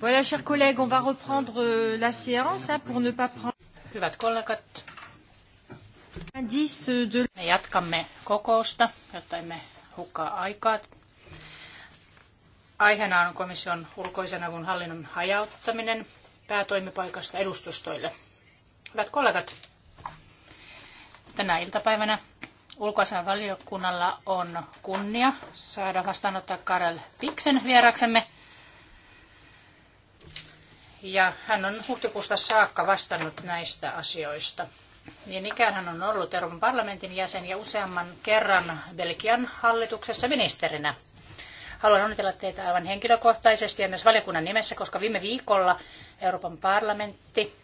Voilà, chers collègues, on va reprendre euh, la séance hein, pour ne pas prendre... Hyvät kollegat, me jatkamme kokousta, jotta emme hukkaa aikaa. Aiheena on komission ulkoisen avun hallinnon hajauttaminen päätoimipaikasta edustustoille. Hyvät kollegat, tänä iltapäivänä ulkoasian valiokunnalla on kunnia saada vastaanottaa Karel Piksen vieraksemme ja hän on huhtikuusta saakka vastannut näistä asioista. Niin ikään hän on ollut Euroopan parlamentin jäsen ja useamman kerran Belgian hallituksessa ministerinä. Haluan onnitella teitä aivan henkilökohtaisesti ja myös valiokunnan nimessä, koska viime viikolla Euroopan parlamentti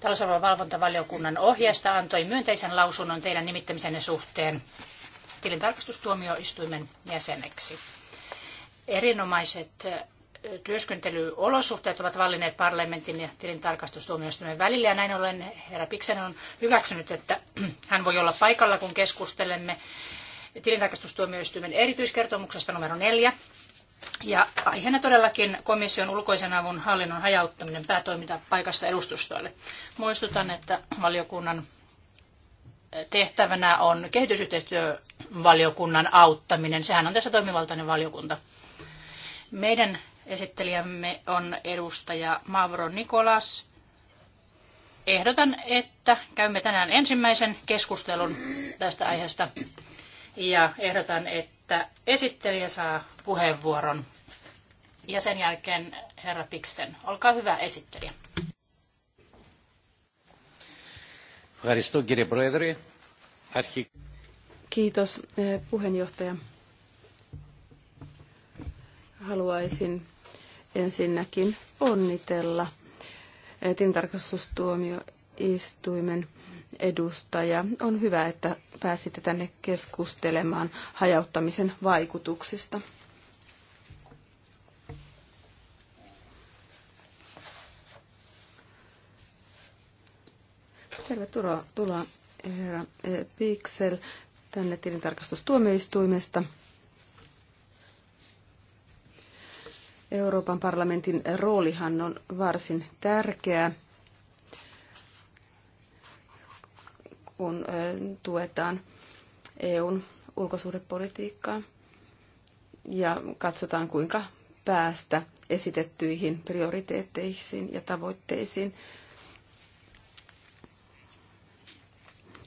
talousarvon valvontavaliokunnan ohjeesta antoi myönteisen lausunnon teidän nimittämisenne suhteen tilintarkastustuomioistuimen jäseneksi. Erinomaiset työskentelyolosuhteet ovat vallinneet parlamentin ja tilintarkastustuomioistuimen välillä ja näin ollen herra Piksen on hyväksynyt, että hän voi olla paikalla, kun keskustelemme tilintarkastustuomioistuimen erityiskertomuksesta numero neljä. Ja aiheena todellakin komission ulkoisen avun hallinnon hajauttaminen päätoimintapaikasta edustustoille. Muistutan, että valiokunnan tehtävänä on kehitysyhteistyövaliokunnan auttaminen. Sehän on tässä toimivaltainen valiokunta. Meidän Esittelijämme on edustaja Mavro Nikolas. Ehdotan, että käymme tänään ensimmäisen keskustelun tästä aiheesta ja ehdotan, että esittelijä saa puheenvuoron ja sen jälkeen herra Piksten. Olkaa hyvä esittelijä. Kiitos eh, puheenjohtaja. Haluaisin ensinnäkin onnitella eh, tilintarkastustuomioistuimen edustaja. On hyvä, että pääsitte tänne keskustelemaan hajauttamisen vaikutuksista. Tervetuloa, tuloa, herra eh, Pixel, tänne tilintarkastustuomioistuimesta. Euroopan parlamentin roolihan on varsin tärkeä, kun tuetaan EUn ulkosuhdepolitiikkaa ja katsotaan, kuinka päästä esitettyihin prioriteetteihin ja tavoitteisiin.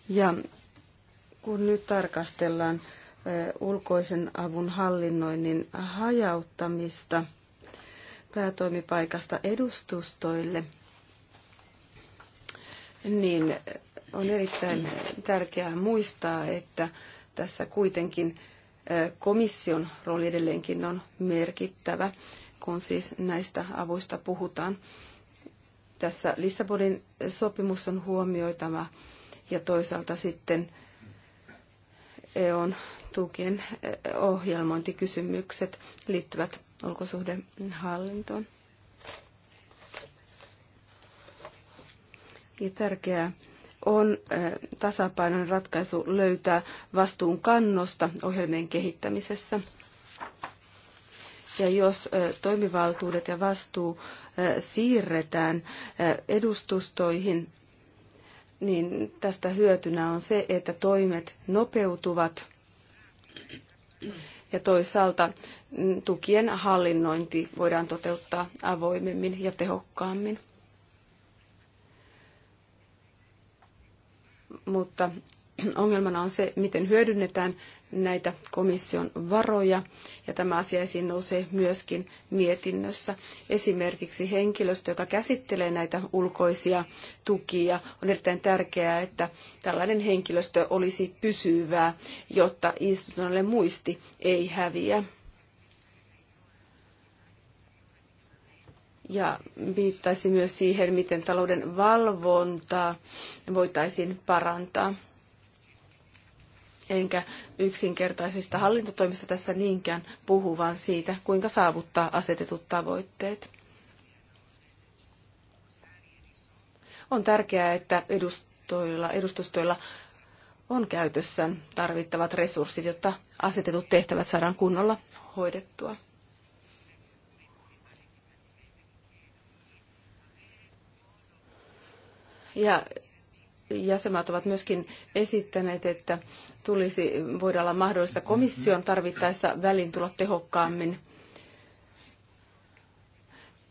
Ja kun nyt tarkastellaan ulkoisen avun hallinnoinnin hajauttamista – päätoimipaikasta edustustoille, niin on erittäin tärkeää muistaa, että tässä kuitenkin komission rooli edelleenkin on merkittävä, kun siis näistä avuista puhutaan. Tässä Lissabonin sopimus on huomioitava ja toisaalta sitten EUn tukien eh, ohjelmointikysymykset liittyvät ulkosuhdehallintoon. Ja tärkeää on eh, tasapainon ratkaisu löytää vastuun kannosta ohjelmien kehittämisessä. Ja jos eh, toimivaltuudet ja vastuu siirretään edustustoihin, niin tästä hyötynä on se, että toimet nopeutuvat – ja toisaalta mm, tukien hallinnointi voidaan toteuttaa avoimemmin ja tehokkaammin. Mutta ongelmana on se, miten hyödynnetään näitä komission varoja, ja tämä asia esiin nousee myöskin mietinnössä. Esimerkiksi henkilöstö, joka käsittelee näitä ulkoisia tukia, on erittäin tärkeää, että tällainen henkilöstö olisi pysyvää, jotta instituutioille muisti ei häviä. ja viittaisi myös siihen, miten talouden valvontaa voitaisiin parantaa enkä yksinkertaisista hallintotoimista tässä niinkään puhu, vaan siitä, kuinka saavuttaa asetetut tavoitteet. On tärkeää, että edustoilla, edustustoilla on käytössä tarvittavat resurssit, jotta asetetut tehtävät saadaan kunnolla hoidettua. Ja jäsenmaat ovat myöskin esittäneet, että tulisi voida olla mahdollista komission tarvittaessa väliin tulla tehokkaammin,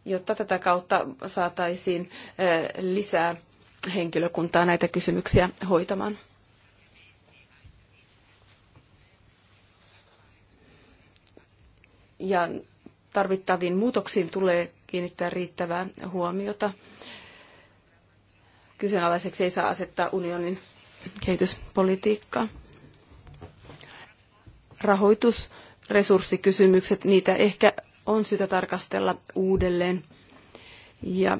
jotta tätä kautta saataisiin lisää henkilökuntaa näitä kysymyksiä hoitamaan. Ja tarvittaviin muutoksiin tulee kiinnittää riittävää huomiota kyseenalaiseksi ei saa asettaa unionin kehityspolitiikkaa. Rahoitusresurssikysymykset, niitä ehkä on syytä tarkastella uudelleen. Ja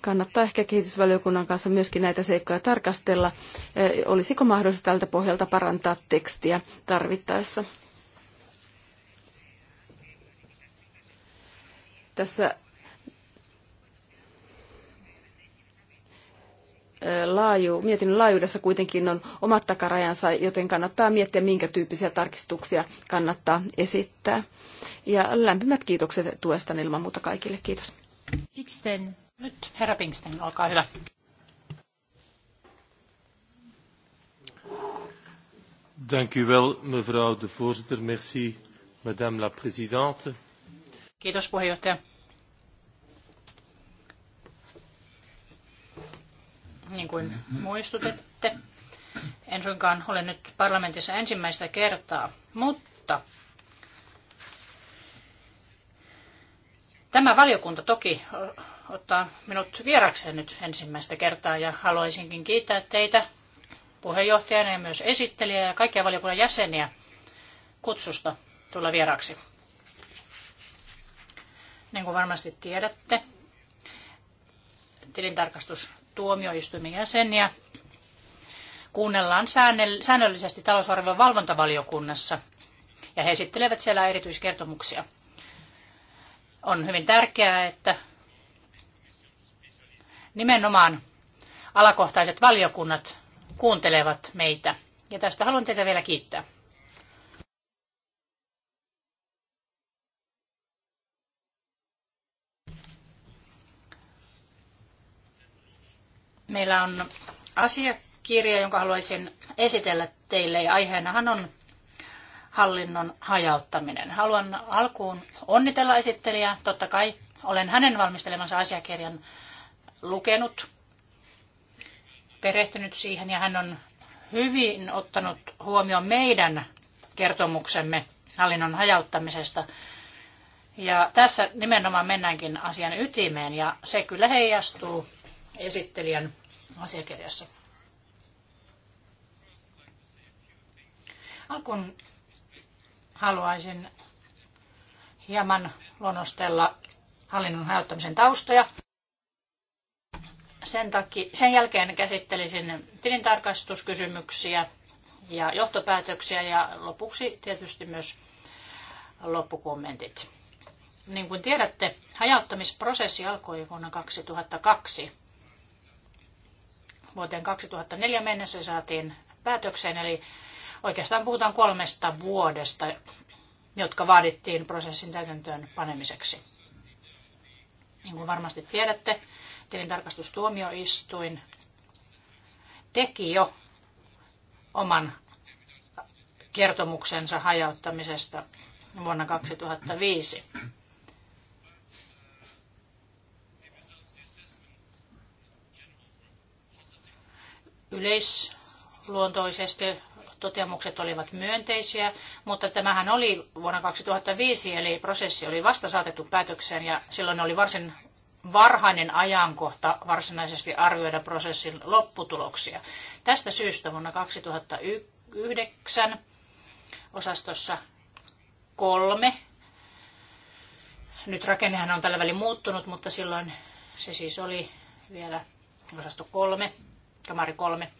kannattaa ehkä kehitysvaliokunnan kanssa myöskin näitä seikkoja tarkastella. Eh, olisiko mahdollista tältä pohjalta parantaa tekstiä tarvittaessa? Tässä laaju, mietinnön laajuudessa kuitenkin on omat takarajansa, joten kannattaa miettiä, minkä tyyppisiä tarkistuksia kannattaa esittää. Ja lämpimät kiitokset tuesta ilman muuta kaikille. Kiitos. Piksten. Nyt herra Pinksten, olkaa hyvä. Dank u wel, mevrouw de voorzitter. Merci, madame la présidente. Kiitos puheenjohtaja. niin kuin muistutette. En suinkaan ole nyt parlamentissa ensimmäistä kertaa, mutta Tämä valiokunta toki ottaa minut vierakseen nyt ensimmäistä kertaa ja haluaisinkin kiittää teitä puheenjohtajana ja myös esittelijää ja kaikkia valiokunnan jäseniä kutsusta tulla vieraksi. Niin kuin varmasti tiedätte, tilintarkastus tuomioistuimen jäseniä kuunnellaan säännöllisesti talousarvion valvontavaliokunnassa ja he esittelevät siellä erityiskertomuksia. On hyvin tärkeää, että nimenomaan alakohtaiset valiokunnat kuuntelevat meitä. Ja tästä haluan teitä vielä kiittää. Meillä on asiakirja, jonka haluaisin esitellä teille aiheenahan on hallinnon hajauttaminen. Haluan alkuun onnitella esittelijää. Totta kai olen hänen valmistelemansa asiakirjan lukenut, perehtynyt siihen ja hän on hyvin ottanut huomioon meidän kertomuksemme hallinnon hajauttamisesta. Ja tässä nimenomaan mennäänkin asian ytimeen ja se kyllä heijastuu esittelijän asiakirjassa. Alkuun haluaisin hieman luonnostella hallinnon hajottamisen taustoja. Sen, takia, sen jälkeen käsittelisin tilintarkastuskysymyksiä ja johtopäätöksiä ja lopuksi tietysti myös loppukommentit. Niin kuin tiedätte, hajauttamisprosessi alkoi vuonna 2002 vuoteen 2004 mennessä saatiin päätökseen, eli oikeastaan puhutaan kolmesta vuodesta, jotka vaadittiin prosessin täytäntöön panemiseksi. Niin kuin varmasti tiedätte, tilintarkastustuomioistuin teki jo oman kertomuksensa hajauttamisesta vuonna 2005. Yleisluontoisesti toteamukset olivat myönteisiä, mutta tämähän oli vuonna 2005, eli prosessi oli vasta saatettu päätökseen ja silloin oli varsin varhainen ajankohta varsinaisesti arvioida prosessin lopputuloksia. Tästä syystä vuonna 2009 osastossa kolme, nyt rakennehan on tällä välin muuttunut, mutta silloin se siis oli vielä osasto kolme, kamari kolme.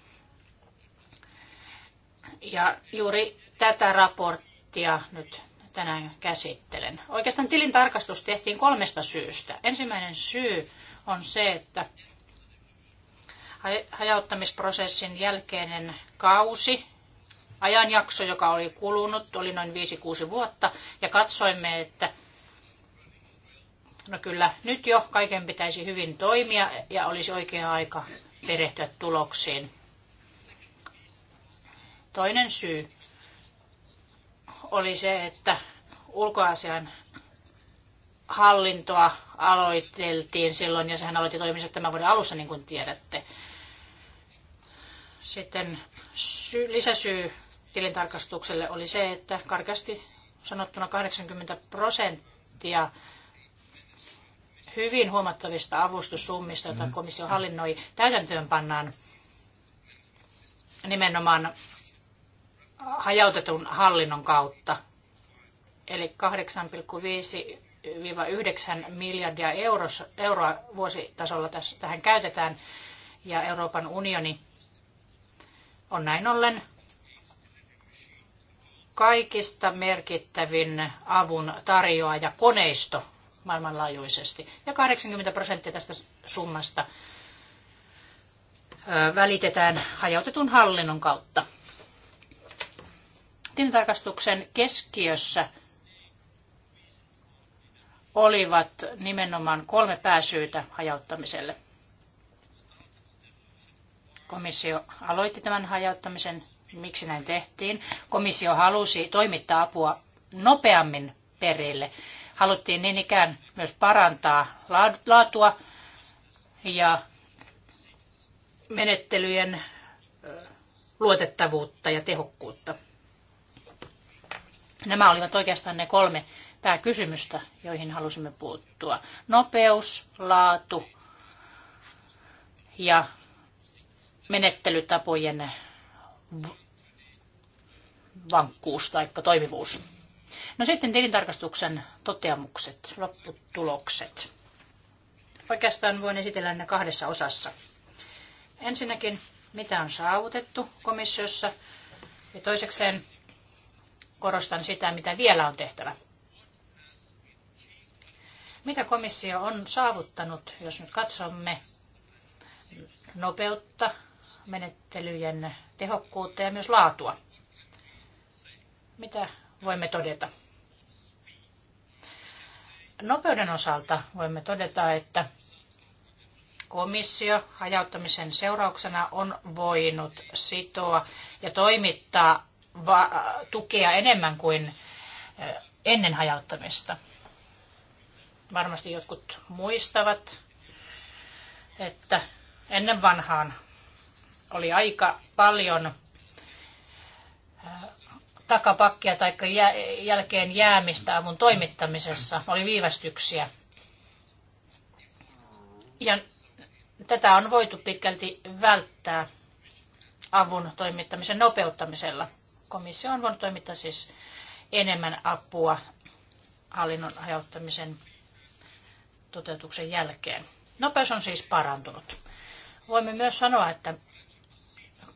Ja juuri tätä raporttia nyt tänään käsittelen. Oikeastaan tilintarkastus tehtiin kolmesta syystä. Ensimmäinen syy on se, että hajauttamisprosessin jälkeinen kausi, ajanjakso, joka oli kulunut, oli noin 5-6 vuotta, ja katsoimme, että no kyllä, nyt jo kaiken pitäisi hyvin toimia ja olisi oikea aika perehtyä tuloksiin. Toinen syy oli se, että ulkoasian hallintoa aloiteltiin silloin, ja sehän aloitti toimissa tämän vuoden alussa, niin kuin tiedätte. Sitten syy, lisäsyy tilintarkastukselle oli se, että karkeasti sanottuna 80 prosenttia hyvin huomattavista avustussummista, joita mm-hmm. komissio hallinnoi täytäntöönpannaan nimenomaan hajautetun hallinnon kautta. Eli 8,5-9 miljardia euroa vuositasolla tässä tähän käytetään. Ja Euroopan unioni on näin ollen kaikista merkittävin avun tarjoaja koneisto maailmanlaajuisesti. Ja 80 prosenttia tästä summasta välitetään hajautetun hallinnon kautta. Tilintarkastuksen keskiössä olivat nimenomaan kolme pääsyytä hajauttamiselle. Komissio aloitti tämän hajauttamisen. Miksi näin tehtiin? Komissio halusi toimittaa apua nopeammin perille Haluttiin niin ikään myös parantaa laatua ja menettelyjen luotettavuutta ja tehokkuutta. Nämä olivat oikeastaan ne kolme pääkysymystä, joihin halusimme puuttua. Nopeus, laatu ja menettelytapojen vankkuus tai toimivuus. No sitten tilintarkastuksen toteamukset, lopputulokset. Oikeastaan voin esitellä ne kahdessa osassa. Ensinnäkin, mitä on saavutettu komissiossa, ja toisekseen korostan sitä, mitä vielä on tehtävä. Mitä komissio on saavuttanut, jos nyt katsomme nopeutta, menettelyjen tehokkuutta ja myös laatua? Mitä voimme todeta. Nopeuden osalta voimme todeta, että komissio hajauttamisen seurauksena on voinut sitoa ja toimittaa tukea enemmän kuin ennen hajauttamista. Varmasti jotkut muistavat, että ennen vanhaan oli aika paljon takapakkia tai jälkeen jäämistä avun toimittamisessa, oli viivästyksiä. Ja tätä on voitu pitkälti välttää avun toimittamisen nopeuttamisella. Komissio on voinut toimittaa siis enemmän apua hallinnon hajauttamisen toteutuksen jälkeen. Nopeus on siis parantunut. Voimme myös sanoa, että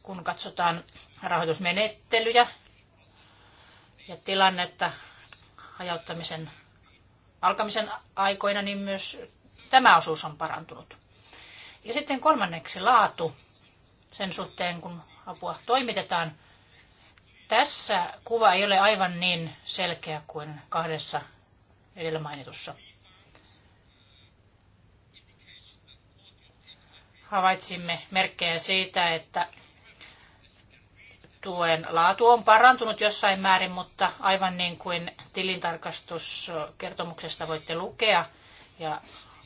kun katsotaan rahoitusmenettelyjä, ja tilannetta hajauttamisen alkamisen aikoina, niin myös tämä osuus on parantunut. Ja sitten kolmanneksi laatu sen suhteen, kun apua toimitetaan. Tässä kuva ei ole aivan niin selkeä kuin kahdessa edellä mainitussa. Havaitsimme merkkejä siitä, että tuen laatu on parantunut jossain määrin, mutta aivan niin kuin tilintarkastuskertomuksesta voitte lukea ja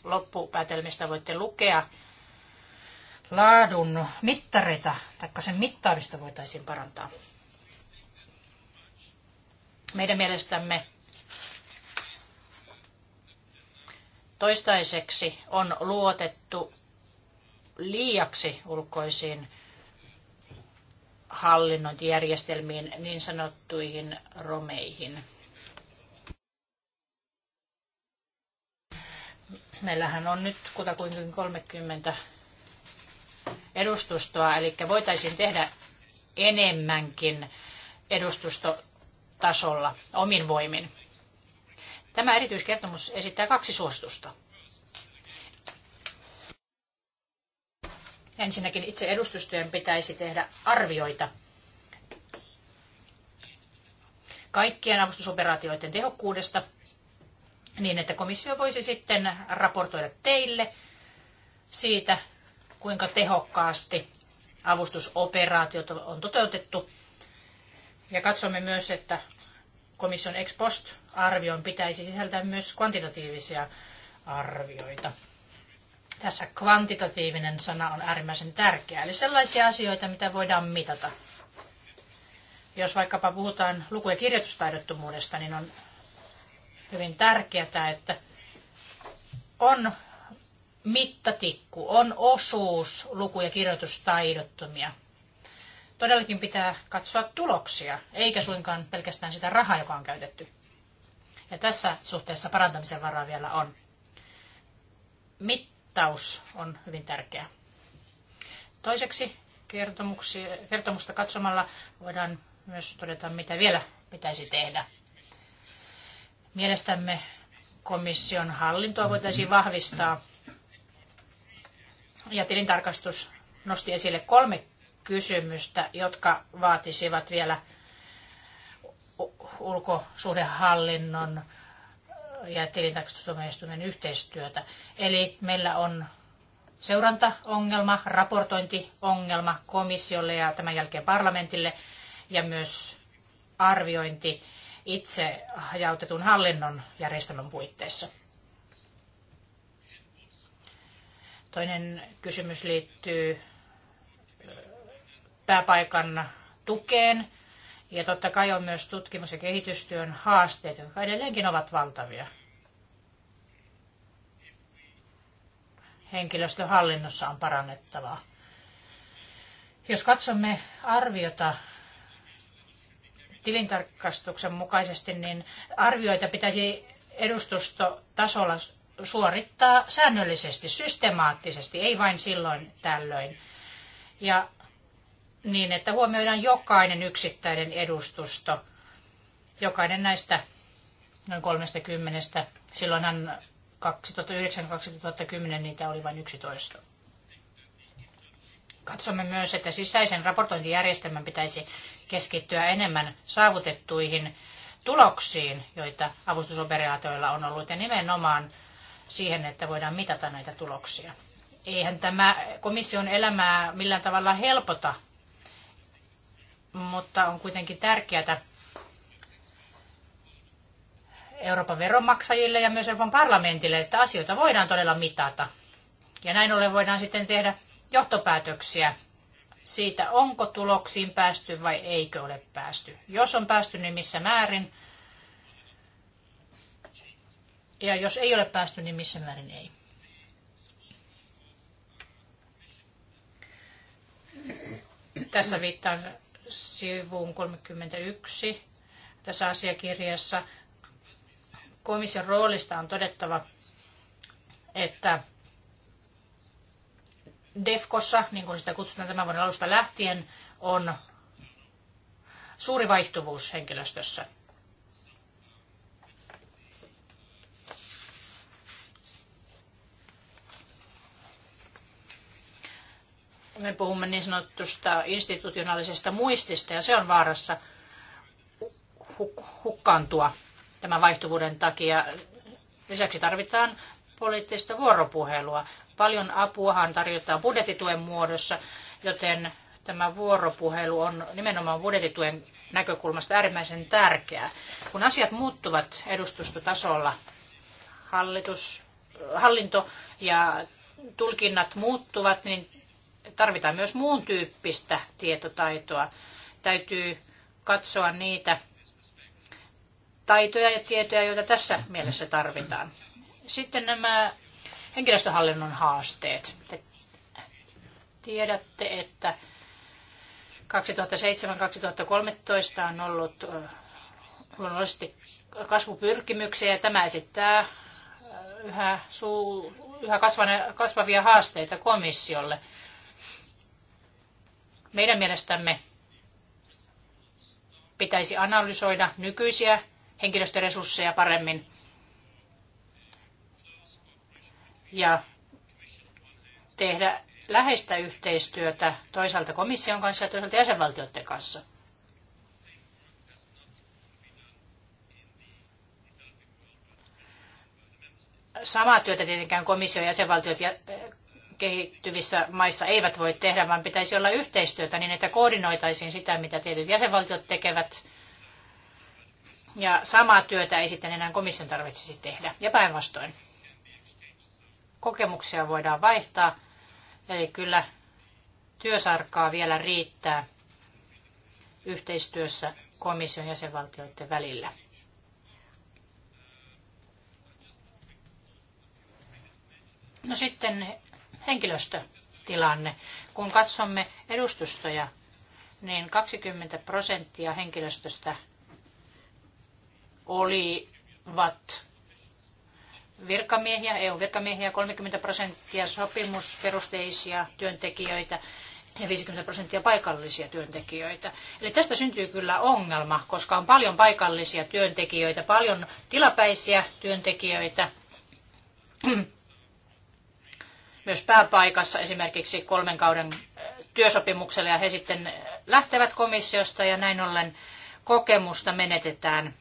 loppupäätelmistä voitte lukea, laadun mittareita, tai sen mittaarista voitaisiin parantaa. Meidän mielestämme toistaiseksi on luotettu liiaksi ulkoisiin hallinnointijärjestelmiin, niin sanottuihin romeihin. Meillähän on nyt kutakuinkin 30 edustustoa, eli voitaisiin tehdä enemmänkin edustustotasolla omin voimin. Tämä erityiskertomus esittää kaksi suositusta. Ensinnäkin itse edustustyön pitäisi tehdä arvioita kaikkien avustusoperaatioiden tehokkuudesta niin, että komissio voisi sitten raportoida teille siitä, kuinka tehokkaasti avustusoperaatiot on toteutettu. Ja katsomme myös, että komission ex post arvion pitäisi sisältää myös kvantitatiivisia arvioita. Tässä kvantitatiivinen sana on äärimmäisen tärkeä, eli sellaisia asioita, mitä voidaan mitata. Jos vaikkapa puhutaan luku- ja kirjoitustaidottomuudesta, niin on hyvin tärkeää, että on mittatikku, on osuus luku- ja kirjoitustaidottomia. Todellakin pitää katsoa tuloksia, eikä suinkaan pelkästään sitä rahaa, joka on käytetty. Ja tässä suhteessa parantamisen varaa vielä on. Mit- kattaus on hyvin tärkeä. Toiseksi kertomusta katsomalla voidaan myös todeta, mitä vielä pitäisi tehdä. Mielestämme komission hallintoa voitaisiin vahvistaa. Ja tilintarkastus nosti esille kolme kysymystä, jotka vaatisivat vielä ulkosuhdehallinnon ja tilintarkastustuomioistuimen yhteistyötä. Eli meillä on seurantaongelma, raportointiongelma komissiolle ja tämän jälkeen parlamentille ja myös arviointi itse hajautetun hallinnon järjestelmän puitteissa. Toinen kysymys liittyy pääpaikan tukeen. Ja totta kai on myös tutkimus- ja kehitystyön haasteet, jotka edelleenkin ovat valtavia. henkilöstöhallinnossa on parannettavaa. Jos katsomme arviota tilintarkastuksen mukaisesti, niin arvioita pitäisi edustustotasolla suorittaa säännöllisesti, systemaattisesti, ei vain silloin tällöin. Ja niin, että huomioidaan jokainen yksittäinen edustusto, jokainen näistä noin 30. Silloinhan 2009-2010 niitä oli vain 11. Katsomme myös, että sisäisen raportointijärjestelmän pitäisi keskittyä enemmän saavutettuihin tuloksiin, joita avustusoperaatioilla on ollut, ja nimenomaan siihen, että voidaan mitata näitä tuloksia. Eihän tämä komission elämää millään tavalla helpota, mutta on kuitenkin tärkeää Euroopan veronmaksajille ja myös Euroopan parlamentille, että asioita voidaan todella mitata. Ja näin ollen voidaan sitten tehdä johtopäätöksiä siitä, onko tuloksiin päästy vai eikö ole päästy. Jos on päästy, niin missä määrin. Ja jos ei ole päästy, niin missä määrin ei. Tässä viittaan sivuun 31 tässä asiakirjassa komission roolista on todettava, että DEFKossa, niin kuin sitä kutsutaan tämän vuoden alusta lähtien, on suuri vaihtuvuus henkilöstössä. Me puhumme niin sanotusta institutionaalisesta muistista ja se on vaarassa hukkaantua tämän vaihtuvuuden takia. Lisäksi tarvitaan poliittista vuoropuhelua. Paljon apuahan tarjotaan budjettituen muodossa, joten tämä vuoropuhelu on nimenomaan budjettituen näkökulmasta äärimmäisen tärkeää. Kun asiat muuttuvat edustustotasolla, hallitus, hallinto ja tulkinnat muuttuvat, niin tarvitaan myös muun tyyppistä tietotaitoa. Täytyy katsoa niitä taitoja ja tietoja, joita tässä mielessä tarvitaan. Sitten nämä henkilöstöhallinnon haasteet. Te tiedätte, että 2007-2013 on ollut luonnollisesti kasvupyrkimyksiä ja tämä esittää yhä, suu, yhä kasvavia haasteita komissiolle. Meidän mielestämme pitäisi analysoida nykyisiä henkilöstöresursseja paremmin. Ja tehdä läheistä yhteistyötä toisaalta komission kanssa ja toisaalta jäsenvaltioiden kanssa. Samaa työtä tietenkään komission ja jäsenvaltiot eh, kehittyvissä maissa eivät voi tehdä, vaan pitäisi olla yhteistyötä niin, että koordinoitaisiin sitä, mitä tietyt jäsenvaltiot tekevät – ja samaa työtä ei sitten enää komission tarvitsisi tehdä. Ja päinvastoin. Kokemuksia voidaan vaihtaa. Eli kyllä työsarkaa vielä riittää yhteistyössä komission jäsenvaltioiden välillä. No sitten henkilöstötilanne. Kun katsomme edustustoja, niin 20 prosenttia henkilöstöstä olivat virkamiehiä, EU-virkamiehiä, 30 prosenttia sopimusperusteisia työntekijöitä ja 50 prosenttia paikallisia työntekijöitä. Eli tästä syntyy kyllä ongelma, koska on paljon paikallisia työntekijöitä, paljon tilapäisiä työntekijöitä. Myös pääpaikassa esimerkiksi kolmen kauden äh, työsopimuksella ja he sitten lähtevät komissiosta ja näin ollen kokemusta menetetään –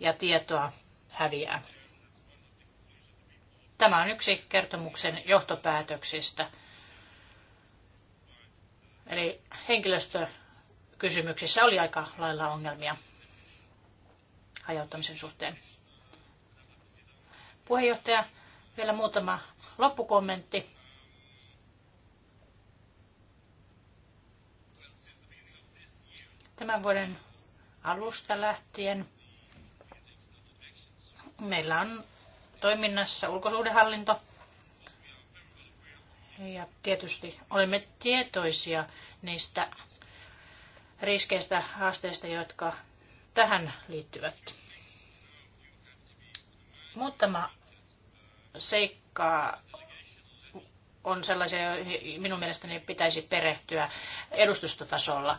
ja tietoa häviää. Tämä on yksi kertomuksen johtopäätöksistä. Eli henkilöstökysymyksissä oli aika lailla ongelmia hajauttamisen suhteen. Puheenjohtaja, vielä muutama loppukommentti. Tämän vuoden alusta lähtien Meillä on toiminnassa ulkosuhdehallinto. Ja tietysti olemme tietoisia niistä riskeistä, haasteista, jotka tähän liittyvät. Muutama seikka on sellaisia, joihin minun mielestäni pitäisi perehtyä edustustotasolla.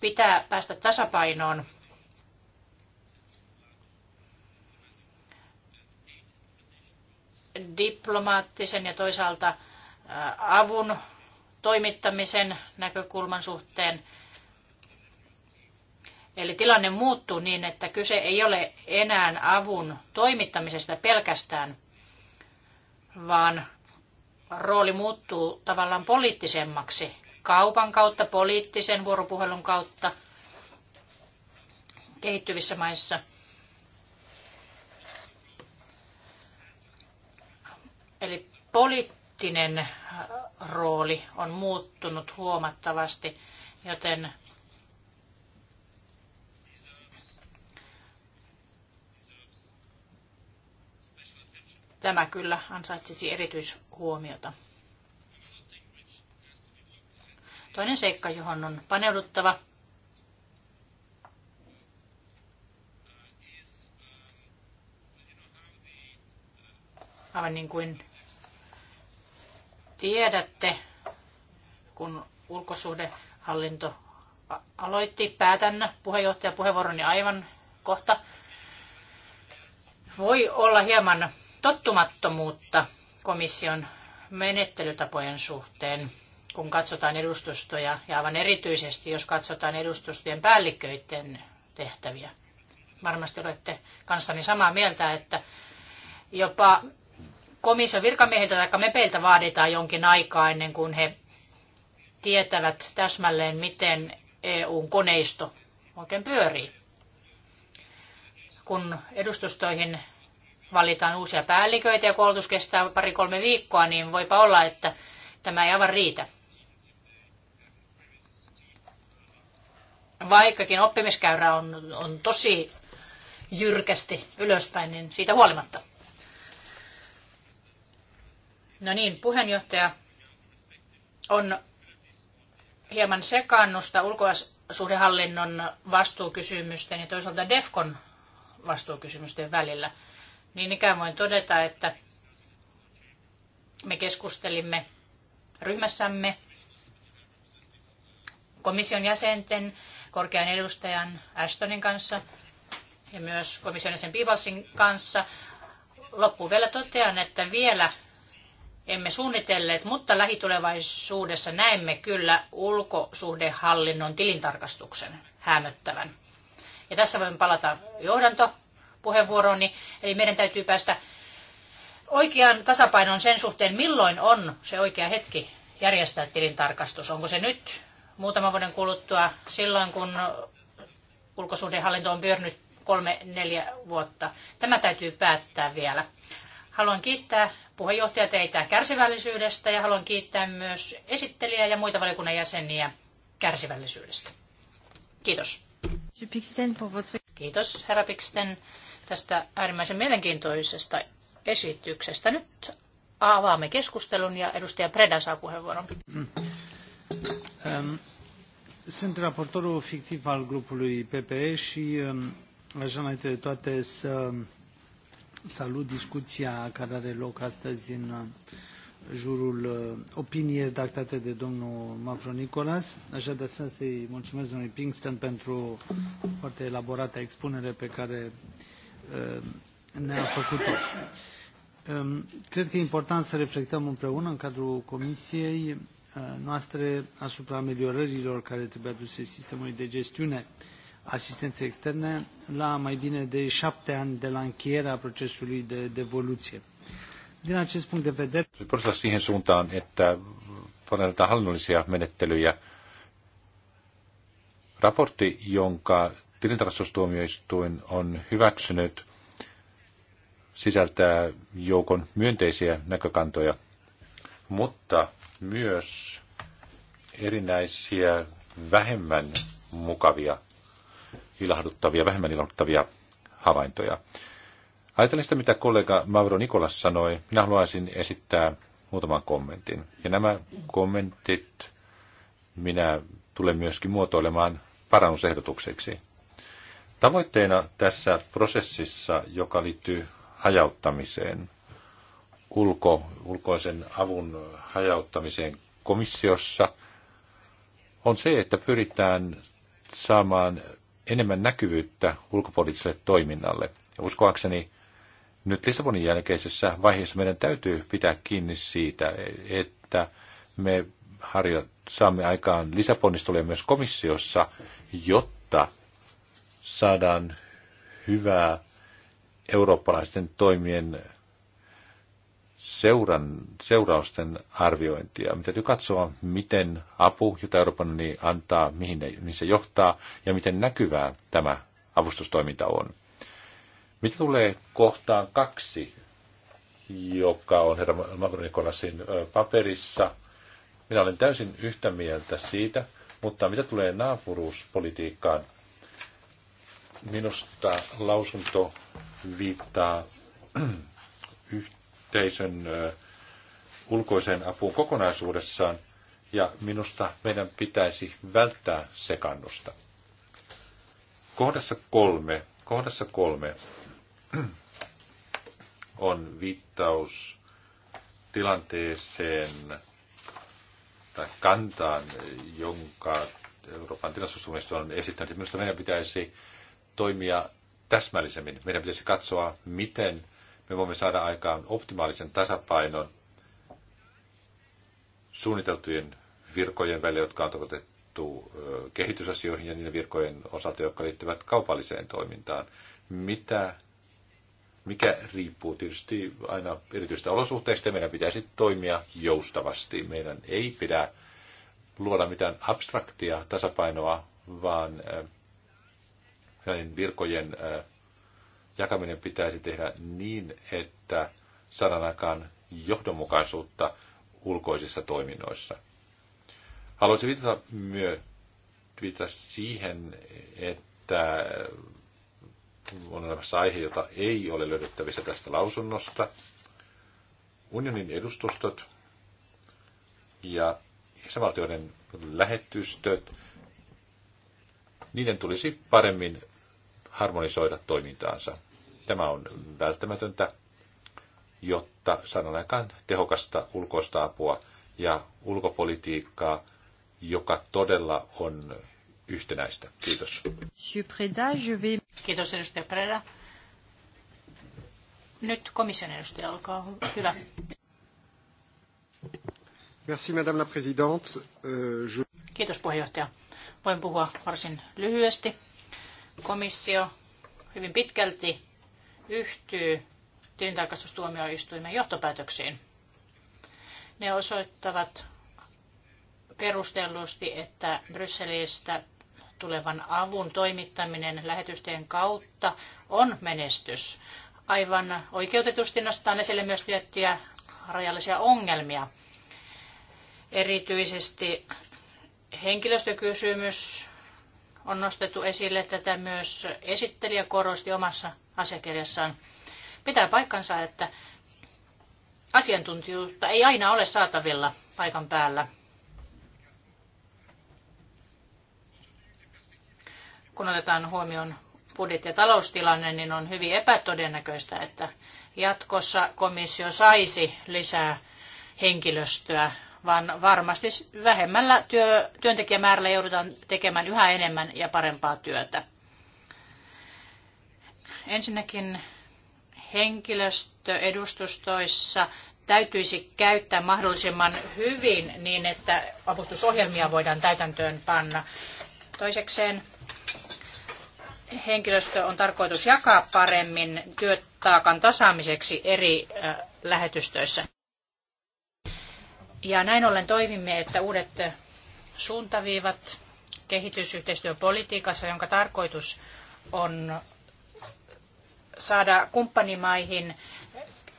Pitää päästä tasapainoon diplomaattisen ja toisaalta avun toimittamisen näkökulman suhteen. Eli tilanne muuttuu niin, että kyse ei ole enää avun toimittamisesta pelkästään, vaan rooli muuttuu tavallaan poliittisemmaksi kaupan kautta, poliittisen vuoropuhelun kautta kehittyvissä maissa – Eli poliittinen rooli on muuttunut huomattavasti, joten tämä kyllä ansaitsisi erityishuomiota. Toinen seikka, johon on paneuduttava, aivan niin kuin tiedätte, kun ulkosuhdehallinto aloitti päätännä puheenjohtaja puheenvuoroni niin aivan kohta, voi olla hieman tottumattomuutta komission menettelytapojen suhteen, kun katsotaan edustustoja ja aivan erityisesti, jos katsotaan edustustojen päälliköiden tehtäviä. Varmasti olette kanssani samaa mieltä, että jopa komission virkamiehiltä tai mepeiltä vaaditaan jonkin aikaa ennen kuin he tietävät täsmälleen, miten EUn koneisto oikein pyörii. Kun edustustoihin valitaan uusia päälliköitä ja koulutus kestää pari-kolme viikkoa, niin voipa olla, että tämä ei aivan riitä. Vaikkakin oppimiskäyrä on, on tosi jyrkästi ylöspäin, niin siitä huolimatta. No niin, puheenjohtaja on hieman sekaannusta ulkoasuhdehallinnon vastuukysymysten ja toisaalta DEFCON vastuukysymysten välillä. Niin ikään voin todeta, että me keskustelimme ryhmässämme komission jäsenten, korkean edustajan Ashtonin kanssa ja myös komission jäsen Pivalsin kanssa. Loppuun vielä totean, että vielä emme suunnitelleet, mutta lähitulevaisuudessa näemme kyllä ulkosuhdehallinnon tilintarkastuksen hämöttävän. Ja tässä voin palata johdantopuheenvuorooni. Eli meidän täytyy päästä oikean tasapainon sen suhteen, milloin on se oikea hetki järjestää tilintarkastus. Onko se nyt muutaman vuoden kuluttua silloin, kun ulkosuhdehallinto on pyörnyt kolme, neljä vuotta. Tämä täytyy päättää vielä. Haluan kiittää puheenjohtaja teitä kärsivällisyydestä ja haluan kiittää myös esittelijää ja muita valiokunnan jäseniä kärsivällisyydestä. Kiitos. Kiitos herra Piksten tästä äärimmäisen mielenkiintoisesta esityksestä. Nyt avaamme keskustelun ja edustaja Preda saa puheenvuoron. Sunt raportorul fictiv al grupului PPE și aș înainte toate să salut discuția care are loc astăzi în uh, jurul uh, opiniei redactate de domnul Mafronicolas. Așa de asemenea să-i mulțumesc domnului Pinkston pentru foarte elaborata expunere pe care uh, ne-a făcut-o. Um, cred că e important să reflectăm împreună în cadrul Comisiei noastre asupra ameliorărilor care trebuie aduse sistemului de gestiune uh, asistenței externe la mai bine de șapte ani de la încheierea procesului de devoluție. Din acest punct de vedere... Pyrkiä siihen suuntaan, että parannetaan hallinnollisia menettelyjä. Raportti, jonka tilintarkastustuomioistuin on hyväksynyt, sisältää joukon myönteisiä näkökantoja, mutta myös erinäisiä vähemmän mukavia ilahduttavia, vähemmän ilahduttavia havaintoja. Ajattelen sitä, mitä kollega Mauro Nikolas sanoi, minä haluaisin esittää muutaman kommentin. Ja nämä kommentit minä tulen myöskin muotoilemaan parannusehdotukseksi. Tavoitteena tässä prosessissa, joka liittyy hajauttamiseen, ulko, ulkoisen avun hajauttamiseen komissiossa, on se, että pyritään saamaan enemmän näkyvyyttä ulkopoliittiselle toiminnalle. Ja uskoakseni nyt Lissabonin jälkeisessä vaiheessa meidän täytyy pitää kiinni siitä, että me harjo, saamme aikaan lisäponnisteluja myös komissiossa, jotta saadaan hyvää eurooppalaisten toimien seuran, seurausten arviointia. Me täytyy katsoa, miten apu, jota Euroopan unioni antaa, mihin, ne, mihin se johtaa ja miten näkyvää tämä avustustoiminta on. Mitä tulee kohtaan kaksi, joka on herra Mavronikolasin paperissa, minä olen täysin yhtä mieltä siitä, mutta mitä tulee naapuruuspolitiikkaan, minusta lausunto viittaa yhteisön ulkoiseen apuun kokonaisuudessaan, ja minusta meidän pitäisi välttää sekannusta. Kohdassa kolme, kohdassa kolme on viittaus tilanteeseen tai kantaan, jonka Euroopan tilastustuomioistuin on esittänyt. Minusta meidän pitäisi toimia täsmällisemmin. Meidän pitäisi katsoa, miten me voimme saada aikaan optimaalisen tasapainon suunniteltujen virkojen välillä, jotka on tarkoitettu kehitysasioihin ja niiden virkojen osalta, jotka liittyvät kaupalliseen toimintaan. Mitä, mikä riippuu tietysti aina erityistä olosuhteista ja meidän pitäisi toimia joustavasti. Meidän ei pidä luoda mitään abstraktia tasapainoa, vaan näiden virkojen jakaminen pitäisi tehdä niin, että saadaan aikaan johdonmukaisuutta ulkoisissa toiminnoissa. Haluaisin viitata myös viitata siihen, että on olemassa aihe, jota ei ole löydettävissä tästä lausunnosta. Unionin edustustot ja isävaltioiden lähetystöt, niiden tulisi paremmin harmonisoida toimintaansa. Tämä on välttämätöntä, jotta saadaan aikaan tehokasta ulkoista apua ja ulkopolitiikkaa, joka todella on yhtenäistä. Kiitos. Kiitos edustaja Preda. Nyt komission edustaja, olkaa hyvä. Merci madame la présidente. Euh, Kiitos puheenjohtaja. Voin puhua varsin lyhyesti komissio hyvin pitkälti yhtyy tilintarkastustuomioistuimen johtopäätöksiin. Ne osoittavat perustellusti, että Brysselistä tulevan avun toimittaminen lähetysten kautta on menestys. Aivan oikeutetusti nostetaan esille myös tiettyjä rajallisia ongelmia. Erityisesti henkilöstökysymys on nostettu esille. Tätä myös esittelijä korosti omassa asiakirjassaan. Pitää paikkansa, että asiantuntijuutta ei aina ole saatavilla paikan päällä. Kun otetaan huomioon budjetti- ja taloustilanne, niin on hyvin epätodennäköistä, että jatkossa komissio saisi lisää henkilöstöä vaan varmasti vähemmällä työ, työntekijämäärällä joudutaan tekemään yhä enemmän ja parempaa työtä. Ensinnäkin henkilöstöedustustoissa täytyisi käyttää mahdollisimman hyvin niin, että avustusohjelmia voidaan täytäntöön panna. Toisekseen henkilöstö on tarkoitus jakaa paremmin työtaakan tasaamiseksi eri äh, lähetystöissä. Ja näin ollen toimimme, että uudet suuntaviivat kehitysyhteistyöpolitiikassa, jonka tarkoitus on saada kumppanimaihin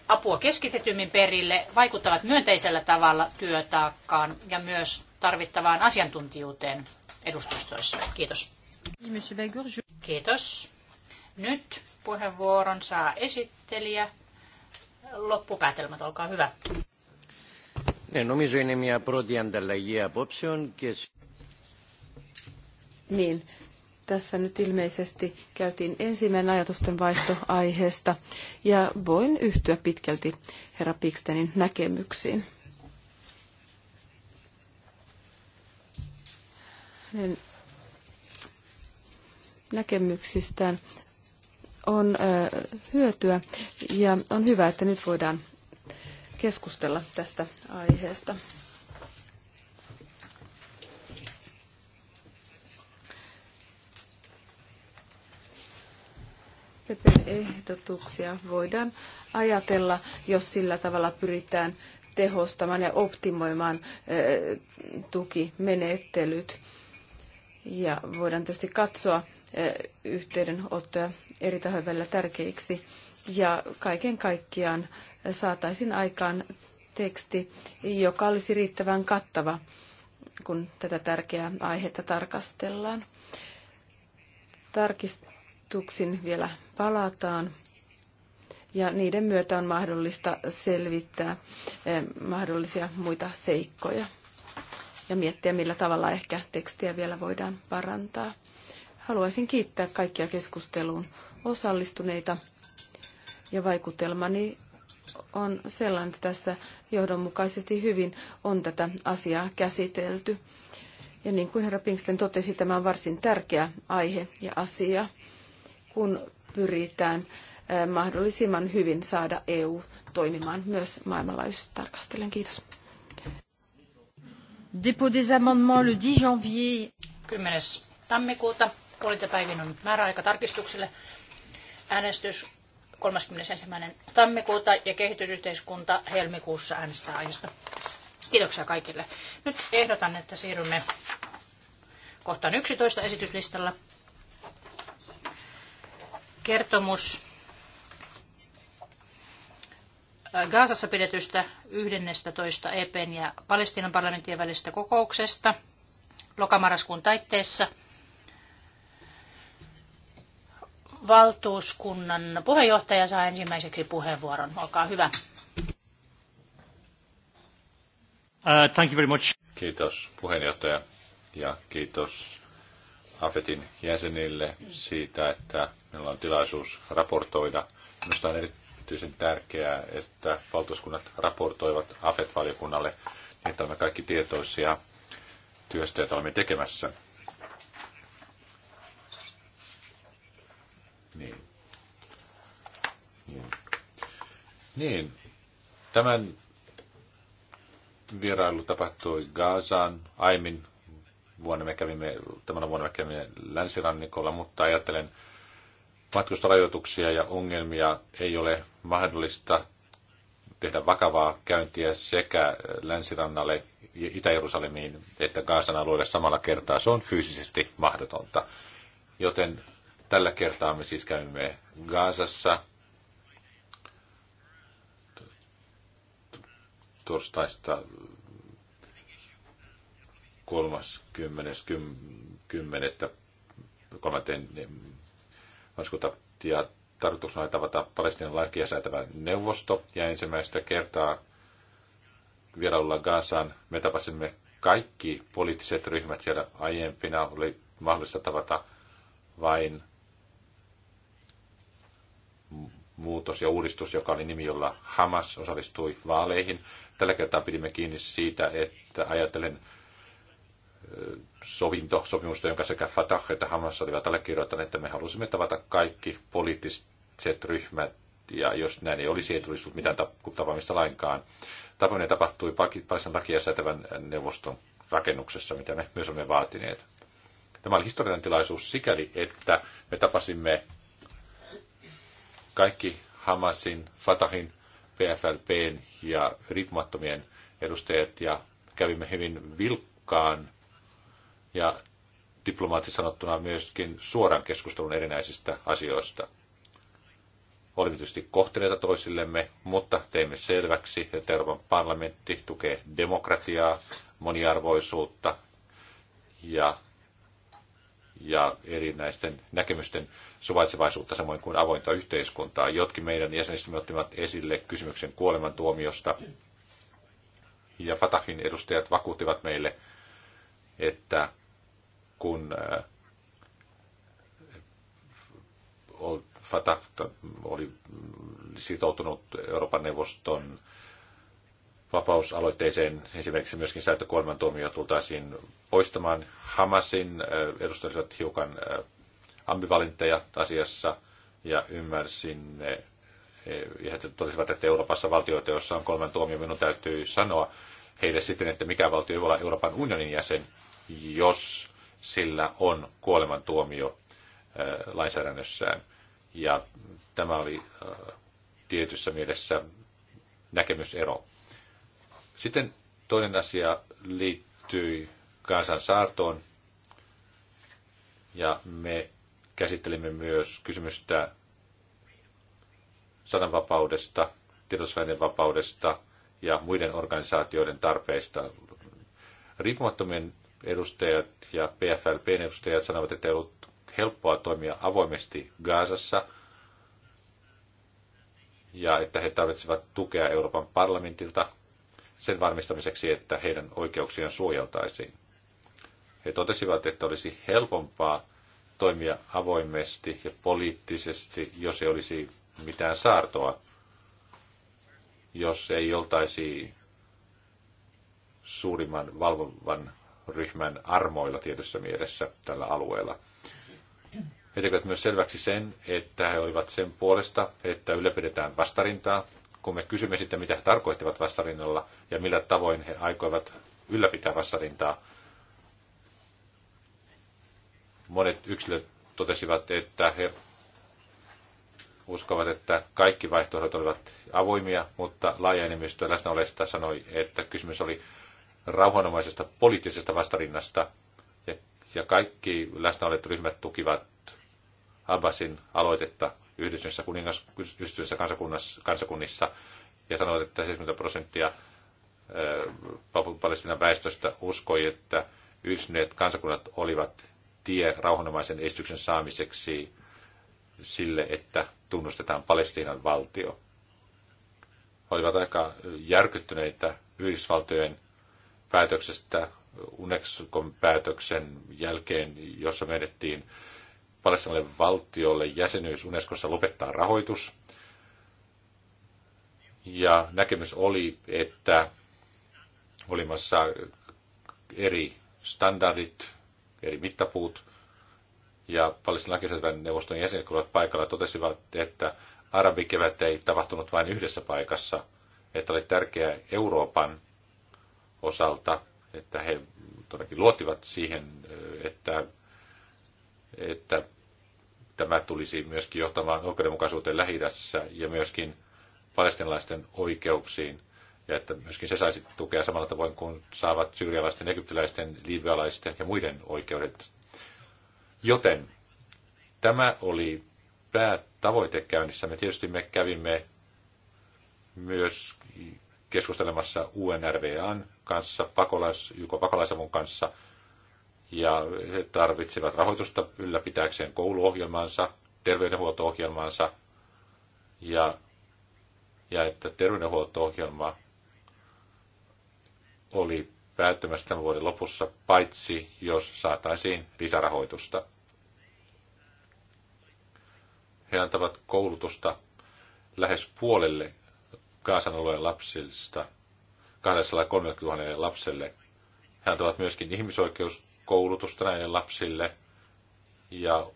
apua keskitetymmin perille, vaikuttavat myönteisellä tavalla työtaakkaan ja myös tarvittavaan asiantuntijuuteen edustustoissa. Kiitos. Kiitos. Nyt puheenvuoron saa esittelijä. Loppupäätelmät, olkaa hyvä. Ναι, νομίζω είναι μια πρώτη ανταλλαγή απόψεων και... Niin, tässä nyt ilmeisesti käytiin ensimmäinen ajatusten vaihto aiheesta ja voin yhtyä pitkälti herra Pikstenin näkemyksiin. Hänen näkemyksistään on hyötyä ja on hyvä, että nyt voidaan keskustella tästä aiheesta. Pepen ehdotuksia voidaan ajatella, jos sillä tavalla pyritään tehostamaan ja optimoimaan eh, tukimenettelyt. Ja voidaan tietysti katsoa eh, yhteydenottoja eri tahojen välillä tärkeiksi. Ja kaiken kaikkiaan saataisiin aikaan teksti, joka olisi riittävän kattava, kun tätä tärkeää aihetta tarkastellaan. Tarkistuksin vielä palataan ja niiden myötä on mahdollista selvittää eh, mahdollisia muita seikkoja ja miettiä, millä tavalla ehkä tekstiä vielä voidaan parantaa. Haluaisin kiittää kaikkia keskusteluun osallistuneita ja vaikutelmani on sellainen, että tässä johdonmukaisesti hyvin on tätä asiaa käsitelty. Ja niin kuin herra Pinksten totesi, tämä on varsin tärkeä aihe ja asia, kun pyritään mahdollisimman hyvin saada EU toimimaan myös maailmanlaajuisesti tarkastellen. Kiitos. des amendements le 10 janvier. 10. tammikuuta puolilta päivin on määräaika tarkistuksille. Äänestys 31. tammikuuta ja kehitysyhteiskunta helmikuussa äänestää aiheesta. Kiitoksia kaikille. Nyt ehdotan, että siirrymme kohtaan 11 esityslistalla. Kertomus Gaasassa pidetystä 11. EPn ja Palestiinan parlamenttien välisestä kokouksesta lokamarraskuun taitteessa – valtuuskunnan puheenjohtaja saa ensimmäiseksi puheenvuoron. Olkaa hyvä. Uh, thank you very much. Kiitos puheenjohtaja ja kiitos AFETin jäsenille siitä, että meillä on tilaisuus raportoida. Minusta on erityisen tärkeää, että valtuuskunnat raportoivat AFET-valiokunnalle, niin että olemme kaikki tietoisia työstä, joita olemme tekemässä. Niin. Niin. niin. Tämän vierailu tapahtui Gazaan aiemmin vuonna me kävimme, tämän vuonna me kävimme länsirannikolla, mutta ajattelen matkustarajoituksia ja ongelmia ei ole mahdollista tehdä vakavaa käyntiä sekä länsirannalle Itä-Jerusalemiin että Gaasan alueelle samalla kertaa. Se on fyysisesti mahdotonta. Joten Tällä kertaa me siis käymme Gaasassa torstaista 30.10. kolmanteen niin maaliskuuta ja tarkoituksena oli tavata Palestinan lakia säätävä neuvosto ja ensimmäistä kertaa vierailulla Gaasaan me tapasimme kaikki poliittiset ryhmät siellä aiempina. Oli mahdollista tavata vain muutos ja uudistus, joka oli nimi, jolla Hamas osallistui vaaleihin. Tällä kertaa pidimme kiinni siitä, että ajatellen sopimusta, jonka sekä Fatah että Hamas olivat allekirjoittaneet, että me halusimme tavata kaikki poliittiset ryhmät, ja jos näin ei olisi, ei tulisi mitään tapaamista lainkaan. Tapaaminen tapahtui Pakistan lakia säätävän neuvoston rakennuksessa, mitä me myös olemme vaatineet. Tämä oli historiallinen tilaisuus sikäli, että me tapasimme kaikki Hamasin, Fatahin, PFLPn ja riippumattomien edustajat ja kävimme hyvin vilkkaan ja diplomaattisesti sanottuna myöskin suoran keskustelun erinäisistä asioista. Olimme tietysti kohteleita toisillemme, mutta teimme selväksi, että Euroopan parlamentti tukee demokratiaa, moniarvoisuutta ja ja erinäisten näkemysten suvaitsevaisuutta, samoin kuin avointa yhteiskuntaa. Jotkin meidän jäsenistämme ottivat esille kysymyksen kuolemantuomiosta, ja Fatahin edustajat vakuuttivat meille, että kun äh, Fatah oli sitoutunut Euroopan neuvoston vapausaloitteeseen esimerkiksi myöskin sitä, että kuolemantuomio tultaisiin poistamaan. Hamasin äh, edustajat olivat hiukan äh, ambivalentteja asiassa ja ymmärsin, äh, ja he totesivat, että Euroopassa valtioita, joissa on kolman tuomio, minun täytyy sanoa heille sitten, että mikä valtio voi olla Euroopan unionin jäsen, jos sillä on kuolemantuomio lainsäädännössään. Ja tämä oli tietyssä mielessä näkemysero. Sitten toinen asia liittyy Kansan saartoon. Ja me käsittelimme myös kysymystä sananvapaudesta, tiedotusvälineen vapaudesta ja muiden organisaatioiden tarpeista. Riippumattomien edustajat ja PFLPn edustajat sanovat, että ei ollut helppoa toimia avoimesti Gaasassa ja että he tarvitsevat tukea Euroopan parlamentilta sen varmistamiseksi, että heidän oikeuksiaan suojeltaisiin. He totesivat, että olisi helpompaa toimia avoimesti ja poliittisesti, jos ei olisi mitään saartoa, jos ei oltaisi suurimman valvovan ryhmän armoilla tietyssä mielessä tällä alueella. He tekevät myös selväksi sen, että he olivat sen puolesta, että ylläpidetään vastarintaa kun me kysymme sitten, mitä he tarkoittivat vastarinnalla ja millä tavoin he aikoivat ylläpitää vastarintaa, monet yksilöt totesivat, että he uskovat, että kaikki vaihtoehdot olivat avoimia, mutta laaja enemmistö läsnäolesta sanoi, että kysymys oli rauhanomaisesta poliittisesta vastarinnasta, ja, ja kaikki läsnäolet ryhmät tukivat Abbasin aloitetta yhdistyneissä, kuningas, yhdistyneissä kansakunnissa ja sanoivat, että 70 prosenttia Palestinan väestöstä uskoi, että yhdistyneet kansakunnat olivat tie rauhanomaisen esityksen saamiseksi sille, että tunnustetaan Palestiinan valtio. He olivat aika järkyttyneitä Yhdysvaltojen päätöksestä UNEXCOn päätöksen jälkeen, jossa menettiin Palestinalle valtiolle jäsenyys Unescossa lopettaa rahoitus. Ja näkemys oli, että olimassa eri standardit, eri mittapuut, ja Palestinan neuvoston jäsenet, kun olivat paikalla, totesivat, että arabikevät ei tapahtunut vain yhdessä paikassa, että oli tärkeää Euroopan osalta, että he todellakin luottivat siihen, että, että Tämä tulisi myöskin johtamaan oikeudenmukaisuuteen lähi ja myöskin palestinalaisten oikeuksiin, ja että myöskin se saisi tukea samalla tavoin kuin saavat syyrialaisten, egyptiläisten, liivialaisten ja muiden oikeudet. Joten tämä oli päätavoite käynnissä. Me tietysti me kävimme myös keskustelemassa UNRWAn kanssa, pakolais, YK pakolaisavun kanssa ja he tarvitsevat rahoitusta ylläpitääkseen kouluohjelmansa, terveydenhuolto-ohjelmansa ja, ja että terveydenhuolto-ohjelma oli päättymässä tämän vuoden lopussa, paitsi jos saataisiin lisärahoitusta. He antavat koulutusta lähes puolelle Kaasan alueen lapsista, 230 000 lapselle. He antavat myöskin ihmisoikeus koulutusta näille lapsille ja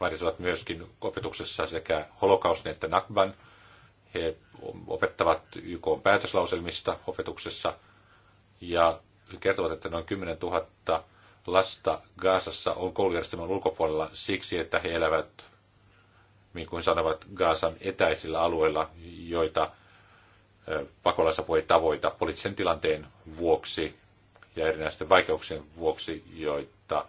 mainitsevat myöskin opetuksessa sekä holokaustin että Nakban. He opettavat YK päätöslauselmista opetuksessa ja kertovat, että noin 10 000 lasta Gaasassa on koulujärjestelmän ulkopuolella siksi, että he elävät, niin kuin sanovat, Gaasan etäisillä alueilla, joita pakolaisapu ei tavoita poliittisen tilanteen vuoksi ja erinäisten vaikeuksien vuoksi, joita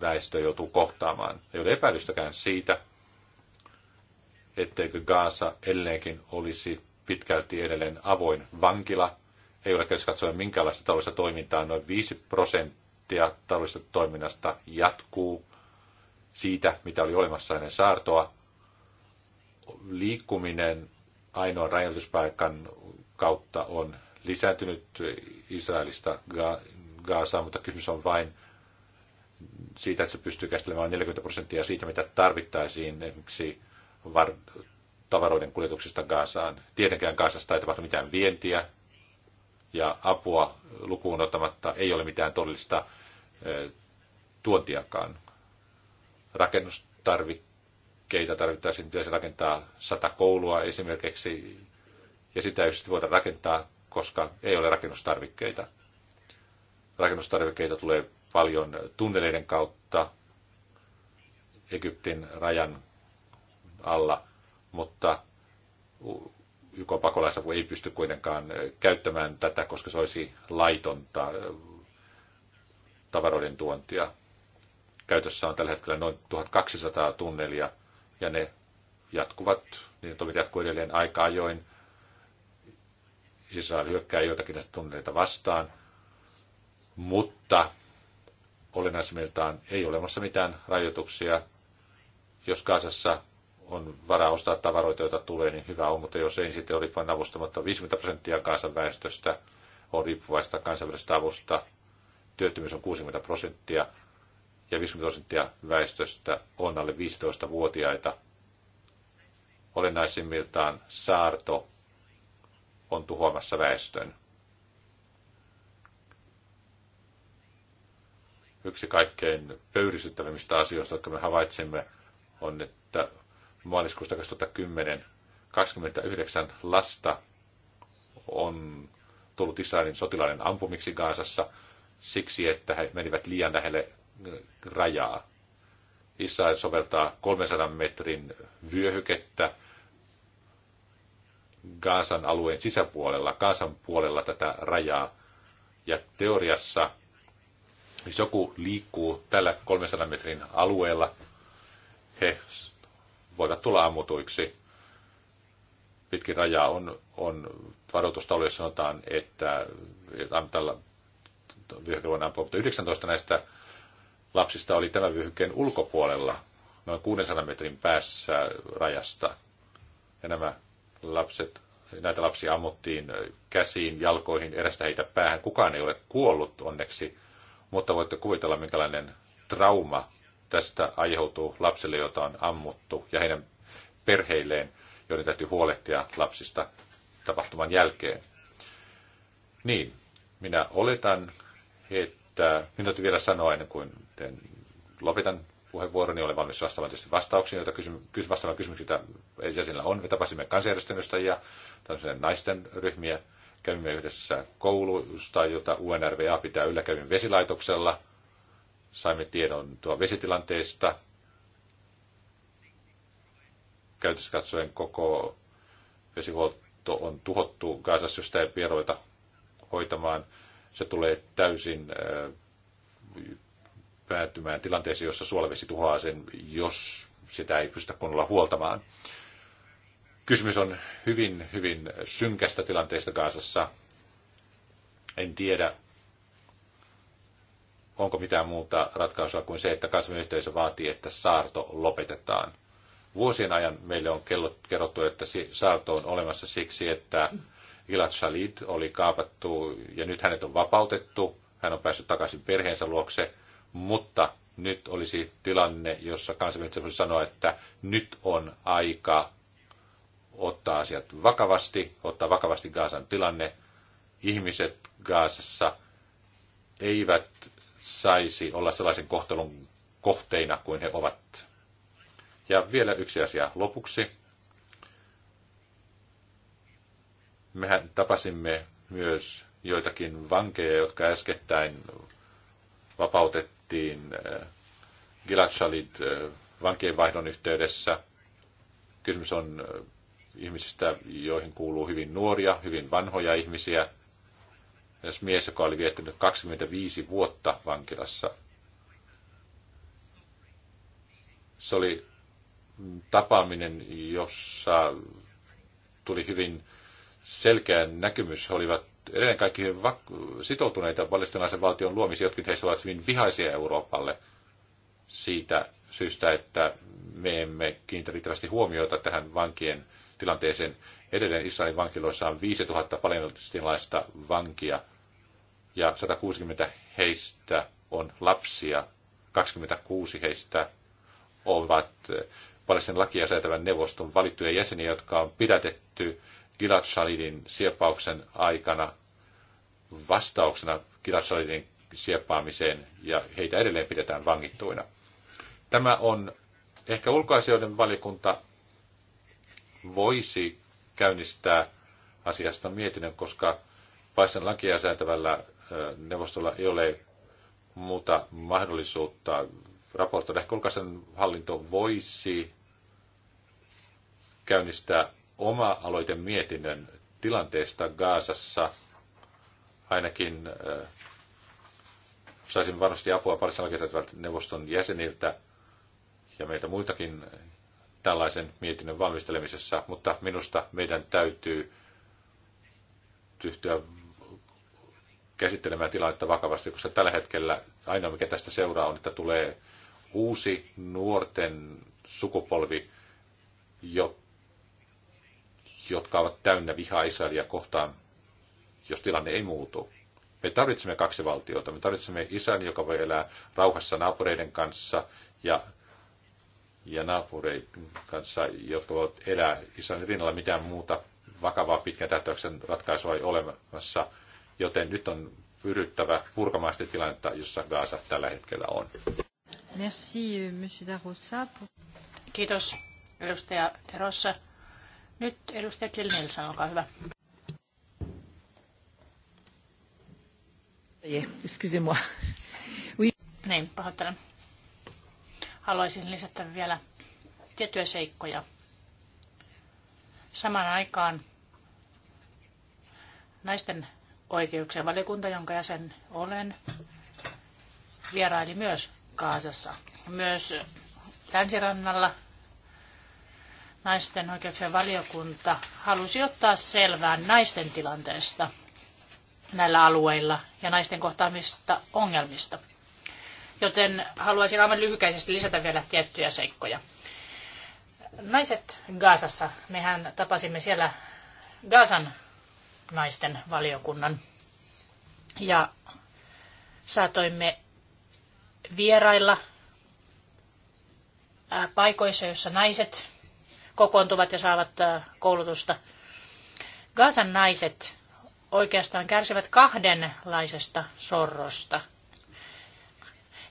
väestö joutuu kohtaamaan. Ei ole epäilystäkään siitä, etteikö Gaasa edelleenkin olisi pitkälti edelleen avoin vankila. Ei ole käsi katsoa minkäänlaista taloudellista toimintaa. Noin 5 prosenttia taloudellisesta toiminnasta jatkuu siitä, mitä oli olemassa ennen saartoa. Liikkuminen ainoan rajoituspaikan kautta on lisääntynyt Israelista Gaasaan, mutta kysymys on vain siitä, että se pystyy käsittelemään 40 prosenttia siitä, mitä tarvittaisiin esimerkiksi var- tavaroiden kuljetuksista Gaasaan. Tietenkään Gaasasta ei tapahdu mitään vientiä ja apua lukuun ottamatta ei ole mitään todellista tuontiakaan. Rakennustarvikkeita tarvittaisiin, pitäisi rakentaa sata koulua esimerkiksi, ja sitä ei voida rakentaa koska ei ole rakennustarvikkeita. Rakennustarvikkeita tulee paljon tunneleiden kautta Egyptin rajan alla, mutta YK pakolaisapu ei pysty kuitenkaan käyttämään tätä, koska se olisi laitonta tavaroiden tuontia. Käytössä on tällä hetkellä noin 1200 tunnelia ja ne jatkuvat, niin toimit jatkuu edelleen aika ajoin Israel hyökkää joitakin näistä tunneita vastaan, mutta olennaisimmiltaan ei ole olemassa mitään rajoituksia. Jos Kaasassa on varaa ostaa tavaroita, joita tulee, niin hyvä on, mutta jos ei, niin sitten oli vain avustamatta 50 prosenttia Kaasan väestöstä on riippuvaista kansainvälisestä avusta. Työttömyys on 60 prosenttia ja 50 prosenttia väestöstä on alle 15-vuotiaita olennaisimmiltaan saarto, on tuhoamassa väestön. Yksi kaikkein pöyristyttävimmistä asioista, jotka me havaitsimme, on, että maaliskuusta 2010 29 lasta on tullut Israelin sotilaiden ampumiksi Gaasassa siksi, että he menivät liian lähelle äh, rajaa. Israel soveltaa 300 metrin vyöhykettä Gaasan alueen sisäpuolella, Gaasan puolella tätä rajaa. Ja teoriassa, jos joku liikkuu tällä 300 metrin alueella, he voivat tulla ammutuiksi. Pitkin rajaa on, on varoitustaulu, jossa sanotaan, että tällä vyöhykeluvan ampua, mutta 19 näistä lapsista oli tämän vyöhykkeen ulkopuolella, noin 600 metrin päässä rajasta. Ja nämä lapset, näitä lapsia ammuttiin käsiin, jalkoihin, erästä heitä päähän. Kukaan ei ole kuollut onneksi, mutta voitte kuvitella, minkälainen trauma tästä aiheutuu lapsille, joita on ammuttu, ja heidän perheilleen, joiden täytyy huolehtia lapsista tapahtuman jälkeen. Niin, minä oletan, että minä täytyy vielä sanoa ennen kuin lopetan puheenvuoroni. Olen valmis vastaamaan tietysti vastauksiin, joita kysy- vastaamaan kysymyksiä, joita jäsenillä on. Me tapasimme kansanjärjestön ja naisten ryhmiä. Kävimme yhdessä koulusta, jota UNRVA pitää yllä. Kävimme vesilaitoksella. Saimme tiedon tuo vesitilanteesta. Käytössä katsoen koko vesihuolto on tuhottu Gaasassa, josta ei vieroita hoitamaan. Se tulee täysin äh, päätymään tilanteeseen, jossa suolavesi tuhoaa sen, jos sitä ei pystytä kunnolla huoltamaan. Kysymys on hyvin, hyvin synkästä tilanteesta Kaasassa. En tiedä, onko mitään muuta ratkaisua kuin se, että kansainvälinen vaatii, että saarto lopetetaan. Vuosien ajan meille on kerrottu, että saarto on olemassa siksi, että Gilad Shalit oli kaapattu ja nyt hänet on vapautettu. Hän on päässyt takaisin perheensä luokse mutta nyt olisi tilanne, jossa kansainvälinen voisi sanoa, että nyt on aika ottaa asiat vakavasti, ottaa vakavasti Gaasan tilanne. Ihmiset Gaasassa eivät saisi olla sellaisen kohtelun kohteina kuin he ovat. Ja vielä yksi asia lopuksi. Mehän tapasimme myös joitakin vankeja, jotka äskettäin vapautettiin tapettiin äh, Gilad Shalit äh, vankienvaihdon yhteydessä. Kysymys on äh, ihmisistä, joihin kuuluu hyvin nuoria, hyvin vanhoja ihmisiä. Jos mies, joka oli viettänyt 25 vuotta vankilassa, se oli tapaaminen, jossa tuli hyvin selkeä näkymys. He olivat ennen kaikkea hyvin sitoutuneita palestinaisen valtion luomisiin. Jotkin heistä ovat hyvin vihaisia Euroopalle siitä syystä, että me emme kiinnitä riittävästi huomiota tähän vankien tilanteeseen. Edelleen Israelin vankiloissa on 5000 palestinaista vankia ja 160 heistä on lapsia, 26 heistä ovat Palestinan lakia säätävän neuvoston valittuja jäseniä, jotka on pidätetty Gilad Shalidin sieppauksen aikana vastauksena Gilad Shalidin sieppaamiseen ja heitä edelleen pidetään vangittuina. Tämä on ehkä ulkoasioiden valikunta voisi käynnistää asiasta mietinnön, koska Paisan lakia säätävällä neuvostolla ei ole muuta mahdollisuutta raportoida. Ehkä ulkoisen hallinto voisi käynnistää oma mietinnön tilanteesta Gaasassa. Ainakin äh, saisin varmasti apua Parissa neuvoston jäseniltä ja meiltä muitakin tällaisen mietinnön valmistelemisessa, mutta minusta meidän täytyy ryhtyä käsittelemään tilannetta vakavasti, koska tällä hetkellä ainoa mikä tästä seuraa on, että tulee uusi nuorten sukupolvi, joka jotka ovat täynnä vihaa Israelia kohtaan, jos tilanne ei muutu. Me tarvitsemme kaksi valtiota. Me tarvitsemme isän, joka voi elää rauhassa naapureiden kanssa ja, ja naapureiden kanssa, jotka voivat elää isän rinnalla mitään muuta vakavaa pitkän tähtäyksen ratkaisua ei olemassa. Joten nyt on pyryttävä purkamaan sitä tilannetta, jossa Gaasa tällä hetkellä on. Merci, euh, Monsieur Kiitos, edustaja Erossa. Nyt edustaja Kill olkaa hyvä. moi Oui. Niin, pahoittelen. Haluaisin lisätä vielä tiettyjä seikkoja. Samaan aikaan naisten oikeuksien valiokunta, jonka jäsen olen, vieraili myös Kaasassa. Myös länsirannalla naisten oikeuksien valiokunta halusi ottaa selvää naisten tilanteesta näillä alueilla ja naisten kohtaamista ongelmista. Joten haluaisin aivan lyhykäisesti lisätä vielä tiettyjä seikkoja. Naiset Gaasassa, mehän tapasimme siellä Gaasan naisten valiokunnan ja saatoimme vierailla paikoissa, joissa naiset kokoontuvat ja saavat äh, koulutusta. Gaasan naiset oikeastaan kärsivät kahdenlaisesta sorrosta.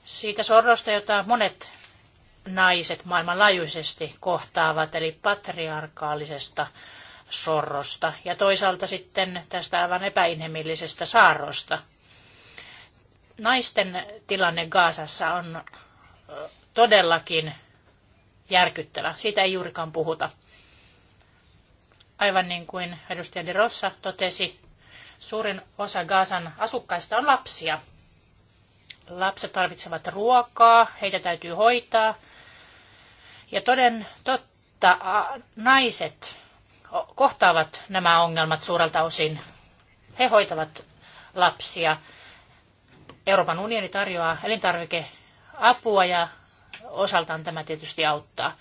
Siitä sorrosta, jota monet naiset maailmanlaajuisesti kohtaavat, eli patriarkaalisesta sorrosta ja toisaalta sitten tästä aivan epäinhimillisestä saarrosta. Naisten tilanne Gaasassa on todellakin järkyttävä. Siitä ei juurikaan puhuta. Aivan niin kuin edustaja De Rossa totesi, suurin osa Gaasan asukkaista on lapsia. Lapset tarvitsevat ruokaa, heitä täytyy hoitaa. Ja toden totta, naiset kohtaavat nämä ongelmat suurelta osin. He hoitavat lapsia. Euroopan unioni tarjoaa elintarvikeapua ja osaltaan tämä tietysti auttaa.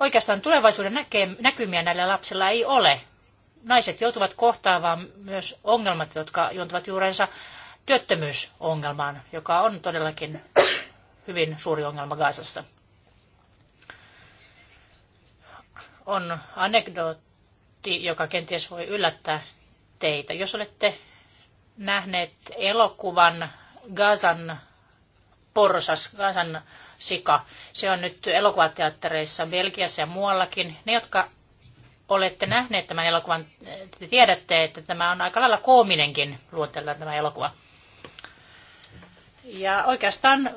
Oikeastaan tulevaisuuden näkymiä näillä lapsilla ei ole. Naiset joutuvat kohtaamaan myös ongelmat, jotka juontavat juurensa työttömyysongelmaan, joka on todellakin hyvin suuri ongelma Gaasassa. On anekdootti, joka kenties voi yllättää teitä. Jos olette nähneet elokuvan Gazan porsas, kansan sika. Se on nyt elokuvateattereissa Belgiassa ja muuallakin. Ne, jotka olette nähneet tämän elokuvan, te tiedätte, että tämä on aika lailla koominenkin luonteeltaan tämä elokuva. Ja oikeastaan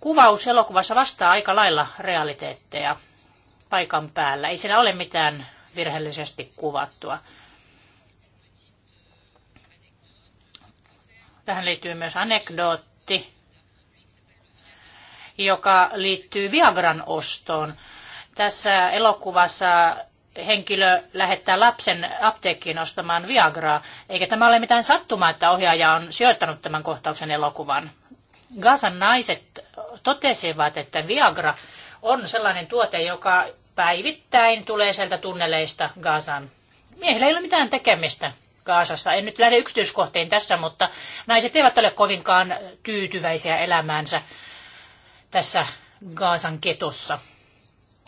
kuvaus elokuvassa vastaa aika lailla realiteetteja paikan päällä. Ei siinä ole mitään virheellisesti kuvattua. Tähän liittyy myös anekdootti joka liittyy Viagran ostoon. Tässä elokuvassa henkilö lähettää lapsen apteekkiin ostamaan Viagraa, eikä tämä ole mitään sattumaa, että ohjaaja on sijoittanut tämän kohtauksen elokuvan. Gazan naiset totesivat, että Viagra on sellainen tuote, joka päivittäin tulee sieltä tunneleista Gazan. Miehillä ei ole mitään tekemistä Gaasassa. En nyt lähde yksityiskohtiin tässä, mutta naiset eivät ole kovinkaan tyytyväisiä elämäänsä tässä Gaasan ketossa.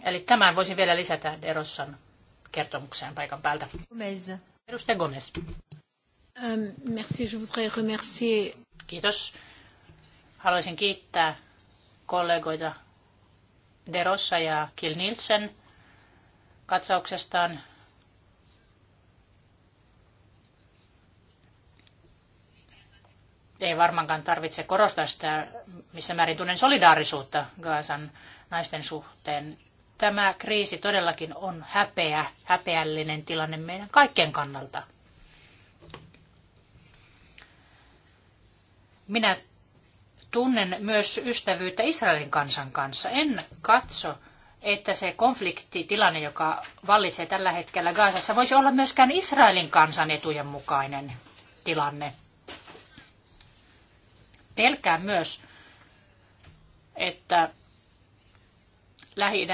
Eli tämän voisin vielä lisätä Derossan kertomukseen paikan päältä. Gomez. Edustaja Gomez. Um, merci, je voudrais remercier. Kiitos. Haluaisin kiittää kollegoita Derossa ja Kil Nielsen katsauksestaan ei varmaankaan tarvitse korostaa sitä, missä määrin tunnen solidaarisuutta Gaasan naisten suhteen. Tämä kriisi todellakin on häpeä, häpeällinen tilanne meidän kaikkien kannalta. Minä tunnen myös ystävyyttä Israelin kansan kanssa. En katso, että se konfliktitilanne, joka vallitsee tällä hetkellä Gaasassa, voisi olla myöskään Israelin kansan etujen mukainen tilanne. Pelkään myös, että lähi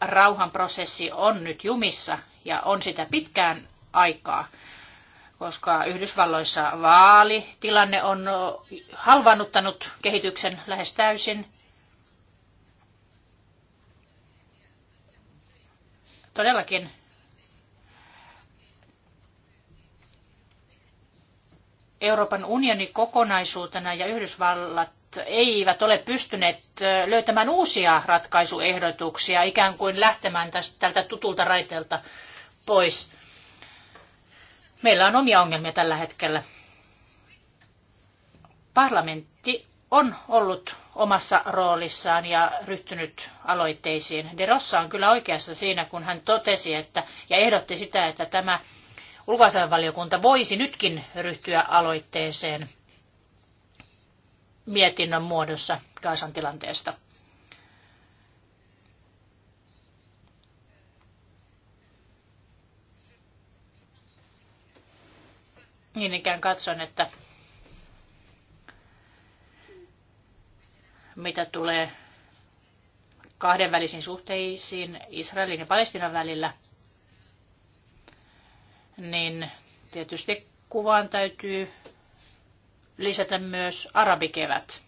rauhanprosessi on nyt jumissa ja on sitä pitkään aikaa, koska Yhdysvalloissa vaalitilanne on halvannuttanut kehityksen lähes täysin. Todellakin Euroopan unioni kokonaisuutena ja Yhdysvallat eivät ole pystyneet löytämään uusia ratkaisuehdotuksia, ikään kuin lähtemään tästä, tältä tutulta raiteelta pois. Meillä on omia ongelmia tällä hetkellä. Parlamentti on ollut omassa roolissaan ja ryhtynyt aloitteisiin. De Rossa on kyllä oikeassa siinä, kun hän totesi että, ja ehdotti sitä, että tämä ulkoasianvaliokunta voisi nytkin ryhtyä aloitteeseen mietinnön muodossa Gaasan tilanteesta. Niin ikään katson, että mitä tulee kahdenvälisiin suhteisiin Israelin ja Palestinan välillä – niin tietysti kuvaan täytyy lisätä myös arabikevät.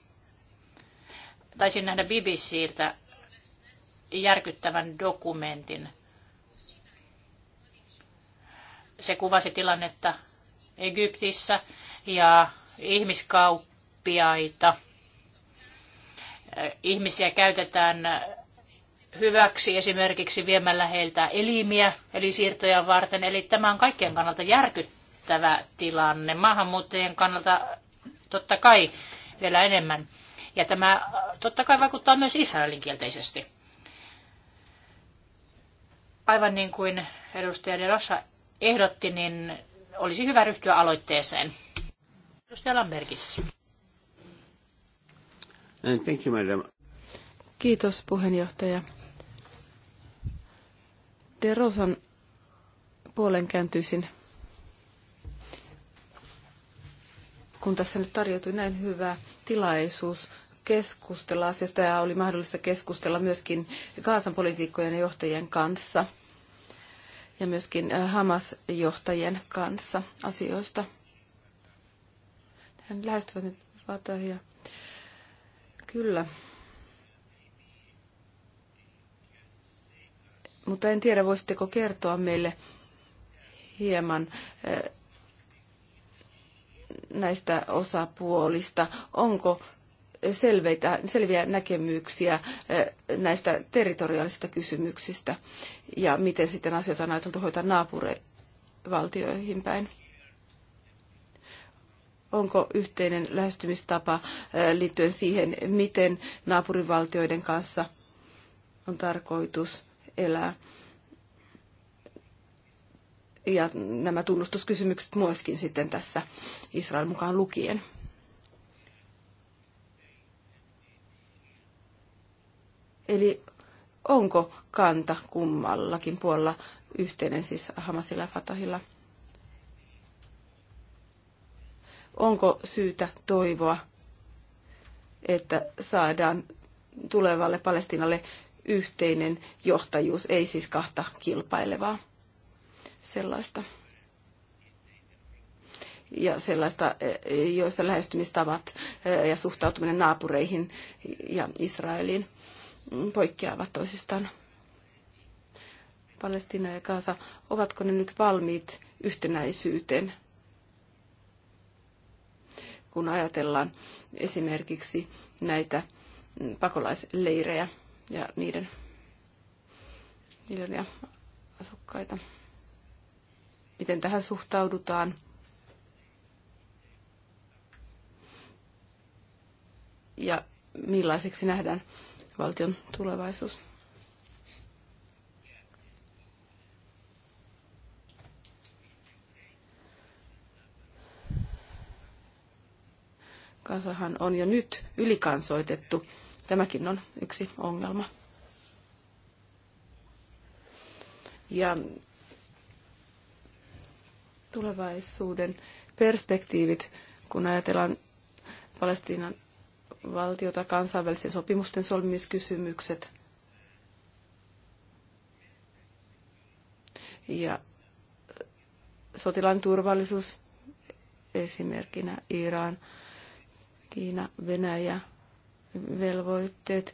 Taisin nähdä BBCltä järkyttävän dokumentin. Se kuvasi tilannetta Egyptissä ja ihmiskauppiaita. Ihmisiä käytetään hyväksi esimerkiksi viemällä heiltä elimiä, eli siirtoja varten. Eli tämä on kaikkien kannalta järkyttävä tilanne. Maahanmuuttajien kannalta totta kai vielä enemmän. Ja tämä totta kai vaikuttaa myös Israelin kielteisesti. Aivan niin kuin edustaja De Rossa ehdotti, niin olisi hyvä ryhtyä aloitteeseen. Edustaja Lambergissi. Thank you, madam. Kiitos puheenjohtaja. Derosan puolen kääntyisin, kun tässä nyt tarjoutui näin hyvä tilaisuus keskustella asiasta ja oli mahdollista keskustella myöskin Kaasan politiikkojen ja johtajien kanssa ja myöskin äh, Hamas-johtajien kanssa asioista. Hän lähestyvät nyt Fatahia. Kyllä, mutta en tiedä, voisitteko kertoa meille hieman eh, näistä osapuolista. Onko selveitä, selviä näkemyksiä eh, näistä territoriaalisista kysymyksistä ja miten sitten asioita on ajateltu hoitaa naapurivaltioihin päin? Onko yhteinen lähestymistapa eh, liittyen siihen, miten naapurivaltioiden kanssa on tarkoitus elää. Ja nämä tunnustuskysymykset myöskin sitten tässä Israel mukaan lukien. Eli onko kanta kummallakin puolella yhteinen, siis Hamasilla ja Fatahilla? Onko syytä toivoa, että saadaan tulevalle Palestinalle yhteinen johtajuus, ei siis kahta kilpailevaa sellaista. Ja sellaista, joissa lähestymistavat ja suhtautuminen naapureihin ja Israeliin poikkeavat toisistaan. Palestina ja Kaasa, ovatko ne nyt valmiit yhtenäisyyteen? Kun ajatellaan esimerkiksi näitä pakolaisleirejä, ja niiden miljoonia asukkaita. Miten tähän suhtaudutaan? Ja millaiseksi nähdään valtion tulevaisuus? kansahan on jo nyt ylikansoitettu Tämäkin on yksi ongelma. Ja tulevaisuuden perspektiivit, kun ajatellaan Palestiinan valtiota, kansainvälisten sopimusten solmimiskysymykset ja sotilaan turvallisuus esimerkkinä Iran, Kiina, Venäjä – velvoitteet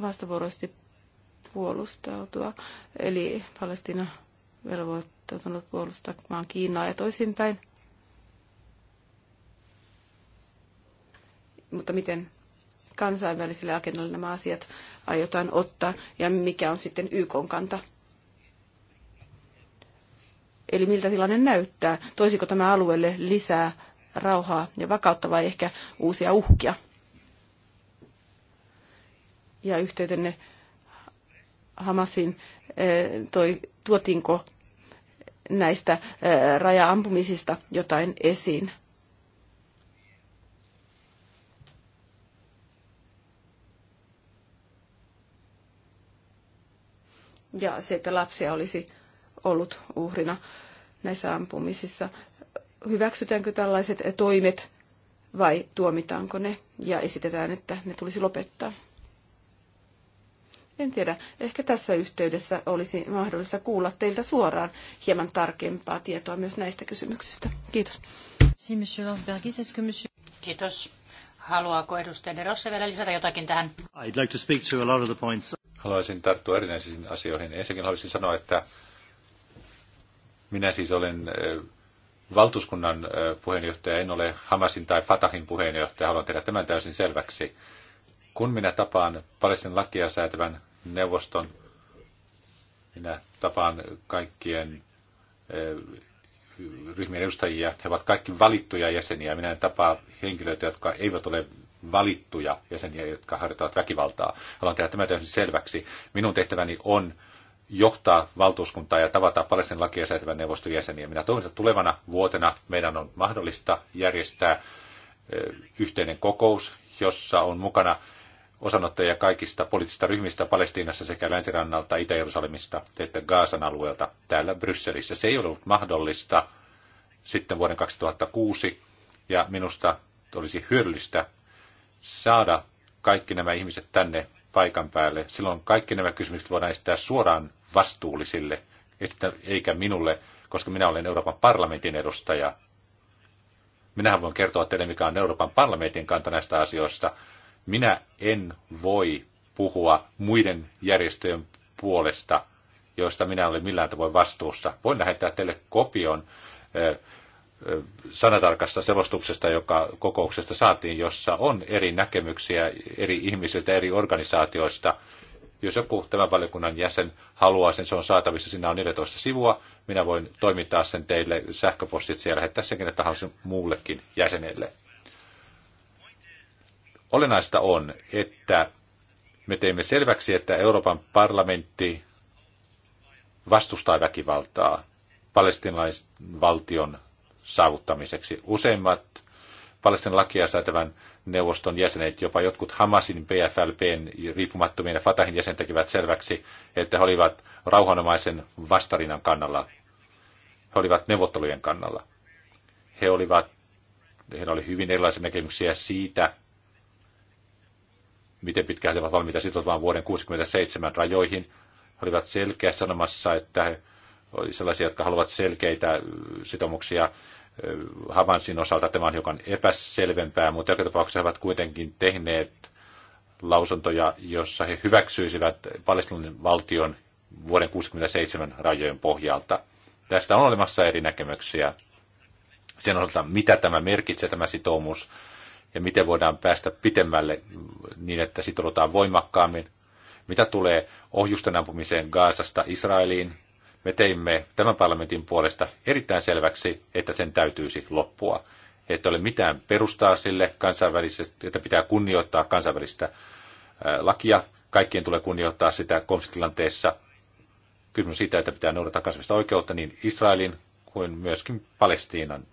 vastavuoroisesti puolustautua, eli Palestina velvoittautunut puolustamaan Kiinaa ja toisinpäin. Mutta miten kansainvälisille agendalle nämä asiat aiotaan ottaa ja mikä on sitten YK kanta? Eli miltä tilanne näyttää? Toisiko tämä alueelle lisää rauhaa ja vakautta vai ehkä uusia uhkia? ja yhteytenne Hamasin eh, toi, tuotiinko näistä eh, rajaampumisista jotain esiin? Ja se, että lapsia olisi ollut uhrina näissä ampumisissa. Hyväksytäänkö tällaiset toimet vai tuomitaanko ne ja esitetään, että ne tulisi lopettaa? En tiedä, ehkä tässä yhteydessä olisi mahdollista kuulla teiltä suoraan hieman tarkempaa tietoa myös näistä kysymyksistä. Kiitos. Kiitos. Haluaako edustaja De Rosse vielä lisätä jotakin tähän? I'd like to speak to a lot of the points. Haluaisin tarttua erinäisiin asioihin. Ensinnäkin haluaisin sanoa, että minä siis olen valtuuskunnan puheenjohtaja, en ole Hamasin tai Fatahin puheenjohtaja. Haluan tehdä tämän täysin selväksi. Kun minä tapaan Palestinan lakia säätävän neuvoston, minä tapaan kaikkien eh, ryhmien edustajia. He ovat kaikki valittuja jäseniä. Minä en tapaa henkilöitä, jotka eivät ole valittuja jäseniä, jotka harjoittavat väkivaltaa. Haluan tehdä tämä täysin selväksi. Minun tehtäväni on johtaa valtuuskuntaa ja tavata Palestinan lakia säätävän neuvoston jäseniä. Minä toivon, että tulevana vuotena meidän on mahdollista järjestää eh, yhteinen kokous, jossa on mukana osanottajia kaikista poliittisista ryhmistä Palestiinassa sekä länsirannalta, Itä-Jerusalemista että Gaasan alueelta täällä Brysselissä. Se ei ollut mahdollista sitten vuoden 2006 ja minusta olisi hyödyllistä saada kaikki nämä ihmiset tänne paikan päälle. Silloin kaikki nämä kysymykset voidaan esittää suoraan vastuullisille, eikä minulle, koska minä olen Euroopan parlamentin edustaja. Minähän voin kertoa teille, mikä on Euroopan parlamentin kanta näistä asioista, minä en voi puhua muiden järjestöjen puolesta, joista minä olen millään tavoin vastuussa. Voin lähettää teille kopion sanatarkasta selostuksesta, joka kokouksesta saatiin, jossa on eri näkemyksiä eri ihmisiltä, eri organisaatioista. Jos joku tämän valiokunnan jäsen haluaa sen, se on saatavissa, siinä on 14 sivua. Minä voin toimittaa sen teille sähköpostitse ja lähettää senkin kenelle tahansa muullekin jäsenelle. Olennaista on, että me teemme selväksi, että Euroopan parlamentti vastustaa väkivaltaa palestinalaisen valtion saavuttamiseksi. Useimmat Palestinan lakia säätävän neuvoston jäsenet, jopa jotkut Hamasin, PFLPn riippumattomien ja Fatahin jäsen tekivät selväksi, että he olivat rauhanomaisen vastarinnan kannalla. He olivat neuvottelujen kannalla. He olivat, heillä oli hyvin erilaisia näkemyksiä siitä, miten pitkään he ovat valmiita sitoutumaan vuoden 1967 rajoihin. He olivat selkeässä sanomassa, että he sellaisia, jotka haluavat selkeitä sitoumuksia Havansin osalta. Tämä on hiukan epäselvempää, mutta joka tapauksessa he ovat kuitenkin tehneet lausuntoja, jossa he hyväksyisivät palestinan valtion vuoden 67 rajojen pohjalta. Tästä on olemassa eri näkemyksiä sen osalta, mitä tämä merkitsee, tämä sitoumus, ja miten voidaan päästä pitemmälle niin, että sitoudutaan voimakkaammin. Mitä tulee ohjusten ampumiseen Gaasasta Israeliin, me teimme tämän parlamentin puolesta erittäin selväksi, että sen täytyisi loppua. Että ole mitään perustaa sille, että pitää kunnioittaa kansainvälistä lakia. Kaikkien tulee kunnioittaa sitä konfliktilanteessa. Kysymys siitä, että pitää noudattaa kansainvälistä oikeutta niin Israelin kuin myöskin Palestiinan.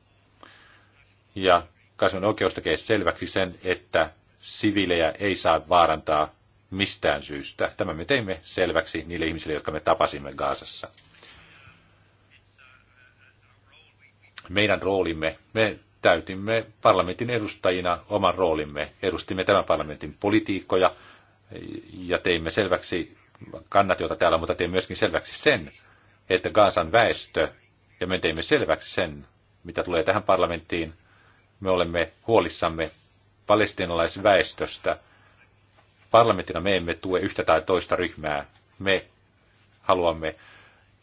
Ja Kansainvälinen oikeus tekee selväksi sen, että siviilejä ei saa vaarantaa mistään syystä. Tämä me teimme selväksi niille ihmisille, jotka me tapasimme Gaasassa. Meidän roolimme, me täytimme parlamentin edustajina oman roolimme, edustimme tämän parlamentin politiikkoja ja teimme selväksi kannat, joita täällä, mutta teimme myöskin selväksi sen, että Gaasan väestö, ja me teimme selväksi sen, mitä tulee tähän parlamenttiin, me olemme huolissamme palestiinalaisväestöstä. Parlamentina me emme tue yhtä tai toista ryhmää. Me haluamme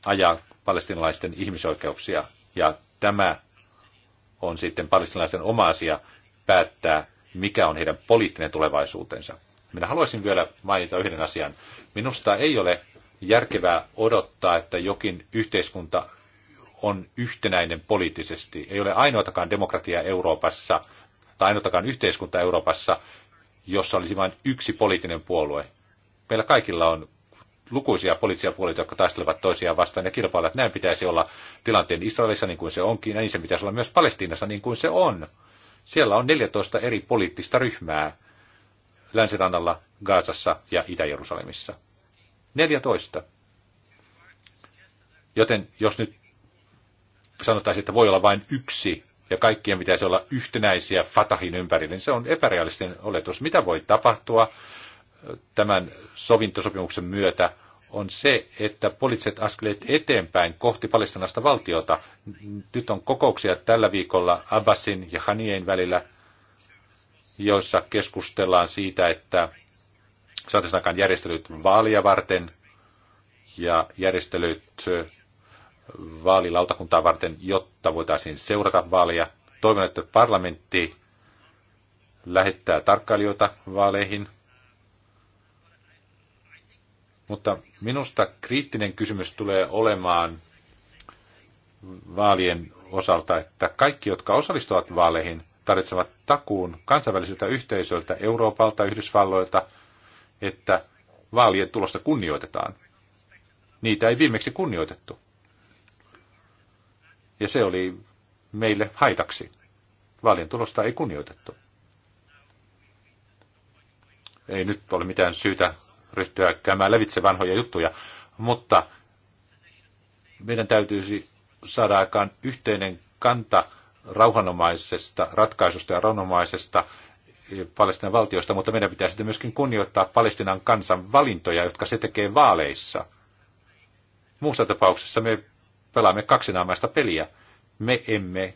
ajaa palestinalaisten ihmisoikeuksia ja tämä on sitten palestinalaisten oma asia päättää, mikä on heidän poliittinen tulevaisuutensa. Minä haluaisin vielä mainita yhden asian. Minusta ei ole järkevää odottaa, että jokin yhteiskunta on yhtenäinen poliittisesti. Ei ole ainoatakaan demokratia Euroopassa tai ainoatakaan yhteiskunta Euroopassa, jossa olisi vain yksi poliittinen puolue. Meillä kaikilla on lukuisia poliittisia puolueita, jotka taistelevat toisiaan vastaan ja kilpailevat. Näin pitäisi olla tilanteen Israelissa niin kuin se onkin, ja niin se pitäisi olla myös Palestiinassa niin kuin se on. Siellä on 14 eri poliittista ryhmää länsirannalla, Gaasassa ja Itä-Jerusalemissa. 14. Joten jos nyt sanotaan, että voi olla vain yksi ja kaikkien pitäisi olla yhtenäisiä Fatahin ympärille, niin se on epärealistinen oletus. Mitä voi tapahtua tämän sovintosopimuksen myötä on se, että poliittiset askeleet eteenpäin kohti palestinasta valtiota. Nyt on kokouksia tällä viikolla Abbasin ja Hanien välillä, joissa keskustellaan siitä, että saataisiin aikaan järjestelyt vaalia varten ja järjestelyt vaalilautakuntaa varten, jotta voitaisiin seurata vaaleja. Toivon, että parlamentti lähettää tarkkailijoita vaaleihin. Mutta minusta kriittinen kysymys tulee olemaan vaalien osalta, että kaikki, jotka osallistuvat vaaleihin, tarvitsevat takuun kansainvälisiltä yhteisöiltä, Euroopalta, Yhdysvalloilta, että vaalien tulosta kunnioitetaan. Niitä ei viimeksi kunnioitettu ja se oli meille haitaksi. Vaalien tulosta ei kunnioitettu. Ei nyt ole mitään syytä ryhtyä käymään lävitse vanhoja juttuja, mutta meidän täytyisi saada aikaan yhteinen kanta rauhanomaisesta ratkaisusta ja rauhanomaisesta Palestinan valtiosta, mutta meidän pitää sitten myöskin kunnioittaa Palestinan kansan valintoja, jotka se tekee vaaleissa. Muussa tapauksessa me pelaamme kaksinaamaista peliä. Me emme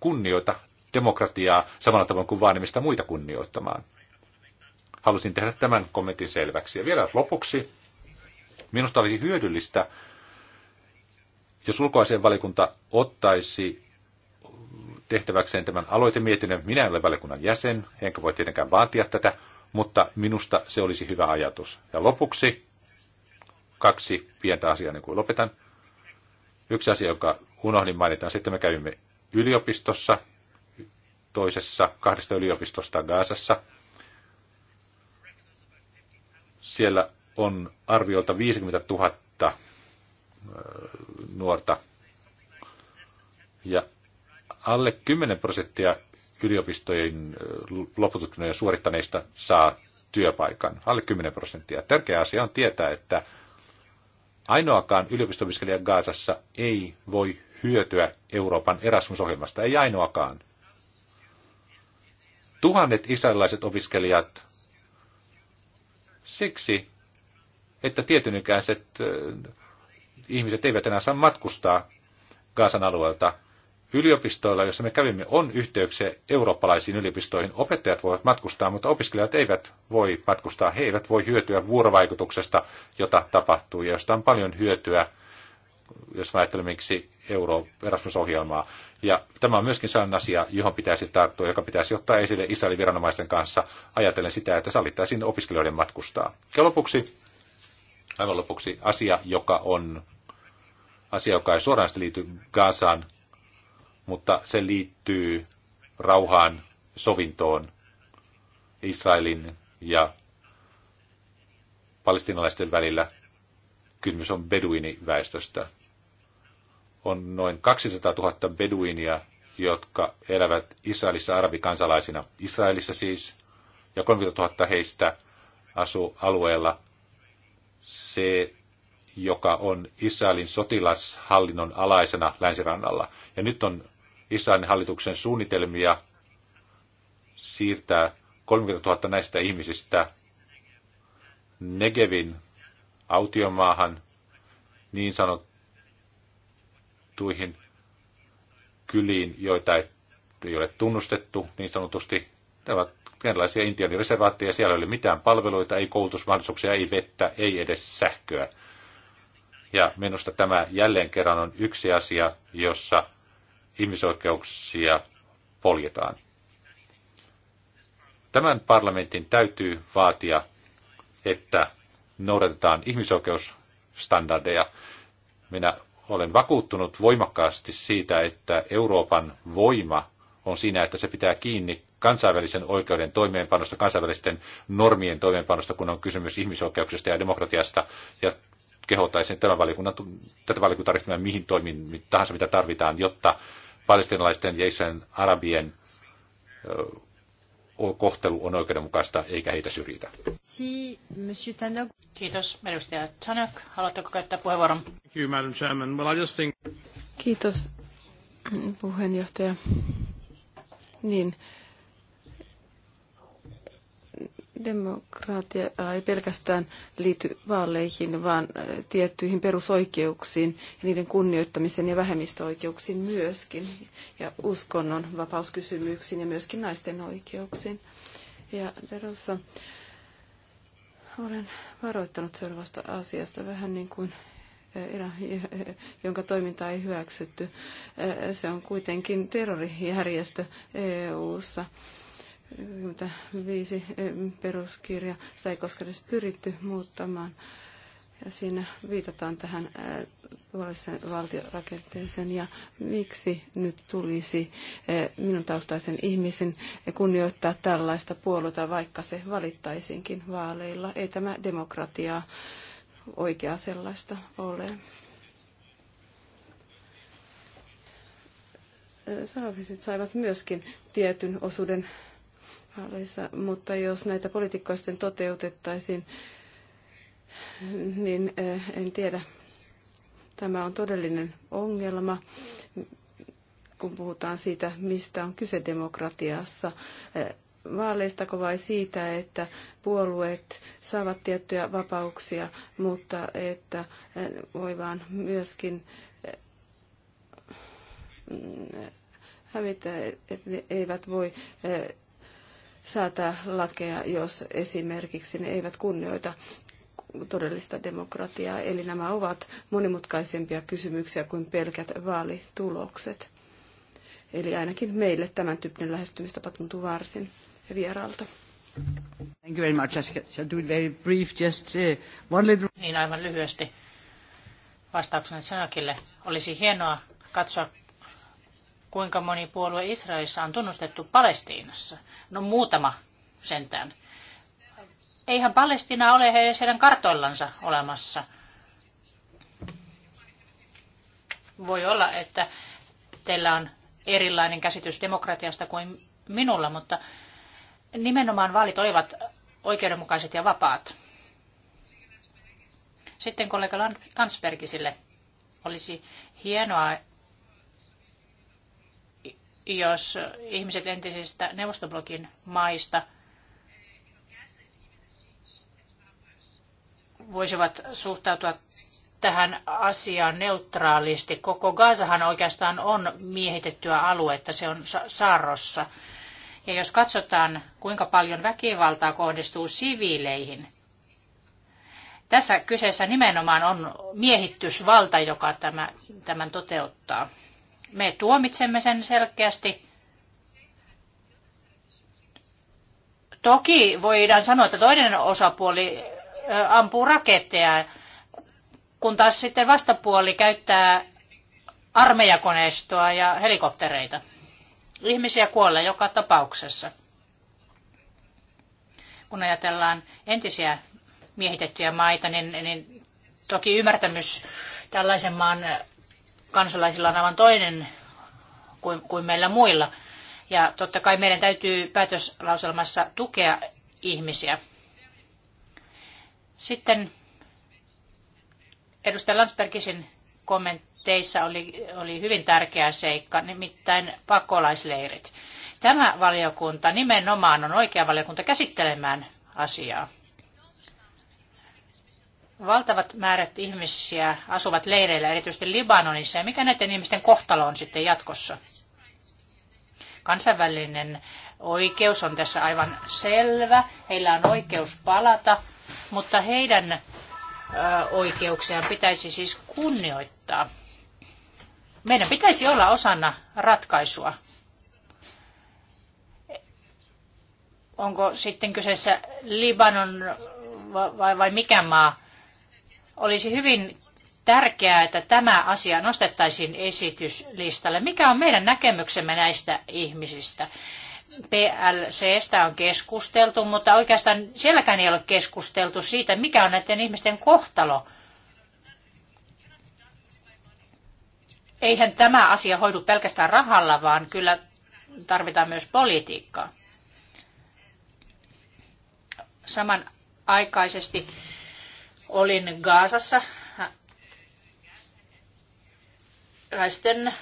kunnioita demokratiaa samalla tavalla kuin vaanimista muita kunnioittamaan. Halusin tehdä tämän kommentin selväksi. Ja vielä lopuksi, minusta olisi hyödyllistä, jos ulkoasian valikunta ottaisi tehtäväkseen tämän aloitemietinnön. Minä en ole valikunnan jäsen, enkä voi tietenkään vaatia tätä, mutta minusta se olisi hyvä ajatus. Ja lopuksi kaksi pientä asiaa, niin kuin lopetan. Yksi asia, joka unohdin mainita, sitten me kävimme yliopistossa, toisessa kahdesta yliopistosta Gaasassa. Siellä on arviolta 50 000 nuorta ja alle 10 prosenttia yliopistojen loppututkintoja suorittaneista saa työpaikan. Alle 10 prosenttia. Tärkeä asia on tietää, että Ainoakaan yliopistopiskelija Gaasassa ei voi hyötyä Euroopan Erasmus-ohjelmasta, ei ainoakaan. Tuhannet israelilaiset opiskelijat siksi, että tietynykäiset äh, ihmiset eivät enää saa matkustaa Gaasan alueelta yliopistoilla, joissa me kävimme, on yhteyksiä eurooppalaisiin yliopistoihin. Opettajat voivat matkustaa, mutta opiskelijat eivät voi matkustaa. He eivät voi hyötyä vuorovaikutuksesta, jota tapahtuu ja josta on paljon hyötyä, jos ajattelemme miksi Euro Erasmus-ohjelmaa. Ja tämä on myöskin sellainen asia, johon pitäisi tarttua, joka pitäisi ottaa esille Israelin viranomaisten kanssa, ajatellen sitä, että sallittaisiin opiskelijoiden matkustaa. Ja lopuksi, aivan lopuksi, asia, joka on asia, joka ei suoraan liity Gazaan, mutta se liittyy rauhaan, sovintoon Israelin ja palestinalaisten välillä. Kysymys on beduiniväestöstä. On noin 200 000 beduinia, jotka elävät Israelissa arabikansalaisina. Israelissa siis, ja 30 000 heistä asuu alueella se, joka on Israelin sotilashallinnon alaisena länsirannalla. Ja nyt on Israelin hallituksen suunnitelmia siirtää 30 000 näistä ihmisistä Negevin autiomaahan niin sanottuihin kyliin, joita ei ole tunnustettu niin sanotusti. Ne ovat erilaisia intiaanireservaatteja, siellä ei ole mitään palveluita, ei koulutusmahdollisuuksia, ei vettä, ei edes sähköä. Ja minusta tämä jälleen kerran on yksi asia, jossa ihmisoikeuksia poljetaan. Tämän parlamentin täytyy vaatia, että noudatetaan ihmisoikeusstandardeja. Minä olen vakuuttunut voimakkaasti siitä, että Euroopan voima on siinä, että se pitää kiinni kansainvälisen oikeuden toimeenpanosta, kansainvälisten normien toimeenpanosta, kun on kysymys ihmisoikeuksista ja demokratiasta. Ja kehottaisin tämän tätä valiokuntaa ryhtymään mihin toimiin tahansa, mitä tarvitaan, jotta palestinalaisten ja Israelin arabien kohtelu on oikeudenmukaista eikä heitä syrjitä. Kiitos, edustaja Tanak. Haluatteko käyttää puheenvuoron? Kiitos, puheenjohtaja. Niin, Demokraatia ei pelkästään liity vaaleihin, vaan tiettyihin perusoikeuksiin ja niiden kunnioittamiseen ja vähemmistöoikeuksiin myöskin, ja uskonnon vapauskysymyksiin ja myöskin naisten oikeuksiin. Ja Derossa olen varoittanut seuraavasta asiasta vähän niin kuin jonka toimintaa ei hyväksytty. Se on kuitenkin terrorijärjestö EU-ssa. eu ssa 1995 eh, peruskirja, sitä ei koskaan edes pyritty muuttamaan. Ja siinä viitataan tähän eh, puolisen valtiorakenteeseen ja miksi nyt tulisi eh, minun taustaisen ihmisen kunnioittaa tällaista puoluetta, vaikka se valittaisinkin vaaleilla. Ei tämä demokratiaa oikea sellaista ole. Saavisit saivat myöskin tietyn osuuden vaaleissa, mutta jos näitä poliitikkoja sitten toteutettaisiin, niin eh, en tiedä. Tämä on todellinen ongelma, kun puhutaan siitä, mistä on kyse demokratiassa. Eh, vaaleistako vai siitä, että puolueet saavat tiettyjä vapauksia, mutta että eh, voi vaan myöskin mm, hävitä, että ne eivät voi säätää lakeja, jos esimerkiksi ne eivät kunnioita todellista demokratiaa. Eli nämä ovat monimutkaisempia kysymyksiä kuin pelkät vaalitulokset. Eli ainakin meille tämän tyyppinen lähestymistapa tuntuu varsin vieraalta. Thank you very much. I'll do it very brief. Just uh, one little... Niin aivan lyhyesti vastauksena Sanakille. Olisi hienoa katsoa kuinka moni puolue Israelissa on tunnustettu Palestiinassa. No muutama sentään. Eihän Palestina ole edes heidän kartoillansa olemassa. Voi olla, että teillä on erilainen käsitys demokratiasta kuin minulla, mutta nimenomaan vaalit olivat oikeudenmukaiset ja vapaat. Sitten kollega Landsbergisille olisi hienoa, jos ihmiset entisistä neuvostoblokin maista voisivat suhtautua tähän asiaan neutraalisti. Koko Gazahan oikeastaan on miehitettyä aluetta, se on saarrossa. Ja jos katsotaan, kuinka paljon väkivaltaa kohdistuu siviileihin, tässä kyseessä nimenomaan on miehitysvalta, joka tämä, tämän toteuttaa. Me tuomitsemme sen selkeästi. Toki voidaan sanoa, että toinen osapuoli ampuu raketteja, kun taas sitten vastapuoli käyttää armeijakoneistoa ja helikoptereita. Ihmisiä kuolee joka tapauksessa. Kun ajatellaan entisiä miehitettyjä maita, niin, niin toki ymmärtämys tällaisen maan kansalaisilla on aivan toinen kuin, kuin meillä muilla. Ja totta kai meidän täytyy päätöslauselmassa tukea ihmisiä. Sitten edustaja Landsbergisin kommentteissa oli, oli hyvin tärkeä seikka, nimittäin pakolaisleirit. Tämä valiokunta nimenomaan on oikea valiokunta käsittelemään asiaa valtavat määrät ihmisiä asuvat leireillä, erityisesti Libanonissa, ja mikä näiden ihmisten kohtalo on sitten jatkossa? Kansainvälinen oikeus on tässä aivan selvä, heillä on oikeus palata, mutta heidän oikeuksiaan pitäisi siis kunnioittaa. Meidän pitäisi olla osana ratkaisua. Onko sitten kyseessä Libanon vai, vai mikä maa? Olisi hyvin tärkeää, että tämä asia nostettaisiin esityslistalle. Mikä on meidän näkemyksemme näistä ihmisistä? PLCstä on keskusteltu, mutta oikeastaan sielläkään ei ole keskusteltu siitä, mikä on näiden ihmisten kohtalo. Eihän tämä asia hoidu pelkästään rahalla, vaan kyllä tarvitaan myös politiikkaa. Samanaikaisesti Olin Gaasassa naisten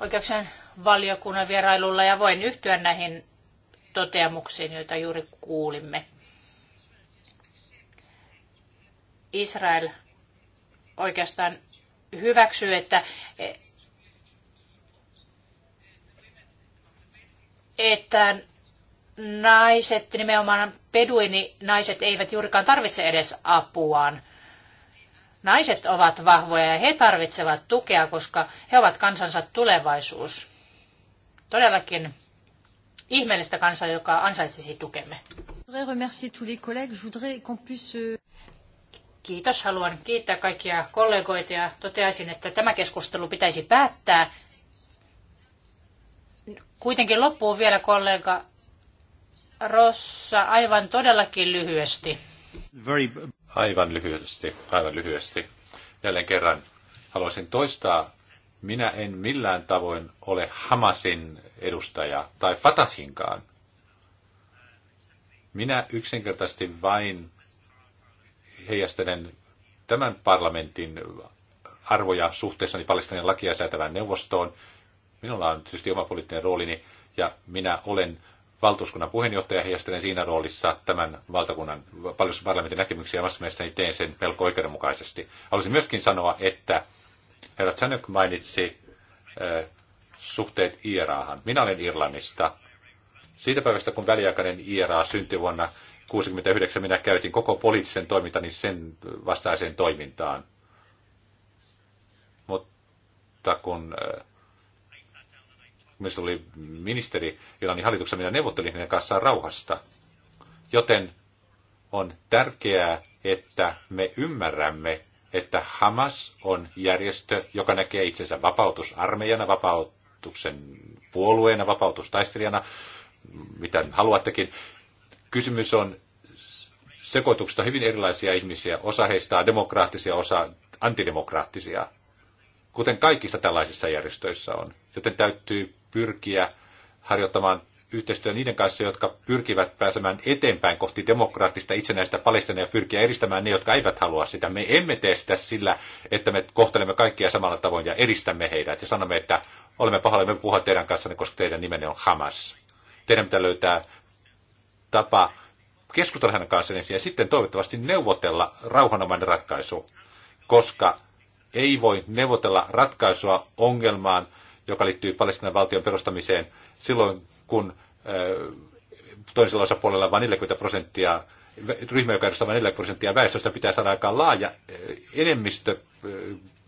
oikeuksien valiokunnan vierailulla ja voin yhtyä näihin toteamuksiin, joita juuri kuulimme. Israel oikeastaan hyväksyy, että, e- että naiset, nimenomaan peduini naiset eivät juurikaan tarvitse edes apuaan. Naiset ovat vahvoja ja he tarvitsevat tukea, koska he ovat kansansa tulevaisuus. Todellakin ihmeellistä kansaa, joka ansaitsisi tukemme. Kiitos. Haluan kiittää kaikkia kollegoita ja toteaisin, että tämä keskustelu pitäisi päättää. Kuitenkin loppuu vielä kollega Rossa aivan todellakin lyhyesti. Very... Aivan lyhyesti, aivan lyhyesti. Jälleen kerran haluaisin toistaa, minä en millään tavoin ole Hamasin edustaja tai Fatahinkaan. Minä yksinkertaisesti vain heijastelen tämän parlamentin arvoja suhteessa Palestinian lakia säätävään neuvostoon. Minulla on tietysti oma poliittinen roolini ja minä olen valtuuskunnan puheenjohtaja heijastelen siinä roolissa tämän valtakunnan parlamentin näkemyksiä ja omasta mielestäni teen sen melko oikeudenmukaisesti. Haluaisin myöskin sanoa, että herra Chanuk mainitsi äh, suhteet IRAhan. Minä olen Irlannista. Siitä päivästä, kun väliaikainen IRA syntyi vuonna 1969, minä käytin koko poliittisen toimintani sen vastaiseen toimintaan. Mutta kun äh, myös oli ministeri Iranin hallituksessa minä neuvottelin hänen kanssaan rauhasta. Joten on tärkeää, että me ymmärrämme, että Hamas on järjestö, joka näkee itsensä vapautusarmeijana, vapautuksen puolueena, vapautustaistelijana, mitä haluattekin. Kysymys on sekoituksesta hyvin erilaisia ihmisiä. Osa heistä on demokraattisia, osa antidemokraattisia, kuten kaikissa tällaisissa järjestöissä on. Joten täytyy pyrkiä harjoittamaan yhteistyö niiden kanssa, jotka pyrkivät pääsemään eteenpäin kohti demokraattista itsenäistä palestina ja pyrkiä eristämään ne, jotka eivät halua sitä. Me emme tee sitä sillä, että me kohtelemme kaikkia samalla tavoin ja eristämme heidät ja sanomme, että olemme pahoillamme puhua teidän kanssanne, koska teidän nimenne on Hamas. Teidän pitää löytää tapa keskustella hänen kanssaan ensin ja sitten toivottavasti neuvotella rauhanomainen ratkaisu, koska ei voi neuvotella ratkaisua ongelmaan – joka liittyy Palestinan valtion perustamiseen, silloin kun toisella osapuolella vain 40 prosenttia ryhmä, joka edustaa vain 40 prosenttia väestöstä, pitää saada aikaan laaja enemmistö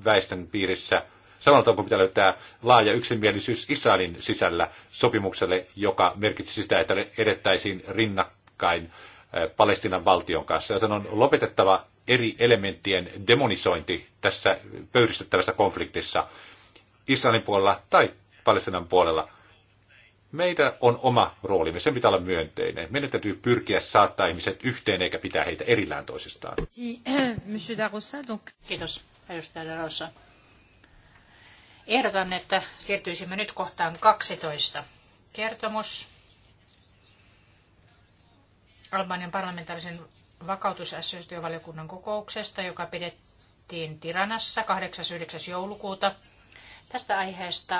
väestön piirissä. Samalla tavalla pitää löytää laaja yksimielisyys Israelin sisällä sopimukselle, joka merkitsi sitä, että edettäisiin rinnakkain Palestinan valtion kanssa. Joten on lopetettava eri elementtien demonisointi tässä pöyristettävässä konfliktissa. Israelin puolella tai Palestinan puolella. Meidän on oma roolimme, sen pitää olla myönteinen. Meidän täytyy pyrkiä saattaa ihmiset yhteen eikä pitää heitä erillään toisistaan. Kiitos, edustaja Darossa. Ehdotan, että siirtyisimme nyt kohtaan 12. Kertomus Albanian parlamentaarisen vakautusasioistyövaliokunnan kokouksesta, joka pidettiin Tiranassa 8.9. joulukuuta Tästä aiheesta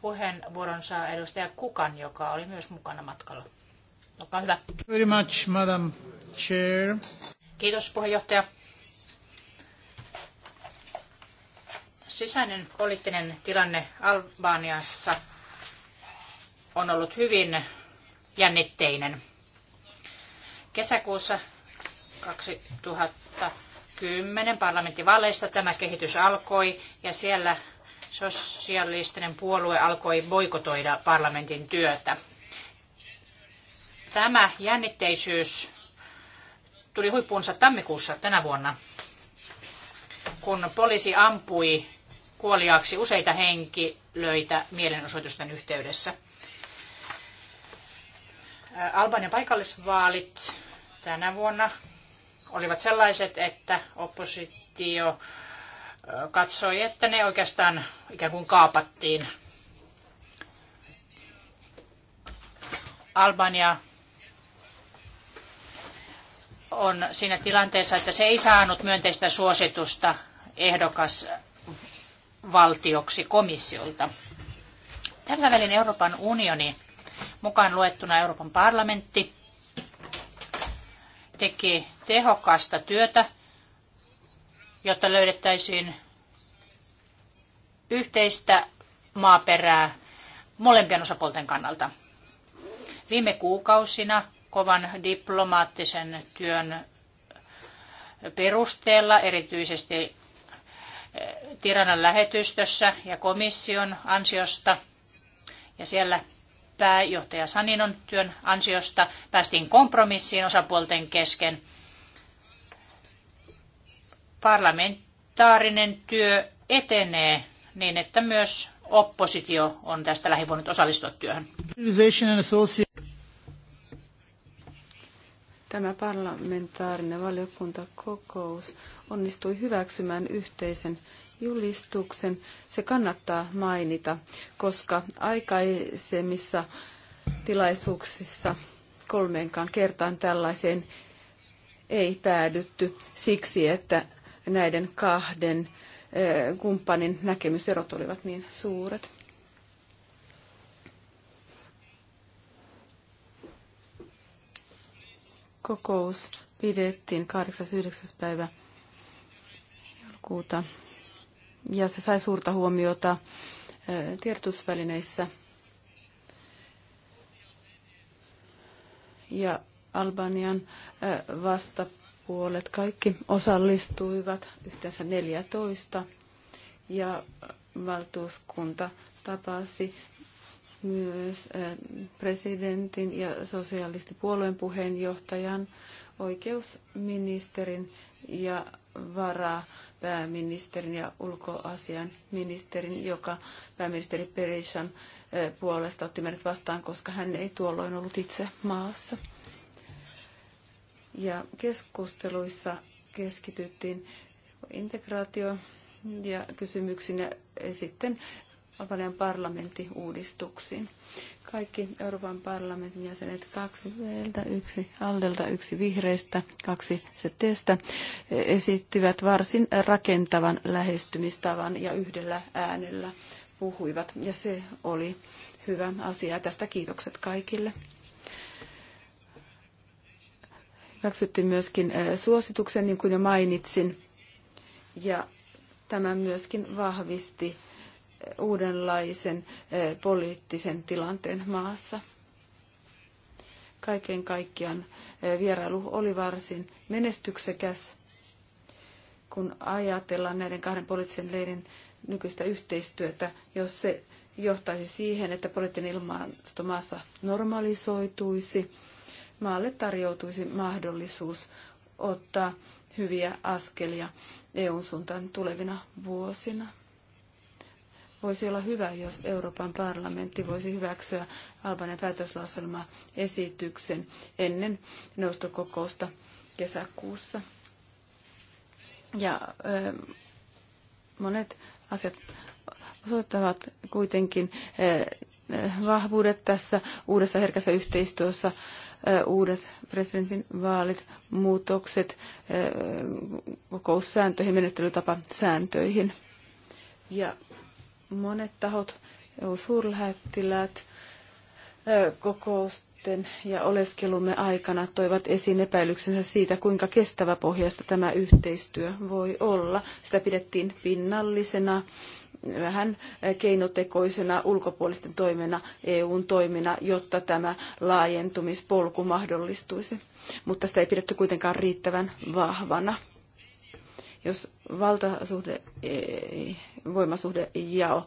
puheenvuoron saa edustaja Kukan, joka oli myös mukana matkalla. Olkaa hyvä. Very much, Madam Chair. Kiitos puheenjohtaja. Sisäinen poliittinen tilanne Albaniassa on ollut hyvin jännitteinen. Kesäkuussa 2010 parlamenttivaaleista tämä kehitys alkoi ja siellä sosialistinen puolue alkoi boikotoida parlamentin työtä. Tämä jännitteisyys tuli huippuunsa tammikuussa tänä vuonna, kun poliisi ampui kuoliaaksi useita henkilöitä mielenosoitusten yhteydessä. Albanian paikallisvaalit tänä vuonna olivat sellaiset, että oppositio katsoi, että ne oikeastaan ikään kuin kaapattiin. Albania on siinä tilanteessa, että se ei saanut myönteistä suositusta ehdokasvaltioksi komissiolta. Tällä välin Euroopan unioni, mukaan luettuna Euroopan parlamentti, teki tehokasta työtä jotta löydettäisiin yhteistä maaperää molempien osapuolten kannalta. Viime kuukausina kovan diplomaattisen työn perusteella, erityisesti eh, Tiranan lähetystössä ja komission ansiosta ja siellä pääjohtaja Saninon työn ansiosta päästiin kompromissiin osapuolten kesken parlamentaarinen työ etenee niin, että myös oppositio on tästä lähivuonna osallistua työhön. Tämä parlamentaarinen valiokuntakokous onnistui hyväksymään yhteisen julistuksen. Se kannattaa mainita, koska aikaisemmissa tilaisuuksissa kolmeenkaan kertaan tällaiseen ei päädytty siksi, että näiden kahden kumppanin näkemyserot olivat niin suuret. Kokous pidettiin 8.9. päivä joulukuuta ja se sai suurta huomiota tiedotusvälineissä. Ja Albanian vasta osapuolet kaikki osallistuivat, yhteensä 14, ja valtuuskunta tapasi myös eh, presidentin ja sosialistipuolueen puheenjohtajan, oikeusministerin ja varapääministerin ja ulkoasian ministerin, joka pääministeri Perishan eh, puolesta otti meidät vastaan, koska hän ei tuolloin ollut itse maassa. Ja keskusteluissa keskityttiin integraatio ja kysymyksiin ja sitten Albanian uudistuksiin Kaikki Euroopan parlamentin jäsenet, kaksi Vltä, yksi Aldelta, yksi Vihreistä, kaksi Setestä, esittivät varsin rakentavan lähestymistavan ja yhdellä äänellä puhuivat. Ja se oli hyvä asia. Tästä kiitokset kaikille. Hyväksyttiin myöskin eh, suosituksen, niin kuin jo mainitsin, ja tämä myöskin vahvisti eh, uudenlaisen eh, poliittisen tilanteen maassa. Kaiken kaikkiaan vierailu oli varsin menestyksekäs, kun ajatellaan näiden kahden poliittisen leirin nykyistä yhteistyötä, jos se johtaisi siihen, että poliittinen ilmasto maassa normalisoituisi maalle tarjoutuisi mahdollisuus ottaa hyviä askelia EUn suuntaan tulevina vuosina. Voisi olla hyvä, jos Euroopan parlamentti voisi hyväksyä Albanian esityksen ennen neuvostokokousta kesäkuussa. Ja ö, ähm, monet asiat osoittavat kuitenkin ö, äh, äh, vahvuudet tässä uudessa herkässä yhteistyössä. Ö, uudet presidentin vaalit, muutokset kokoussääntöihin, sääntöihin Ja monet tahot, EU-suurlähettiläät, kokousten ja oleskelumme aikana toivat esiin epäilyksensä siitä, kuinka kestävä pohjasta tämä yhteistyö voi olla. Sitä pidettiin pinnallisena vähän keinotekoisena ulkopuolisten toimena, EUn toimina, jotta tämä laajentumispolku mahdollistuisi. Mutta sitä ei pidetty kuitenkaan riittävän vahvana. Jos valtasuhde, e, voimasuhde jao,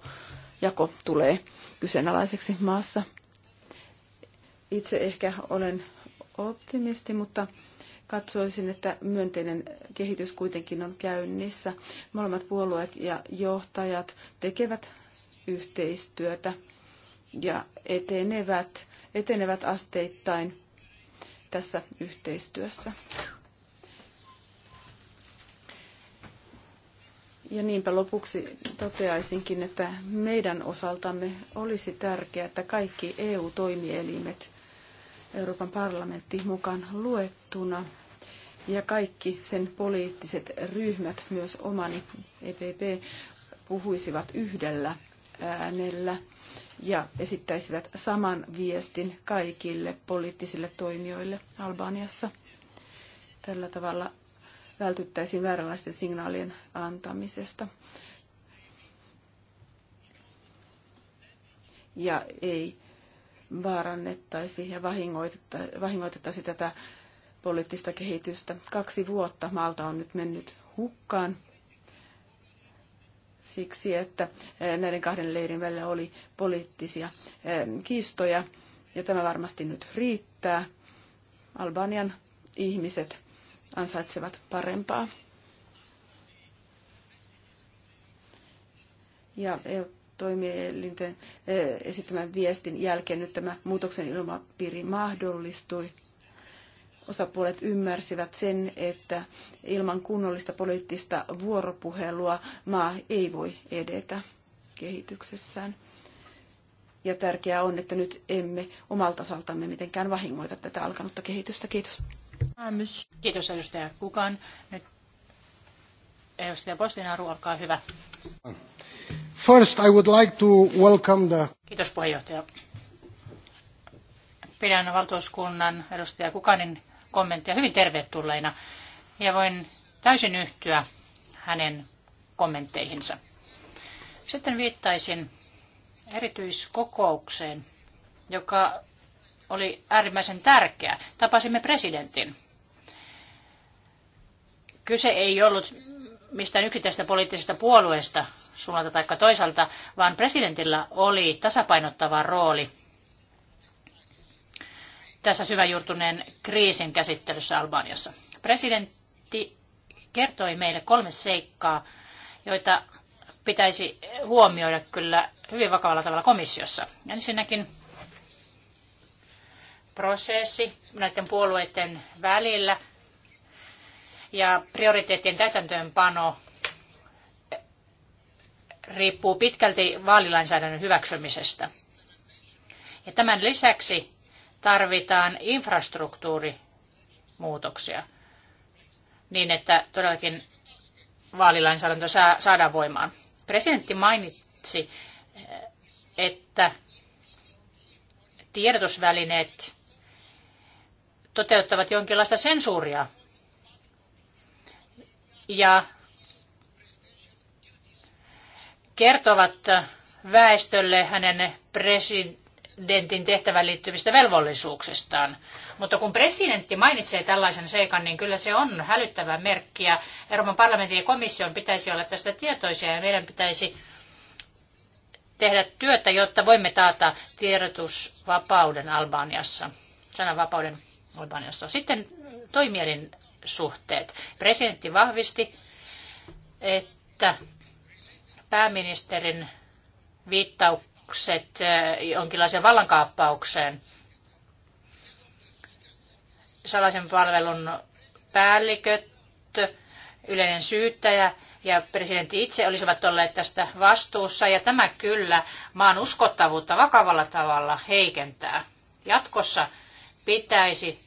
jako tulee kyseenalaiseksi maassa. Itse ehkä olen optimisti, mutta Katsoisin, että myönteinen kehitys kuitenkin on käynnissä. Molemmat puolueet ja johtajat tekevät yhteistyötä ja etenevät, etenevät asteittain tässä yhteistyössä. Ja niinpä lopuksi toteaisinkin, että meidän osaltamme olisi tärkeää, että kaikki EU-toimielimet Euroopan parlamentti mukaan luettuna ja kaikki sen poliittiset ryhmät, myös omani EPP, puhuisivat yhdellä äänellä ja esittäisivät saman viestin kaikille poliittisille toimijoille Albaniassa. Tällä tavalla vältyttäisiin vääränlaisten signaalien antamisesta. Ja ei vaarannettaisi ja vahingoitettaisi tätä poliittista kehitystä. Kaksi vuotta maalta on nyt mennyt hukkaan siksi, että eh, näiden kahden leirin välillä oli poliittisia eh, kiistoja, ja tämä varmasti nyt riittää. Albanian ihmiset ansaitsevat parempaa. Ja toimielinten eh, esittämän viestin jälkeen nyt tämä muutoksen ilmapiiri mahdollistui. Osapuolet ymmärsivät sen, että ilman kunnollista poliittista vuoropuhelua maa ei voi edetä kehityksessään. Ja tärkeää on, että nyt emme omalta osaltamme mitenkään vahingoita tätä alkanutta kehitystä. Kiitos. Kiitos edustaja Kukan. Nyt edustaja Postinaru, olkaa hyvä. First, I would like to welcome the... Kiitos puheenjohtaja. Pidän valtuuskunnan edustaja Kukanin kommenttia. hyvin tervetulleina ja voin täysin yhtyä hänen kommentteihinsa. Sitten viittaisin erityiskokoukseen, joka oli äärimmäisen tärkeä. Tapasimme presidentin. Kyse ei ollut mistään yksittäisestä poliittisesta puolueesta suunnalta tai toiselta vaan presidentillä oli tasapainottava rooli tässä syväjuurtuneen kriisin käsittelyssä Albaniassa. Presidentti kertoi meille kolme seikkaa, joita pitäisi huomioida kyllä hyvin vakavalla tavalla komissiossa. Ensinnäkin prosessi näiden puolueiden välillä – ja prioriteettien täytäntöönpano riippuu pitkälti vaalilainsäädännön hyväksymisestä. Ja tämän lisäksi tarvitaan infrastruktuurimuutoksia niin, että todellakin vaalilainsäädäntö saadaan voimaan. Presidentti mainitsi, että tiedotusvälineet toteuttavat jonkinlaista sensuuria ja kertovat väestölle hänen presidentin tehtävään liittyvistä velvollisuuksistaan. Mutta kun presidentti mainitsee tällaisen seikan, niin kyllä se on hälyttävä merkki ja Euroopan parlamentin ja komission pitäisi olla tästä tietoisia ja meidän pitäisi tehdä työtä, jotta voimme taata tiedotusvapauden Albaniassa, sananvapauden Albaniassa. Sitten toimielin suhteet. Presidentti vahvisti, että pääministerin viittaukset eh, jonkinlaiseen vallankaappaukseen salaisen palvelun päälliköt, yleinen syyttäjä ja presidentti itse olisivat olleet tästä vastuussa, ja tämä kyllä maan uskottavuutta vakavalla tavalla heikentää. Jatkossa pitäisi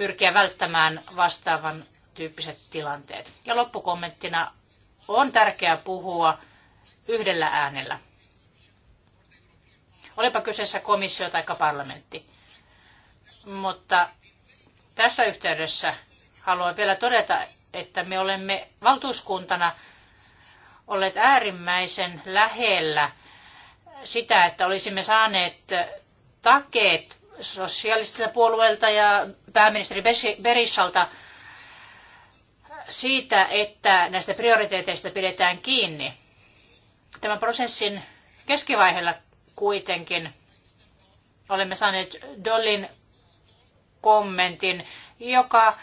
pyrkiä välttämään vastaavan tyyppiset tilanteet. Ja loppukommenttina on tärkeää puhua yhdellä äänellä. Olipa kyseessä komissio tai parlamentti. Mutta tässä yhteydessä haluan vielä todeta, että me olemme valtuuskuntana olleet äärimmäisen lähellä sitä, että olisimme saaneet takeet sosialistiselta puolueelta ja pääministeri Berishalta siitä, että näistä prioriteeteista pidetään kiinni. Tämän prosessin keskivaiheella kuitenkin olemme saaneet Dollin kommentin, joka,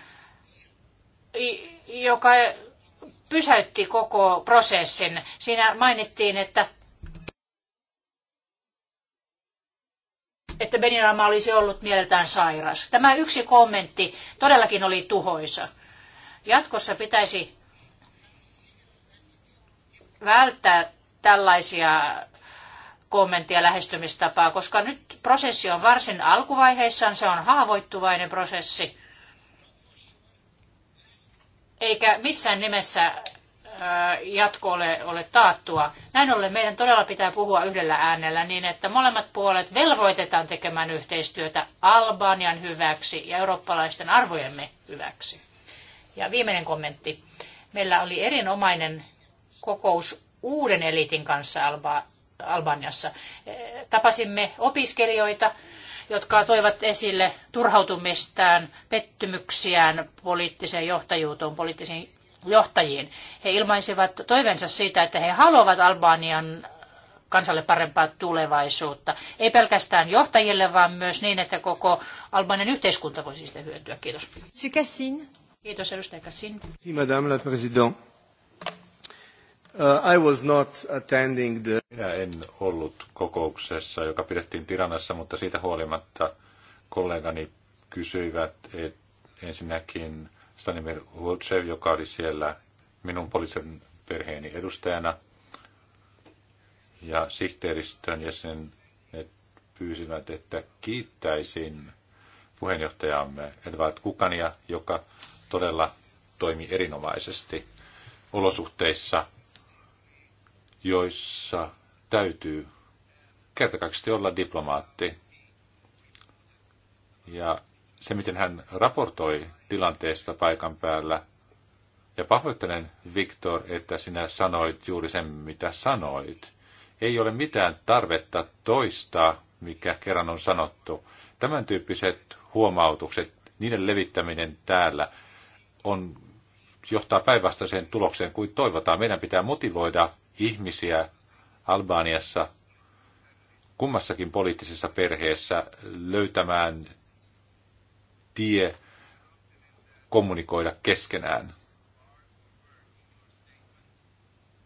joka pysäytti koko prosessin. Siinä mainittiin, että että Benirama olisi ollut mieltään sairas. Tämä yksi kommentti todellakin oli tuhoisa. Jatkossa pitäisi välttää tällaisia kommenttia lähestymistapaa, koska nyt prosessi on varsin alkuvaiheessaan, se on haavoittuvainen prosessi. Eikä missään nimessä jatko ole, ole taattua. Näin ollen meidän todella pitää puhua yhdellä äänellä niin, että molemmat puolet velvoitetaan tekemään yhteistyötä Albanian hyväksi ja eurooppalaisten arvojemme hyväksi. Ja viimeinen kommentti. Meillä oli erinomainen kokous uuden eliitin kanssa Alba, Albaniassa. Tapasimme opiskelijoita, jotka toivat esille turhautumistaan, pettymyksiään poliittiseen johtajuuteen, poliittisiin johtajiin. He ilmaisivat toiveensa siitä, että he haluavat Albanian kansalle parempaa tulevaisuutta. Ei pelkästään johtajille, vaan myös niin, että koko Albanian yhteiskunta voisi siitä hyötyä. Kiitos. Sykassin. Kiitos, edustaja Kassin. Madame la Présidente. Uh, I was not attending the... Minä en ollut kokouksessa, joka pidettiin Tiranassa, mutta siitä huolimatta kollegani kysyivät, että ensinnäkin Stanimir Lutsev, joka oli siellä minun poliisin perheeni edustajana. Ja sihteeristön jäsenet pyysivät, että kiittäisin puheenjohtajamme Edvard Kukania, joka todella toimi erinomaisesti olosuhteissa, joissa täytyy kertakaikkisesti olla diplomaatti. Ja se, miten hän raportoi tilanteesta paikan päällä. Ja pahoittelen, Viktor, että sinä sanoit juuri sen, mitä sanoit. Ei ole mitään tarvetta toistaa, mikä kerran on sanottu. Tämän tyyppiset huomautukset, niiden levittäminen täällä on, johtaa päinvastaiseen tulokseen kuin toivotaan. Meidän pitää motivoida ihmisiä Albaniassa kummassakin poliittisessa perheessä löytämään tie kommunikoida keskenään.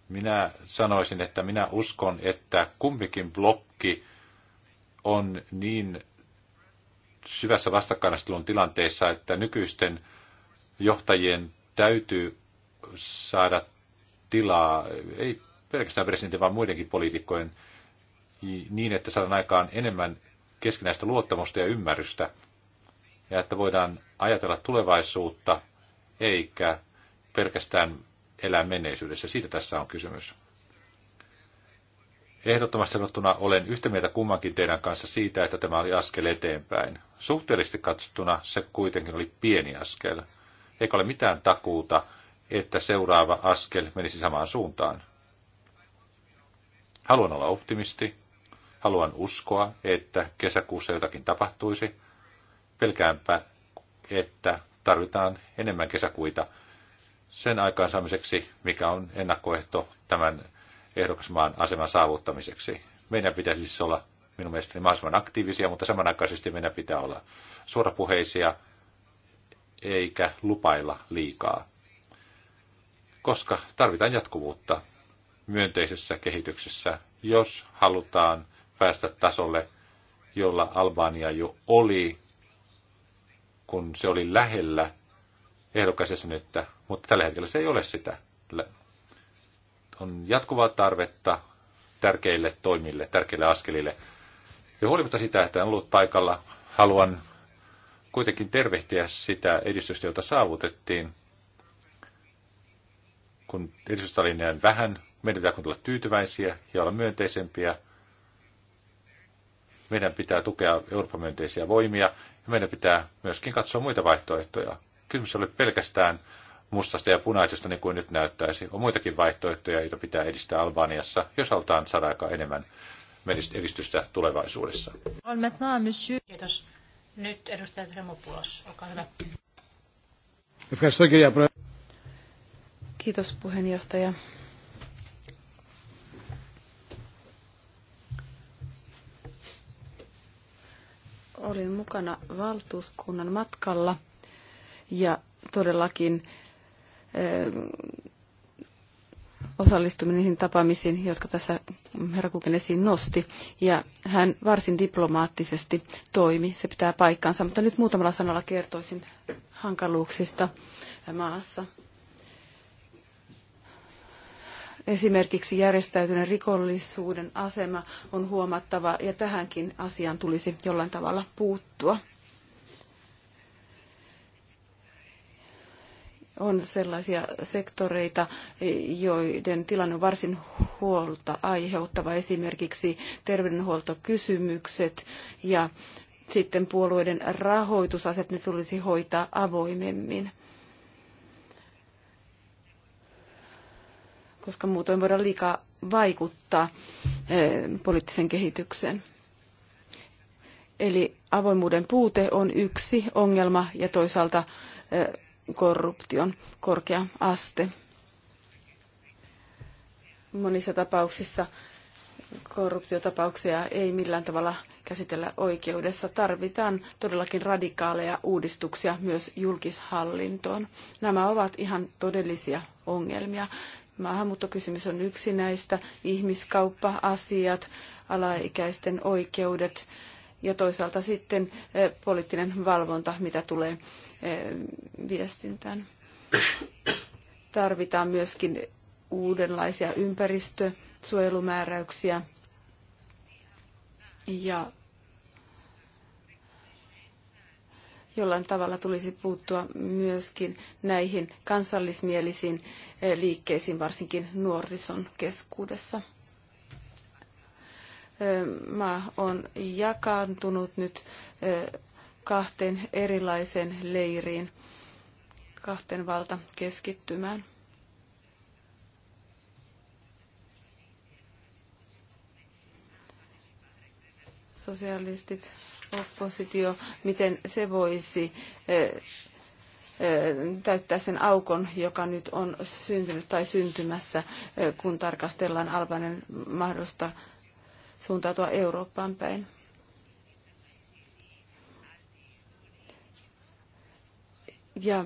Minä sanoisin, että minä uskon, että kumpikin blokki on niin syvässä vastakkainastelun tilanteessa, että nykyisten johtajien täytyy saada tilaa, ei pelkästään presidentin, vaan muidenkin poliitikkojen, niin että saadaan aikaan enemmän keskinäistä luottamusta ja ymmärrystä ja että voidaan ajatella tulevaisuutta eikä pelkästään elää menneisyydessä. Siitä tässä on kysymys. Ehdottomasti sanottuna olen yhtä mieltä kummankin teidän kanssa siitä, että tämä oli askel eteenpäin. Suhteellisesti katsottuna se kuitenkin oli pieni askel. Eikä ole mitään takuuta, että seuraava askel menisi samaan suuntaan. Haluan olla optimisti. Haluan uskoa, että kesäkuussa jotakin tapahtuisi pelkäänpä, että tarvitaan enemmän kesäkuita sen aikaansaamiseksi, mikä on ennakkoehto tämän ehdokasmaan aseman saavuttamiseksi. Meidän pitäisi siis olla minun mielestäni mahdollisimman aktiivisia, mutta samanaikaisesti meidän pitää olla suorapuheisia eikä lupailla liikaa, koska tarvitaan jatkuvuutta myönteisessä kehityksessä, jos halutaan päästä tasolle, jolla Albania jo oli kun se oli lähellä ehdokasjäsenyyttä, mutta tällä hetkellä se ei ole sitä. On jatkuvaa tarvetta tärkeille toimille, tärkeille askelille. Ja huolimatta sitä, että en ollut paikalla, haluan kuitenkin tervehtiä sitä edistystä, jota saavutettiin. Kun edistystä oli näin vähän, meidän pitää olla tyytyväisiä ja olla myönteisempiä. Meidän pitää tukea Euroopan myönteisiä voimia ja meidän pitää myöskin katsoa muita vaihtoehtoja. Kysymys oli pelkästään mustasta ja punaisesta, niin kuin nyt näyttäisi. On muitakin vaihtoehtoja, joita pitää edistää Albaniassa, jos halutaan saada aika enemmän edistystä tulevaisuudessa. Kiitos. Nyt edustaja Tremopulos, olkaa hyvä. Kiitos puheenjohtaja. Olin mukana valtuuskunnan matkalla ja todellakin eh, osallistuminen niihin tapaamisiin, jotka tässä herra Kuken esiin nosti. Ja hän varsin diplomaattisesti toimi, se pitää paikkansa, mutta nyt muutamalla sanalla kertoisin hankaluuksista maassa. Esimerkiksi järjestäytyneen rikollisuuden asema on huomattava ja tähänkin asiaan tulisi jollain tavalla puuttua. on sellaisia sektoreita, joiden tilanne on varsin huolta aiheuttava, esimerkiksi terveydenhuoltokysymykset ja sitten puolueiden rahoitusaset, ne tulisi hoitaa avoimemmin. koska muutoin voidaan liikaa vaikuttaa eh, poliittiseen kehitykseen. Eli avoimuuden puute on yksi ongelma ja toisaalta eh, korruption korkea aste. Monissa tapauksissa korruptiotapauksia ei millään tavalla käsitellä oikeudessa. Tarvitaan todellakin radikaaleja uudistuksia myös julkishallintoon. Nämä ovat ihan todellisia ongelmia. Maahanmuuttokysymys on yksi näistä, ihmiskauppa-asiat, alaikäisten oikeudet ja toisaalta sitten eh, poliittinen valvonta, mitä tulee eh, viestintään. Tarvitaan myöskin uudenlaisia ympäristösuojelumääräyksiä ja jollain tavalla tulisi puuttua myöskin näihin kansallismielisiin eh, liikkeisiin, varsinkin nuorison keskuudessa. Eh, Maa on jakaantunut nyt eh, kahteen erilaisen leiriin, kahteen valta keskittymään. Sosialistit oppositio, miten se voisi eh, eh, täyttää sen aukon, joka nyt on syntynyt tai syntymässä, eh, kun tarkastellaan Albanen mahdollista suuntautua Eurooppaan päin. Ja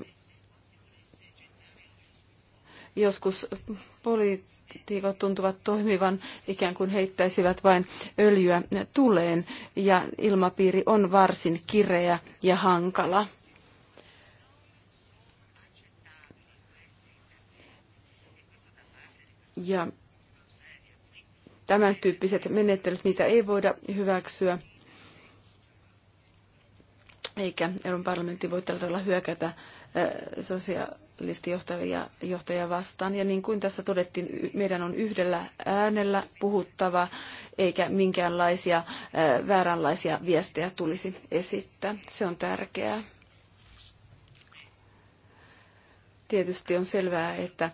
joskus poliittisesti viivat tuntuvat toimivan ikään kuin heittäisivät vain öljyä tuleen ja ilmapiiri on varsin kireä ja hankala. Ja tämän tyyppiset menettelyt, niitä ei voida hyväksyä. Eikä Euroopan parlamentti voi tällä tavalla hyökätä sosiaali- listijohtajia johtajia vastaan. Ja niin kuin tässä todettiin, meidän on yhdellä äänellä puhuttava, eikä minkäänlaisia vääränlaisia viestejä tulisi esittää. Se on tärkeää. Tietysti on selvää, että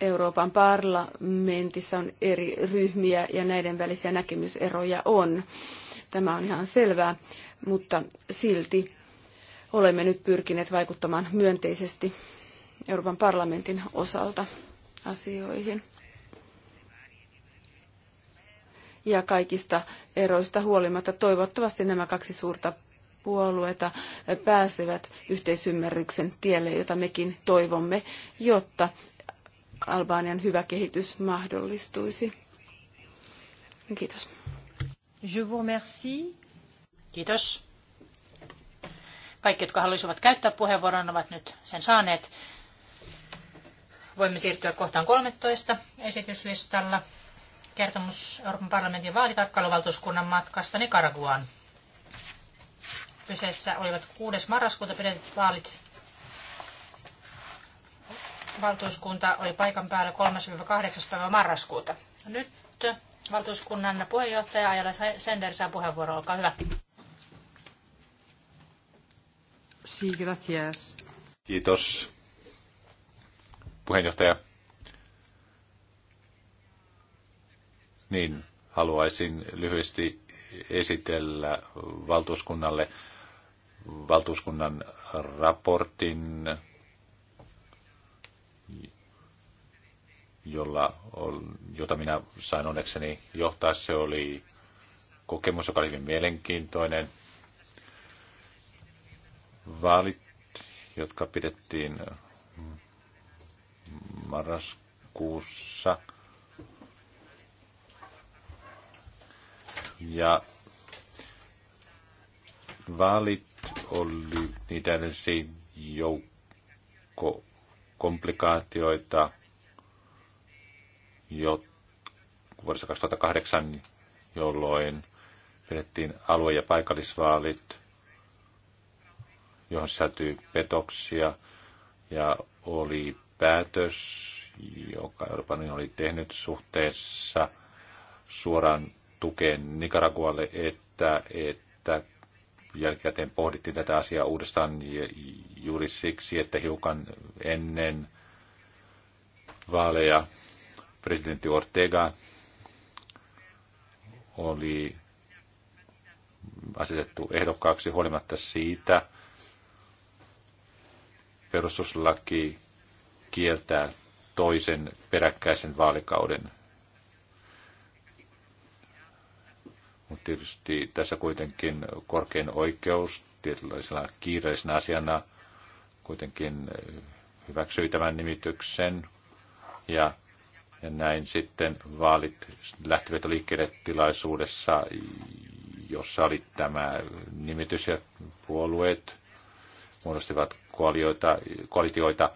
Euroopan parlamentissa on eri ryhmiä ja näiden välisiä näkemyseroja on. Tämä on ihan selvää, mutta silti olemme nyt pyrkineet vaikuttamaan myönteisesti Euroopan parlamentin osalta asioihin. Ja kaikista eroista huolimatta toivottavasti nämä kaksi suurta puolueita pääsevät yhteisymmärryksen tielle, jota mekin toivomme, jotta Albanian hyvä kehitys mahdollistuisi. Kiitos. Je vous remercie. Kiitos. Kaikki, jotka haluaisivat käyttää puheenvuoron, ovat nyt sen saaneet voimme siirtyä kohtaan 13 esityslistalla. Kertomus Euroopan parlamentin vaalitarkkailuvaltuuskunnan matkasta Nicaraguaan. Kyseessä olivat 6. marraskuuta pidetyt vaalit. Valtuuskunta oli paikan päällä 3-8. päivä marraskuuta. Nyt valtuuskunnan puheenjohtaja Ajala Sender saa puheenvuoro. Olkaa hyvä. Sí, gracias. Kiitos puheenjohtaja. Niin, haluaisin lyhyesti esitellä valtuuskunnalle valtuuskunnan raportin, jolla, on, jota minä sain onnekseni johtaa. Se oli kokemus, joka oli hyvin mielenkiintoinen. Vaalit, jotka pidettiin marraskuussa. Ja vaalit oli, niitä edelsi joukko komplikaatioita, jo vuodessa 2008, jolloin pidettiin alue- ja paikallisvaalit, johon sisältyi petoksia ja oli päätös, joka Euroopan unioni oli tehnyt suhteessa suoraan tukeen Nicaragualle, että, että jälkikäteen pohdittiin tätä asiaa uudestaan juuri siksi, että hiukan ennen vaaleja presidentti Ortega oli asetettu ehdokkaaksi huolimatta siitä, perustuslaki kieltää toisen peräkkäisen vaalikauden. Mutta tietysti tässä kuitenkin korkein oikeus tietynlaisena kiireisenä asiana kuitenkin eh, hyväksyi tämän nimityksen ja ja näin sitten vaalit lähtivät liikkeelle tilaisuudessa, jossa oli tämä nimitys ja puolueet muodostivat koalioita, koalitioita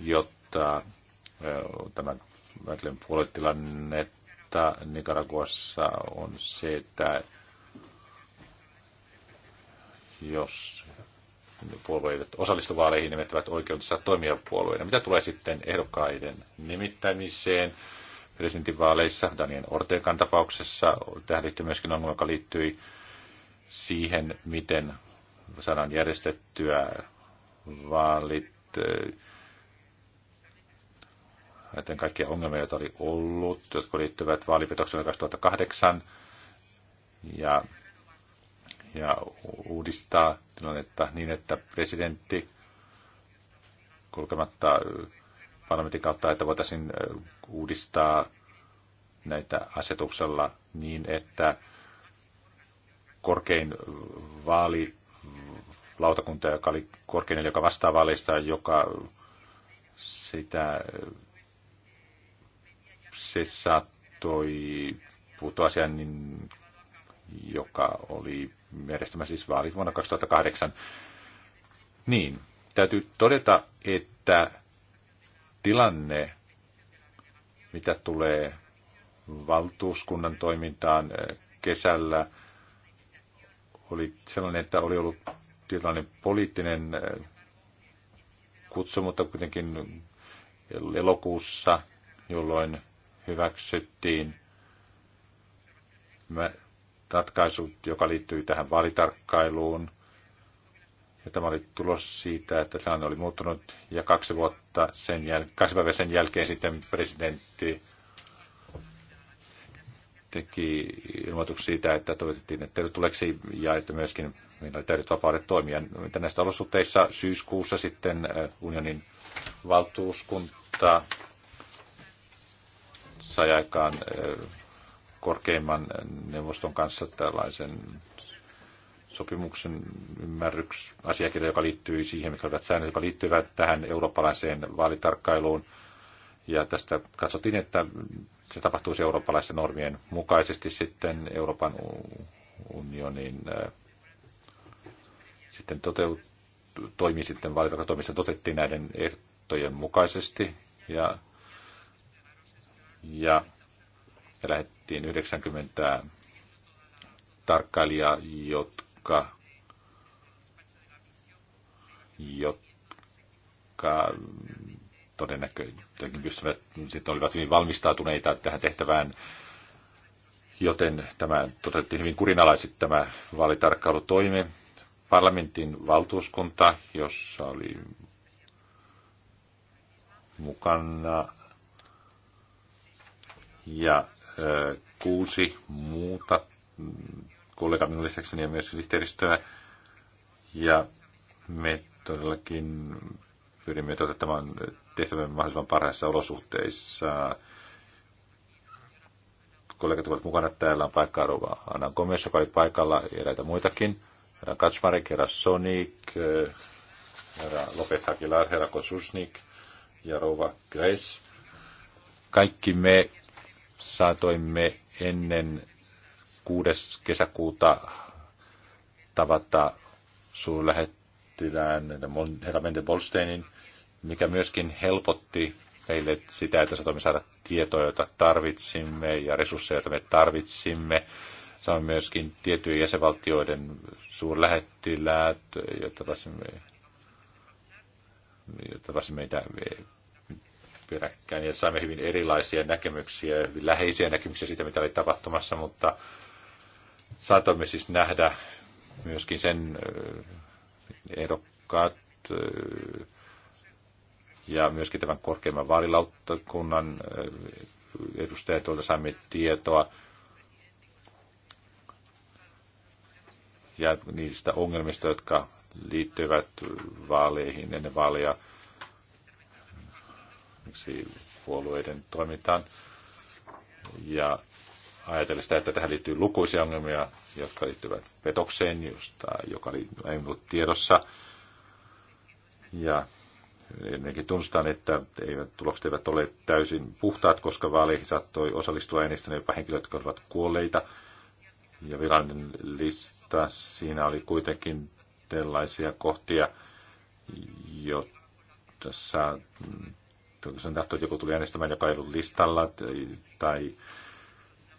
jotta tämä Vätlin puolitilanne Nicaraguassa on se, että jos puolueet osallistu vaaleihin, nimettävät oikeutensa toimia puolueina. Mitä tulee sitten ehdokkaiden nimittämiseen? Presidentinvaaleissa Daniel Ortegan tapauksessa tähän liittyy myöskin ongelma, joka liittyi siihen, miten saadaan järjestettyä vaalit näiden kaikkia ongelmia, joita oli ollut, jotka liittyvät vaalipetokseen 2008 ja, ja uudistaa tilannetta niin, että presidentti kulkematta äh, parlamentin kautta, että voitaisiin äh, uudistaa näitä asetuksella niin, että korkein lautakunta, joka oli korkein, joka vastaa vaaleista, joka sitä äh, se saattoi puuttua asiaan, niin, joka oli järjestämä siis vaali vuonna 2008. Niin, täytyy todeta, että tilanne, mitä tulee valtuuskunnan toimintaan eh, kesällä, oli sellainen, että oli ollut tietynlainen poliittinen eh, kutsu, mutta kuitenkin elokuussa, jolloin hyväksyttiin ratkaisu, joka liittyy tähän vaalitarkkailuun. Ja tämä oli tulos siitä, että tilanne oli muuttunut ja kaksi, vuotta sen jäl- kaksi päivää sen jälkeen sitten presidentti teki ilmoituksen siitä, että toivotettiin, että tervetulleeksi ja että myöskin meillä oli täydet vapaudet toimia. Mitä näistä olosuhteissa syyskuussa sitten äh, unionin valtuuskunta sai aikaan korkeimman neuvoston kanssa tällaisen sopimuksen ymmärryks asiakirja, joka liittyy siihen, mitkä olivat säännöt, joka liittyvät tähän eurooppalaiseen vaalitarkkailuun. Ja tästä katsottiin, että se tapahtuisi eurooppalaisten normien mukaisesti sitten Euroopan unionin sitten toteut, toimi sitten vaalitarkkailutoimissa näiden ehtojen mukaisesti. Ja ja, ja lähettiin 90 tarkkailijaa, jotka, jotka todennäköisesti pystyvät, sitten olivat hyvin valmistautuneita tähän tehtävään, joten tämä todettiin hyvin kurinalaisesti tämä vaalitarkkailutoimi. Parlamentin valtuuskunta, jossa oli mukana ja ö, kuusi muuta kollega minun lisäkseni ja myös sihteeristöä. Ja me todellakin pyrimme toteuttamaan tehtävän mahdollisimman parhaissa olosuhteissa. Kollegat ovat mukana. Täällä on paikka Rova Anna Gomes, joka oli paikalla, ja eräitä muitakin. Herra Kaczmarek, herra Sonic, herra Lopez Aguilar, herra Kosusnik ja rouva Grace. Kaikki me saatoimme ennen 6. kesäkuuta tavata suurlähettilään herra Mende Bolsteinin, mikä myöskin helpotti meille sitä, että saatoimme saada tietoja, joita tarvitsimme ja resursseja, joita me tarvitsimme. Saamme myöskin tiettyjen jäsenvaltioiden suurlähettiläät, joita tavasimme, joita tavasimme meitä peräkkäin ja niin saimme hyvin erilaisia näkemyksiä, hyvin läheisiä näkemyksiä siitä, mitä oli tapahtumassa, mutta saatoimme siis nähdä myöskin sen äh, ehdokkaat äh, ja myöskin tämän korkeimman vaalilautakunnan äh, edustajat, joilta saimme tietoa ja niistä ongelmista, jotka liittyvät vaaleihin ennen vaaleja – esimerkiksi puolueiden toimintaan. Ja ajatellen sitä, että tähän liittyy lukuisia ongelmia, jotka liittyvät petokseen, josta, joka oli ei ollut tiedossa. Ja ennenkin tunnustan, että eivät, tulokset eivät ole täysin puhtaat, koska vaaleihin saattoi osallistua äänestäneen jopa henkilöt, jotka olivat kuolleita. Ja virallinen lista, siinä oli kuitenkin tällaisia kohtia, joissa sanottu, että joku tuli äänestämään, joka ei ollut listalla, tai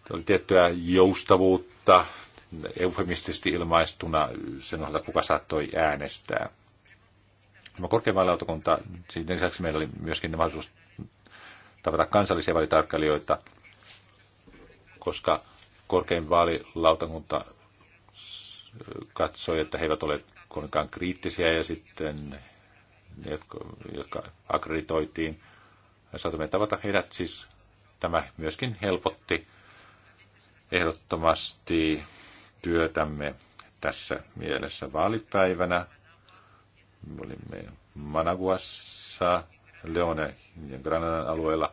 oli tiettyä joustavuutta eufemistisesti ilmaistuna sen osalta, kuka saattoi äänestää. Tämä korkeimman lautakunta, sen lisäksi meillä oli myöskin mahdollisuus tavata kansallisia valitarkkailijoita, koska korkein vaalilautakunta katsoi, että he eivät ole kovinkaan kriittisiä ja sitten ne, jotka, jotka akkreditoitiin, saatamme tavata heidät siis. Tämä myöskin helpotti ehdottomasti työtämme tässä mielessä vaalipäivänä. Me olimme Managuassa, Leone ja Granadan alueella.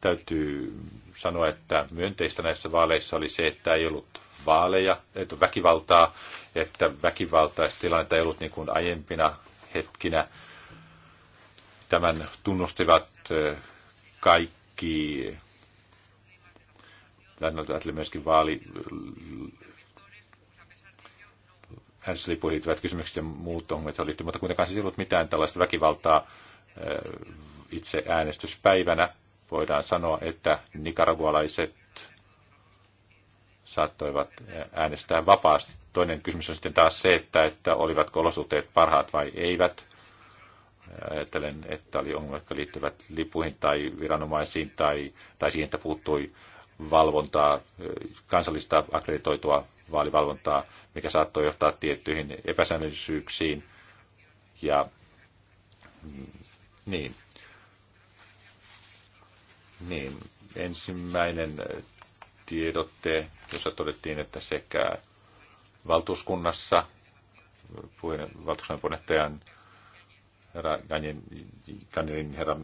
Täytyy sanoa, että myönteistä näissä vaaleissa oli se, että ei ollut vaaleja, että väkivaltaa, että väkivaltaista tilannetta ei ollut niin kuin aiempina hetkinä. Tämän tunnustivat eh, kaikki, ajattelin myöskin vaali, äänestyslipuihin liittyvät kysymykset ja muut ongelmat liittyvät, mutta kuitenkaan siis ei ollut mitään tällaista väkivaltaa eh, itse äänestyspäivänä. Voidaan sanoa, että nikaragualaiset saattoivat eh, äänestää vapaasti. Toinen kysymys on sitten taas se, että, että olivatko olosuhteet parhaat vai eivät. Ajattelen, että oli ongelmia, jotka liittyvät lipuihin tai viranomaisiin tai, tai siihen, että puuttui valvontaa, kansallista akkreditoitua vaalivalvontaa, mikä saattoi johtaa tiettyihin epäsäännöllisyyksiin. Ja mm, niin, niin, ensimmäinen tiedotte, jossa todettiin, että sekä valtuuskunnassa valtuuskunnan puheenjohtajan herra Ganyin herra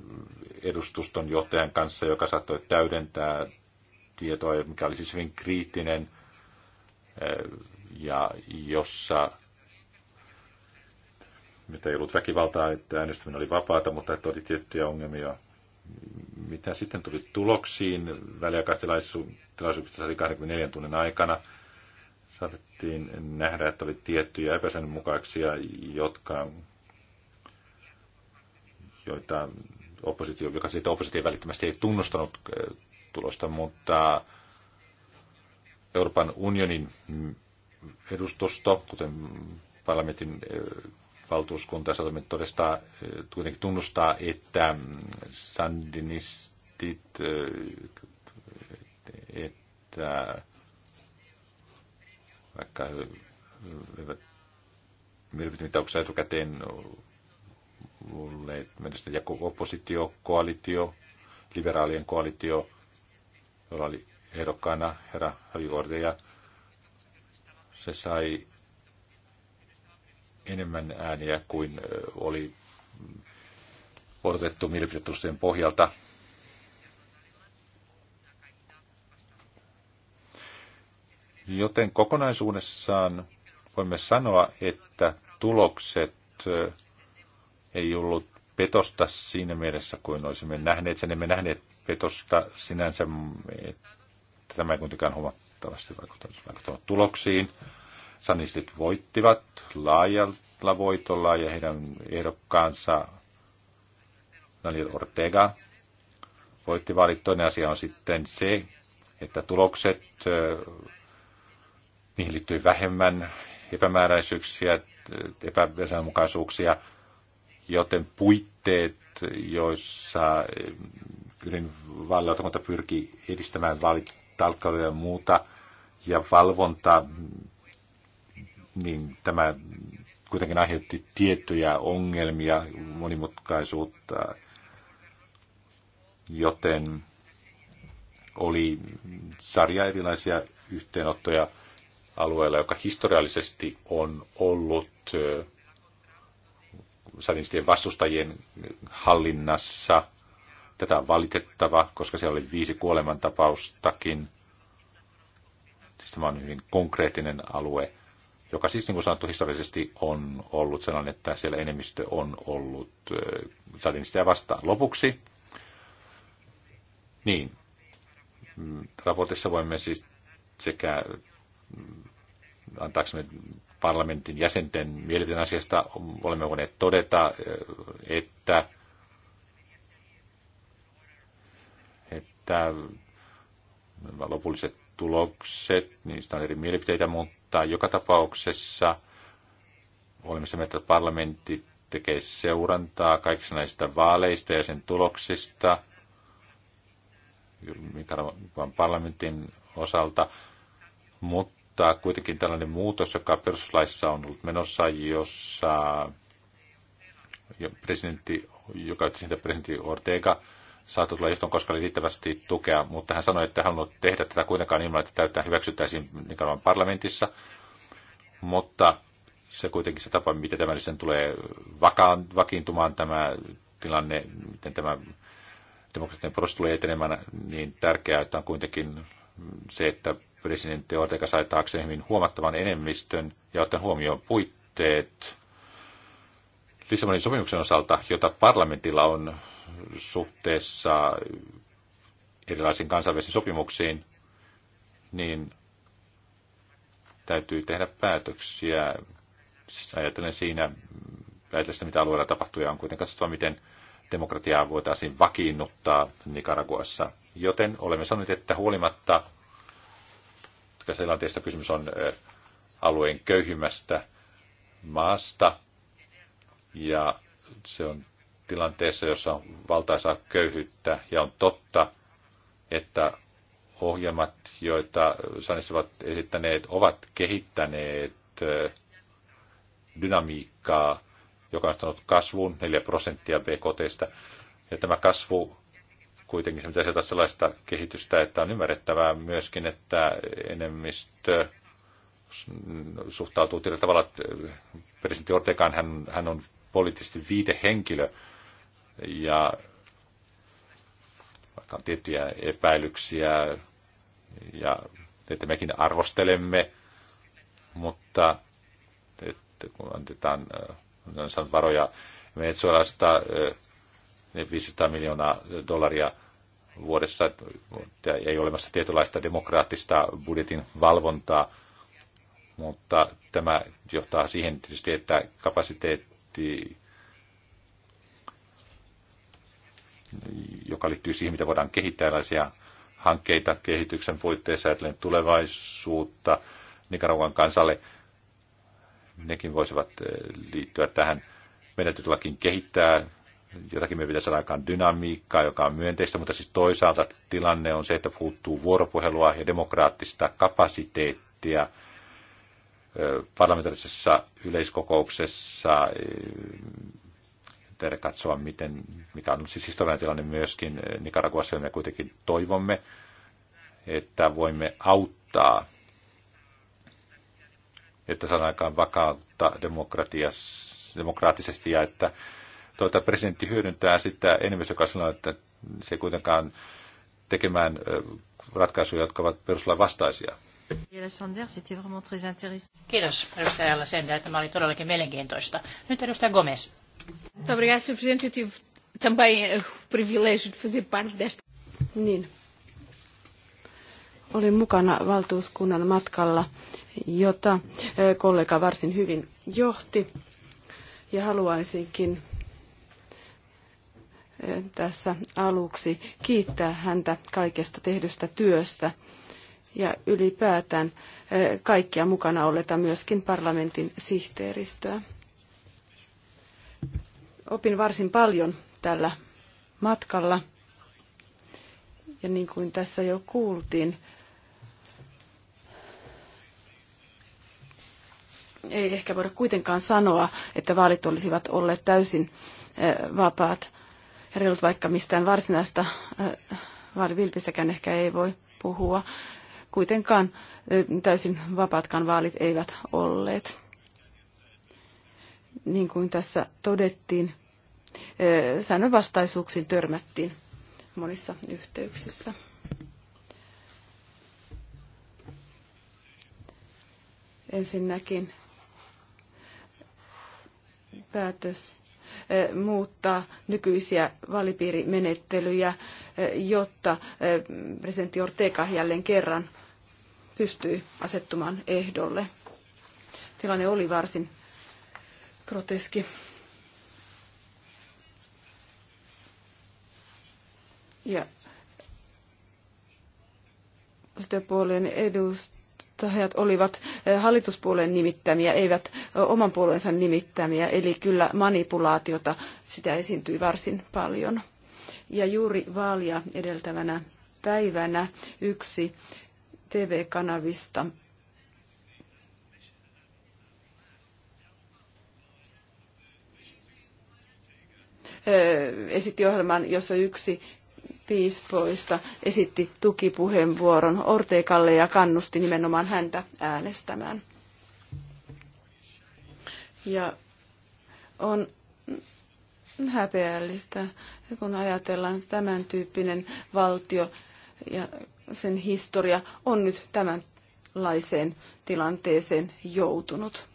edustuston johtajan kanssa, joka saattoi täydentää tietoa, mikä oli siis hyvin kriittinen eh, ja jossa mitä ei ollut väkivaltaa, että äänestäminen oli vapaata, mutta että oli tiettyjä ongelmia. Mitä sitten tuli tuloksiin? väliaikaistilaisuudessa, oli 24 tunnin aikana. Saatettiin nähdä, että oli tiettyjä epäsäännönmukaisia, jotka joita oppositio, joka siitä oppositio välittömästi ei tunnustanut tulosta, mutta Euroopan unionin edustusto, kuten parlamentin valtuuskunta ja todistaa, kuitenkin tunnustaa, että sandinistit, että vaikka eivät mielipiteitä etukäteen olleet mielestäni jako oppositio, koalitio, liberaalien koalitio, jolla oli ehdokkaana herra Havi ja se sai enemmän ääniä kuin oli odotettu mielipidetusten pohjalta. Joten kokonaisuudessaan voimme sanoa, että tulokset ei ollut petosta siinä mielessä, kuin olisimme nähneet sen. Emme nähneet petosta sinänsä, tämä ei kuitenkaan huomattavasti vaikuttanut, vaikuttanut tuloksiin. Sanistit voittivat laajalla voitolla ja heidän ehdokkaansa Daniel Ortega voitti vaalit. Toinen asia on sitten se, että tulokset, niihin liittyy vähemmän epämääräisyyksiä, epäsäännönmukaisuuksia joten puitteet, joissa eh, Ylen vaalilautakunta pyrkii edistämään vaalitalkkailuja ja muuta, ja valvonta, niin tämä kuitenkin aiheutti tiettyjä ongelmia, monimutkaisuutta, joten oli sarja erilaisia yhteenottoja alueella, joka historiallisesti on ollut eh, sadistien vastustajien hallinnassa. Tätä on valitettava, koska siellä oli viisi kuolemantapaustakin. Siis tämä on hyvin konkreettinen alue, joka siis niin kuin sanottu historiallisesti on ollut sellainen, että siellä enemmistö on ollut salinisteja vastaan. Lopuksi, niin, mm, raportissa voimme siis sekä mm, antaaksemme parlamentin jäsenten mielipiteen asiasta olemme voineet todeta, eh, että, että lopulliset tulokset, niistä on eri mielipiteitä, mutta joka tapauksessa olemme sitä että parlamentti tekee seurantaa kaikista näistä vaaleista ja sen tuloksista, mikä on parlamentin osalta, mutta mutta kuitenkin tällainen muutos, joka perustuslaissa on ollut menossa, jossa presidentti, joka otti sitä presidentti Ortega, saatu tulla johtoon, koska oli riittävästi tukea, mutta hän sanoi, että hän haluaa tehdä tätä kuitenkaan ilman, että täyttää hyväksyttäisiin Nikaraguan parlamentissa. Mutta se kuitenkin se tapa, miten tämä sen tulee vakaan, vakiintumaan tämä tilanne, miten tämä demokraattinen prosessi tulee etenemään, niin tärkeää, että on kuitenkin se, että presidentti Ortega sai taakseen hyvin huomattavan enemmistön ja ottaen huomioon puitteet Lissabonin sopimuksen osalta, jota parlamentilla on suhteessa erilaisiin kansainvälisiin sopimuksiin, niin täytyy tehdä päätöksiä. Siis ajatellen siinä, ajatellen sitä, mitä alueella tapahtuu, ja on kuitenkin katsottava, miten demokratiaa voitaisiin vakiinnuttaa Nicaraguassa. Joten olemme sanoneet, että huolimatta tässä tilanteessa kysymys on alueen köyhimmästä maasta ja se on tilanteessa, jossa on valtaisaa köyhyyttä ja on totta, että ohjelmat, joita Sanissa ovat esittäneet, ovat kehittäneet dynamiikkaa, joka on saanut kasvuun 4 prosenttia BKTstä. Ja tämä kasvu kuitenkin se pitäisi sellaista kehitystä, että on ymmärrettävää myöskin, että enemmistö suhtautuu tietyllä tavalla, että eh, presidentti Ortegaan hän, hän on poliittisesti viitehenkilö, ja vaikka on tiettyjä epäilyksiä, ja että mekin arvostelemme, mutta että kun antetaan, eh, antetaan varoja Venezuelasta eh, 500 miljoonaa dollaria vuodessa. Ei ole olemassa tietynlaista demokraattista budjetin valvontaa, mutta tämä johtaa siihen tietysti, että kapasiteetti, joka liittyy siihen, mitä voidaan kehittää erilaisia hankkeita kehityksen puitteissa ajatellen tulevaisuutta Nicaraguan kansalle, nekin voisivat eh, liittyä tähän. Meidän täytyy kehittää jotakin me pitäisi saada aikaan dynamiikkaa, joka on myönteistä, mutta siis toisaalta tilanne on se, että puuttuu vuoropuhelua ja demokraattista kapasiteettia parlamentaarisessa yleiskokouksessa tehdä katsoa, miten, mikä on siis historiallinen tilanne myöskin Nicaraguassa, me kuitenkin toivomme, että voimme auttaa, että saadaan aikaan vakautta demokratiassa, demokraattisesti ja että tuota, presidentti hyödyntää sitä enemmistö, joka sanoo, että se ei kuitenkaan tekemään ratkaisuja, jotka ovat peruslain vastaisia. Kiitos edustaja että tämä oli todellakin mielenkiintoista. Nyt edustaja Gomez. Eh, niin. Olin mukana valtuuskunnan matkalla, jota eh, kollega varsin hyvin johti. Ja haluaisinkin tässä aluksi kiittää häntä kaikesta tehdystä työstä ja ylipäätään eh, kaikkia mukana olleita myöskin parlamentin sihteeristöä. Opin varsin paljon tällä matkalla ja niin kuin tässä jo kuultiin, ei ehkä voida kuitenkaan sanoa, että vaalit olisivat olleet täysin eh, vapaat reilut, vaikka mistään varsinaista äh, vilpissäkään ehkä ei voi puhua. Kuitenkaan äh, täysin vapaatkaan vaalit eivät olleet. Niin kuin tässä todettiin, äh, säännönvastaisuuksiin törmättiin monissa yhteyksissä. Ensinnäkin päätös muuttaa nykyisiä vaalipiirimenettelyjä, jotta presidentti Ortega jälleen kerran pystyi asettumaan ehdolle. Tilanne oli varsin groteski. Ja sitten puolen edustaja johtajat olivat eh, hallituspuolueen nimittämiä, eivät eh, oman puolueensa nimittämiä, eli kyllä manipulaatiota sitä esiintyi varsin paljon. Ja juuri vaalia edeltävänä päivänä yksi TV-kanavista eh, esitti ohjelman, jossa yksi piispoista esitti tukipuheenvuoron Ortegalle ja kannusti nimenomaan häntä äänestämään. Ja on häpeällistä, kun ajatellaan tämän tyyppinen valtio ja sen historia on nyt tämänlaiseen tilanteeseen joutunut.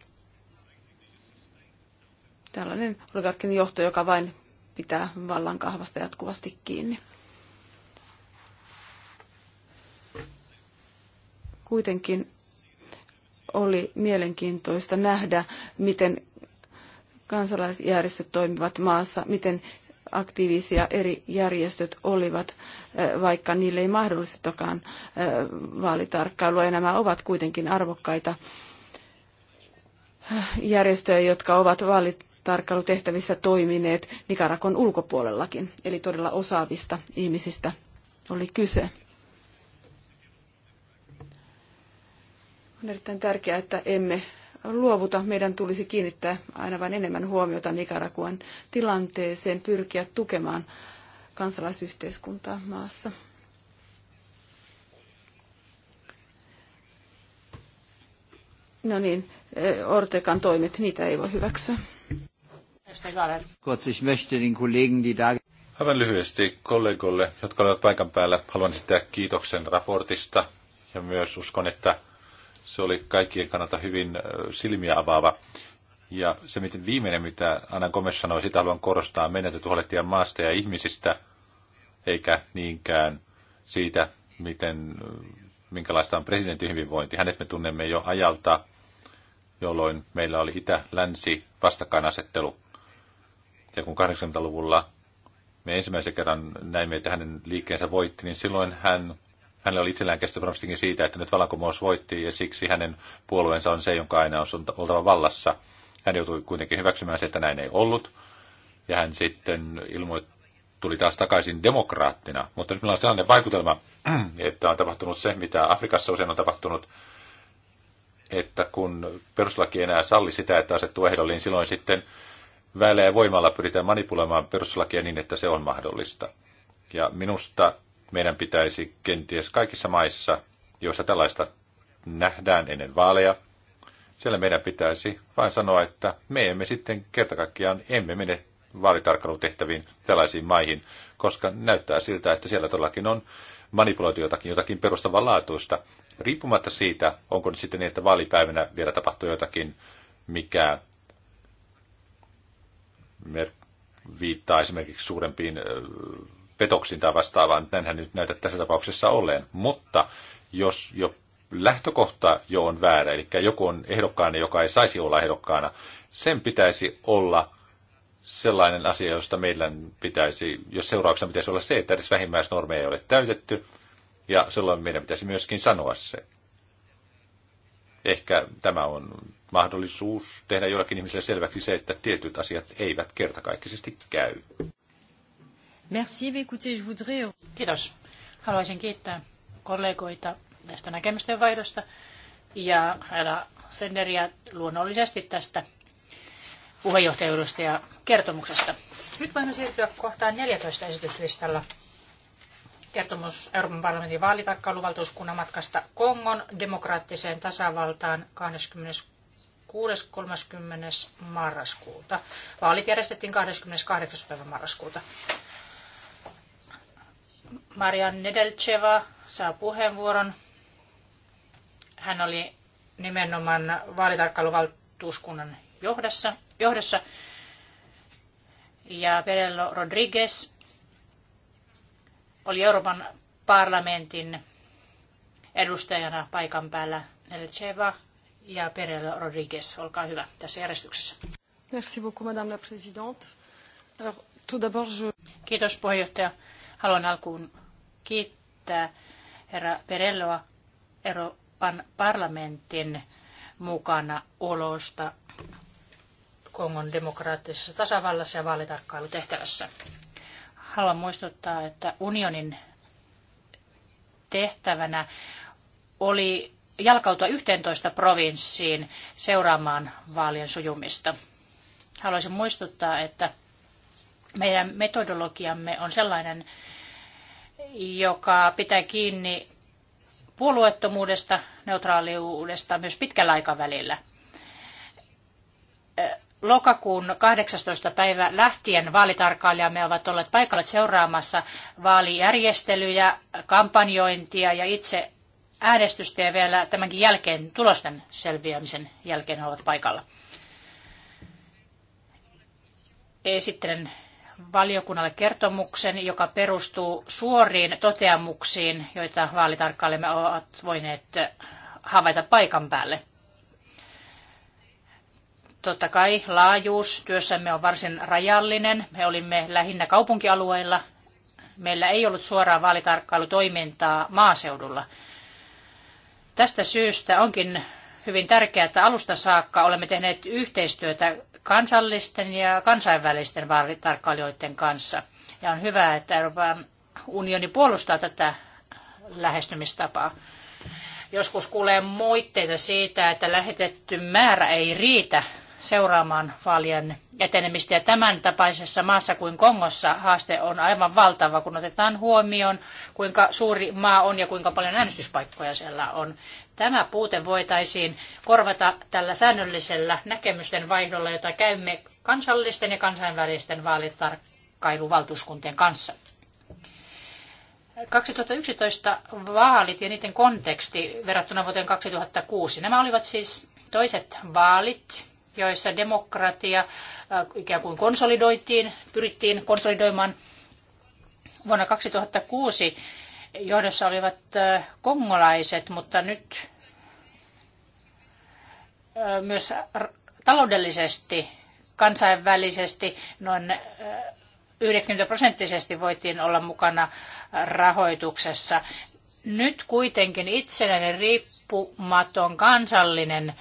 Tällainen oligarkkinen johto, joka vain pitää vallan kahvasta jatkuvasti kiinni. Kuitenkin oli mielenkiintoista nähdä, miten kansalaisjärjestöt toimivat maassa, miten aktiivisia eri järjestöt olivat, vaikka niille ei mahdollistakaan vaalitarkkailua. Ja nämä ovat kuitenkin arvokkaita järjestöjä, jotka ovat vaalitarkkailutehtävissä toimineet Nikarakon ulkopuolellakin. Eli todella osaavista ihmisistä oli kyse. On erittäin tärkeää, että emme luovuta. Meidän tulisi kiinnittää aina vain enemmän huomiota Nicaraguan tilanteeseen, pyrkiä tukemaan kansalaisyhteiskuntaa maassa. No niin, Ortekan toimet, niitä ei voi hyväksyä. Aivan lyhyesti kollegoille, jotka olivat paikan päällä, haluan esittää kiitoksen raportista ja myös uskon, että se oli kaikkien kannalta hyvin silmiä avaava. Ja se miten viimeinen, mitä Anna Gomes sanoi, sitä haluan korostaa, meidän täytyy huolehtia maasta ja ihmisistä, eikä niinkään siitä, miten, minkälaista on presidentin hyvinvointi. Hänet me tunnemme jo ajalta, jolloin meillä oli itä-länsi vastakkainasettelu. Ja kun 80-luvulla me ensimmäisen kerran näimme, että hänen liikkeensä voitti, niin silloin hän hänellä oli itsellään kestopromissikin siitä, että nyt vallankumous voitti ja siksi hänen puolueensa on se, jonka aina on oltava vallassa. Hän joutui kuitenkin hyväksymään se, että näin ei ollut. Ja hän sitten ilmoitti, tuli taas takaisin demokraattina. Mutta nyt meillä on sellainen vaikutelma, että on tapahtunut se, mitä Afrikassa usein on tapahtunut, että kun peruslaki enää salli sitä, että asettuu ehdolle, niin silloin sitten väellä ja voimalla pyritään manipuloimaan peruslakia niin, että se on mahdollista. Ja minusta meidän pitäisi kenties kaikissa maissa, joissa tällaista nähdään ennen vaaleja, siellä meidän pitäisi vain sanoa, että me emme sitten kertakaikkiaan emme mene vaalitarkkailutehtäviin tällaisiin maihin, koska näyttää siltä, että siellä todellakin on manipuloitu jotakin, jotakin perustavanlaatuista. Riippumatta siitä, onko nyt sitten niin, että vaalipäivänä vielä tapahtuu jotakin, mikä viittaa esimerkiksi suurempiin petoksiin tai vastaavaan. Näinhän nyt näytä tässä tapauksessa olleen. Mutta jos jo lähtökohta jo on väärä, eli joku on ehdokkaana, joka ei saisi olla ehdokkaana, sen pitäisi olla sellainen asia, josta meillä pitäisi, jos seurauksena pitäisi olla se, että edes vähimmäisnormeja ei ole täytetty, ja silloin meidän pitäisi myöskin sanoa se. Ehkä tämä on mahdollisuus tehdä jollakin ihmiselle selväksi se, että tietyt asiat eivät kertakaikkisesti käy. Merci, écoutez, je voudrais... Kiitos. Haluaisin kiittää kollegoita tästä näkemysten vaihdosta ja Hela Senderiä luonnollisesti tästä puheenjohtajuudesta ja kertomuksesta. Nyt voimme siirtyä kohtaan 14 esityslistalla. Kertomus Euroopan parlamentin vaalitarkkailuvaltuuskunnan matkasta Kongon demokraattiseen tasavaltaan 26.30. marraskuuta. Vaalit järjestettiin 28. marraskuuta. Marian Nedelcheva saa puheenvuoron. Hän oli nimenomaan vaalitarkkailuvaltuuskunnan johdossa. johdossa. Ja Perello Rodriguez oli Euroopan parlamentin edustajana paikan päällä Nedelcheva ja Perello Rodriguez. Olkaa hyvä tässä järjestyksessä. Merci beaucoup, Madame la Présidente. Alors, tout d'abord, je... Kiitos puheenjohtaja. Haluan alkuun kiittää herra Perelloa Euroopan parlamentin mukana olosta Kongon demokraattisessa tasavallassa ja vaalitarkkailutehtävässä. Haluan muistuttaa, että unionin tehtävänä oli jalkautua 11 provinssiin seuraamaan vaalien sujumista. Haluaisin muistuttaa, että meidän metodologiamme on sellainen, joka pitää kiinni puolueettomuudesta, neutraaliudesta myös pitkällä aikavälillä. Lokakuun 18. päivä lähtien vaalitarkkailijamme ovat olleet paikalla seuraamassa vaalijärjestelyjä, kampanjointia ja itse äänestystä ja vielä tämänkin jälkeen tulosten selviämisen jälkeen ovat paikalla. Esittelen valiokunnalle kertomuksen, joka perustuu suoriin toteamuksiin, joita vaalitarkkailijamme ovat voineet havaita paikan päälle. Totta kai laajuus työssämme on varsin rajallinen. Me olimme lähinnä kaupunkialueilla. Meillä ei ollut suoraa vaalitarkkailutoimintaa maaseudulla. Tästä syystä onkin hyvin tärkeää, että alusta saakka olemme tehneet yhteistyötä kansallisten ja kansainvälisten vaalitarkkailijoiden kanssa. Ja on hyvä, että Euroopan unioni puolustaa tätä lähestymistapaa. Joskus kuulee moitteita siitä, että lähetetty määrä ei riitä seuraamaan vaalien etenemistä. Ja tämän tapaisessa maassa kuin Kongossa haaste on aivan valtava, kun otetaan huomioon, kuinka suuri maa on ja kuinka paljon äänestyspaikkoja siellä on. Tämä puute voitaisiin korvata tällä säännöllisellä näkemysten vaihdolla, jota käymme kansallisten ja kansainvälisten vaalitarkkailuvaltuuskuntien kanssa. 2011 vaalit ja niiden konteksti verrattuna vuoteen 2006. Nämä olivat siis toiset vaalit joissa demokratia äh, ikään kuin konsolidoitiin, pyrittiin konsolidoimaan. Vuonna 2006 johdossa olivat äh, kongolaiset, mutta nyt äh, myös taloudellisesti, kansainvälisesti noin 90 prosenttisesti voitiin olla mukana rahoituksessa. Nyt kuitenkin itsenäinen riippumaton kansallinen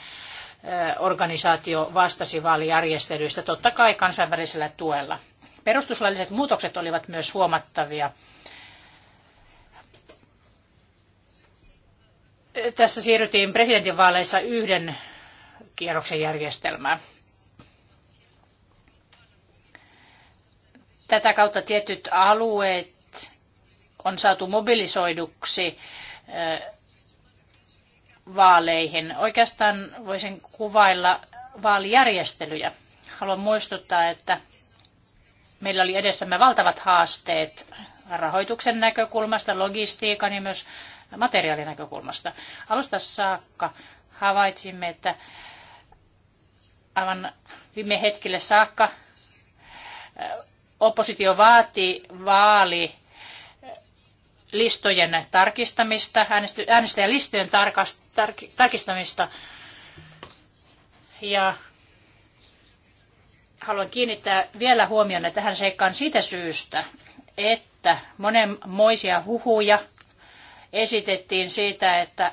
organisaatio vastasi vaalijärjestelyistä, totta kai kansainvälisellä tuella. Perustuslailliset muutokset olivat myös huomattavia. Tässä siirryttiin presidentinvaaleissa yhden kierroksen järjestelmään. Tätä kautta tietyt alueet on saatu mobilisoiduksi vaaleihin. Oikeastaan voisin kuvailla vaalijärjestelyjä. Haluan muistuttaa, että meillä oli edessämme valtavat haasteet rahoituksen näkökulmasta, logistiikan ja myös materiaalinäkökulmasta. Alusta saakka havaitsimme, että aivan viime hetkille saakka oppositio vaati vaali listojen tarkistamista, äänestäjälistojen tarkistamista. Ja haluan kiinnittää vielä huomionne tähän seikkaan siitä syystä, että monenmoisia huhuja esitettiin siitä, että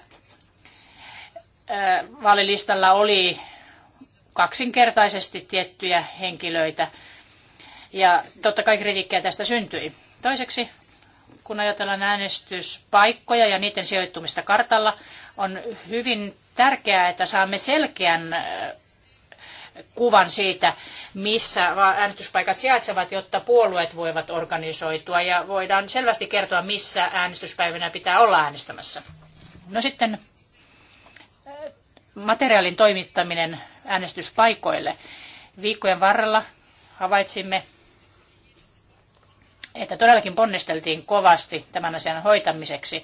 vaalilistalla oli kaksinkertaisesti tiettyjä henkilöitä. Ja totta kai kritiikkiä tästä syntyi. Toiseksi kun ajatellaan äänestyspaikkoja ja niiden sijoittumista kartalla, on hyvin tärkeää, että saamme selkeän äh, kuvan siitä, missä äänestyspaikat sijaitsevat, jotta puolueet voivat organisoitua ja voidaan selvästi kertoa, missä äänestyspäivänä pitää olla äänestämässä. No sitten äh, materiaalin toimittaminen äänestyspaikoille. Viikkojen varrella havaitsimme että todellakin ponnisteltiin kovasti tämän asian hoitamiseksi.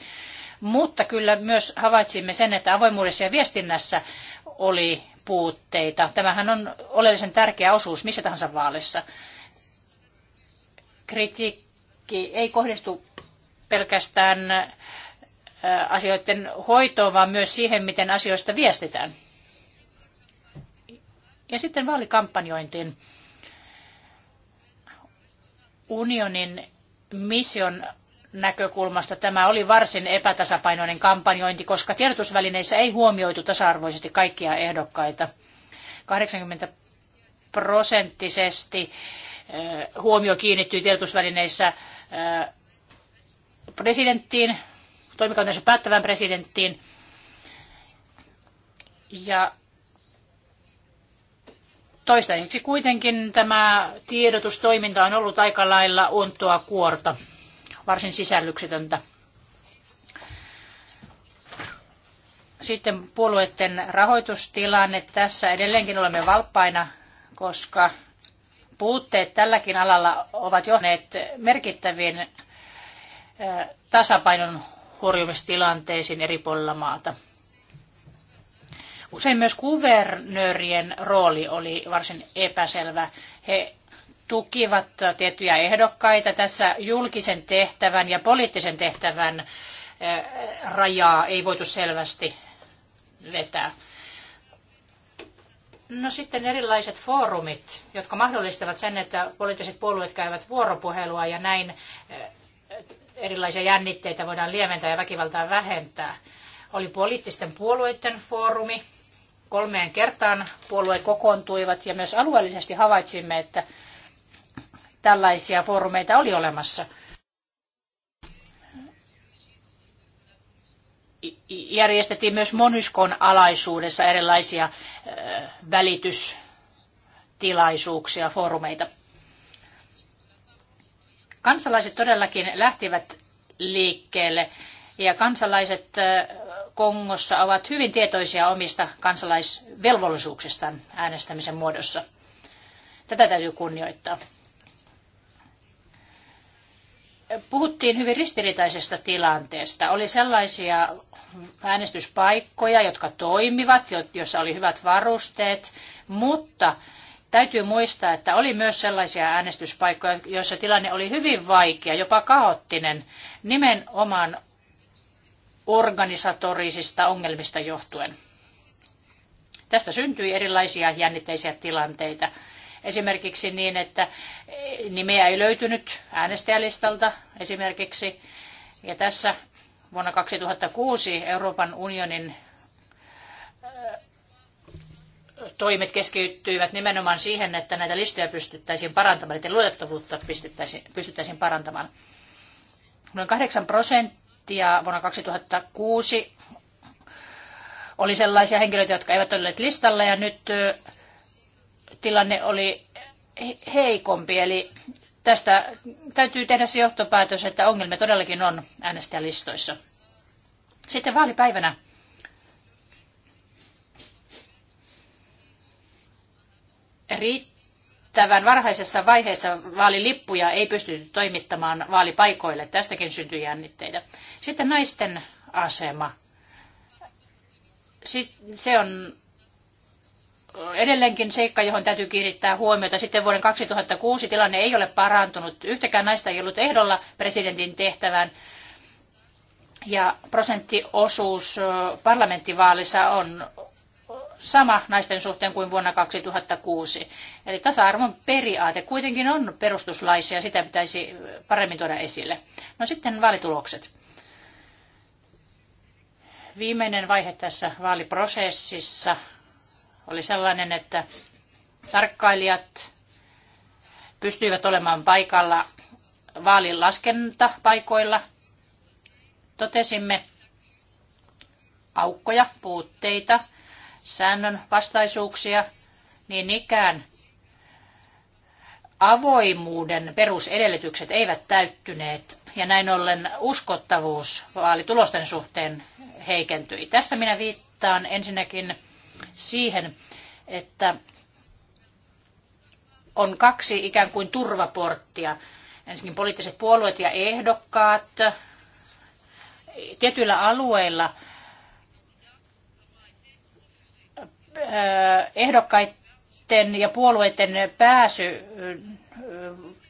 Mutta kyllä myös havaitsimme sen, että avoimuudessa ja viestinnässä oli puutteita. Tämähän on oleellisen tärkeä osuus missä tahansa vaalissa. Kritiikki ei kohdistu pelkästään asioiden hoitoon, vaan myös siihen, miten asioista viestitään. Ja sitten vaalikampanjointiin unionin mission näkökulmasta tämä oli varsin epätasapainoinen kampanjointi, koska tiedotusvälineissä ei huomioitu tasa-arvoisesti kaikkia ehdokkaita. 80 prosenttisesti huomio kiinnittyi tiedotusvälineissä presidenttiin, toimikautensa päättävään presidenttiin. Ja Toistaiseksi kuitenkin tämä tiedotustoiminta on ollut aika lailla ontoa kuorta, varsin sisällyksetöntä. Sitten puolueiden rahoitustilanne. Tässä edelleenkin olemme valppaina, koska puutteet tälläkin alalla ovat johneet merkittäviin tasapainon horjumistilanteisiin eri puolilla maata. Usein myös kuvernöörien rooli oli varsin epäselvä. He tukivat tiettyjä ehdokkaita tässä julkisen tehtävän ja poliittisen tehtävän eh, rajaa ei voitu selvästi vetää. No sitten erilaiset foorumit, jotka mahdollistavat sen, että poliittiset puolueet käyvät vuoropuhelua ja näin eh, erilaisia jännitteitä voidaan lieventää ja väkivaltaa vähentää. Oli poliittisten puolueiden foorumi, kolmeen kertaan puolueet kokoontuivat ja myös alueellisesti havaitsimme, että tällaisia foorumeita oli olemassa. Järjestettiin myös Monuskon alaisuudessa erilaisia välitystilaisuuksia, foorumeita. Kansalaiset todellakin lähtivät liikkeelle ja kansalaiset Kongossa ovat hyvin tietoisia omista kansalaisvelvollisuuksistaan äänestämisen muodossa. Tätä täytyy kunnioittaa. Puhuttiin hyvin ristiriitaisesta tilanteesta. Oli sellaisia äänestyspaikkoja, jotka toimivat, joissa oli hyvät varusteet, mutta täytyy muistaa, että oli myös sellaisia äänestyspaikkoja, joissa tilanne oli hyvin vaikea, jopa kaoottinen, nimenomaan organisatorisista ongelmista johtuen. Tästä syntyi erilaisia jännitteisiä tilanteita. Esimerkiksi niin, että nimeä ei löytynyt äänestäjälistalta esimerkiksi. Ja tässä vuonna 2006 Euroopan unionin toimet keskittyivät nimenomaan siihen, että näitä listoja pystyttäisiin parantamaan, että luotettavuutta pystyttäisiin, parantamaan. Noin 8 prosenttia prosenttia vuonna 2006 oli sellaisia henkilöitä, jotka eivät olleet listalla ja nyt tilanne oli heikompi. Eli tästä täytyy tehdä se johtopäätös, että ongelmia todellakin on äänestäjälistoissa. Sitten vaalipäivänä riittää riittävän varhaisessa vaiheessa vaalilippuja ei pystytty toimittamaan vaalipaikoille. Tästäkin syntyi jännitteitä. Sitten naisten asema. Se on edelleenkin seikka, johon täytyy kiinnittää huomiota. Sitten vuoden 2006 tilanne ei ole parantunut. Yhtäkään naista ei ollut ehdolla presidentin tehtävään. Ja prosenttiosuus parlamenttivaalissa on sama naisten suhteen kuin vuonna 2006. Eli tasa-arvon periaate kuitenkin on perustuslaisia, ja sitä pitäisi paremmin tuoda esille. No sitten vaalitulokset. Viimeinen vaihe tässä vaaliprosessissa oli sellainen, että tarkkailijat pystyivät olemaan paikalla laskentapaikoilla. Totesimme aukkoja, puutteita – säännön vastaisuuksia, niin ikään avoimuuden perusedellytykset eivät täyttyneet ja näin ollen uskottavuus vaalitulosten suhteen heikentyi. Tässä minä viittaan ensinnäkin siihen, että on kaksi ikään kuin turvaporttia. Ensinnäkin poliittiset puolueet ja ehdokkaat. Tietyillä alueilla ehdokkaiden ja puolueiden pääsy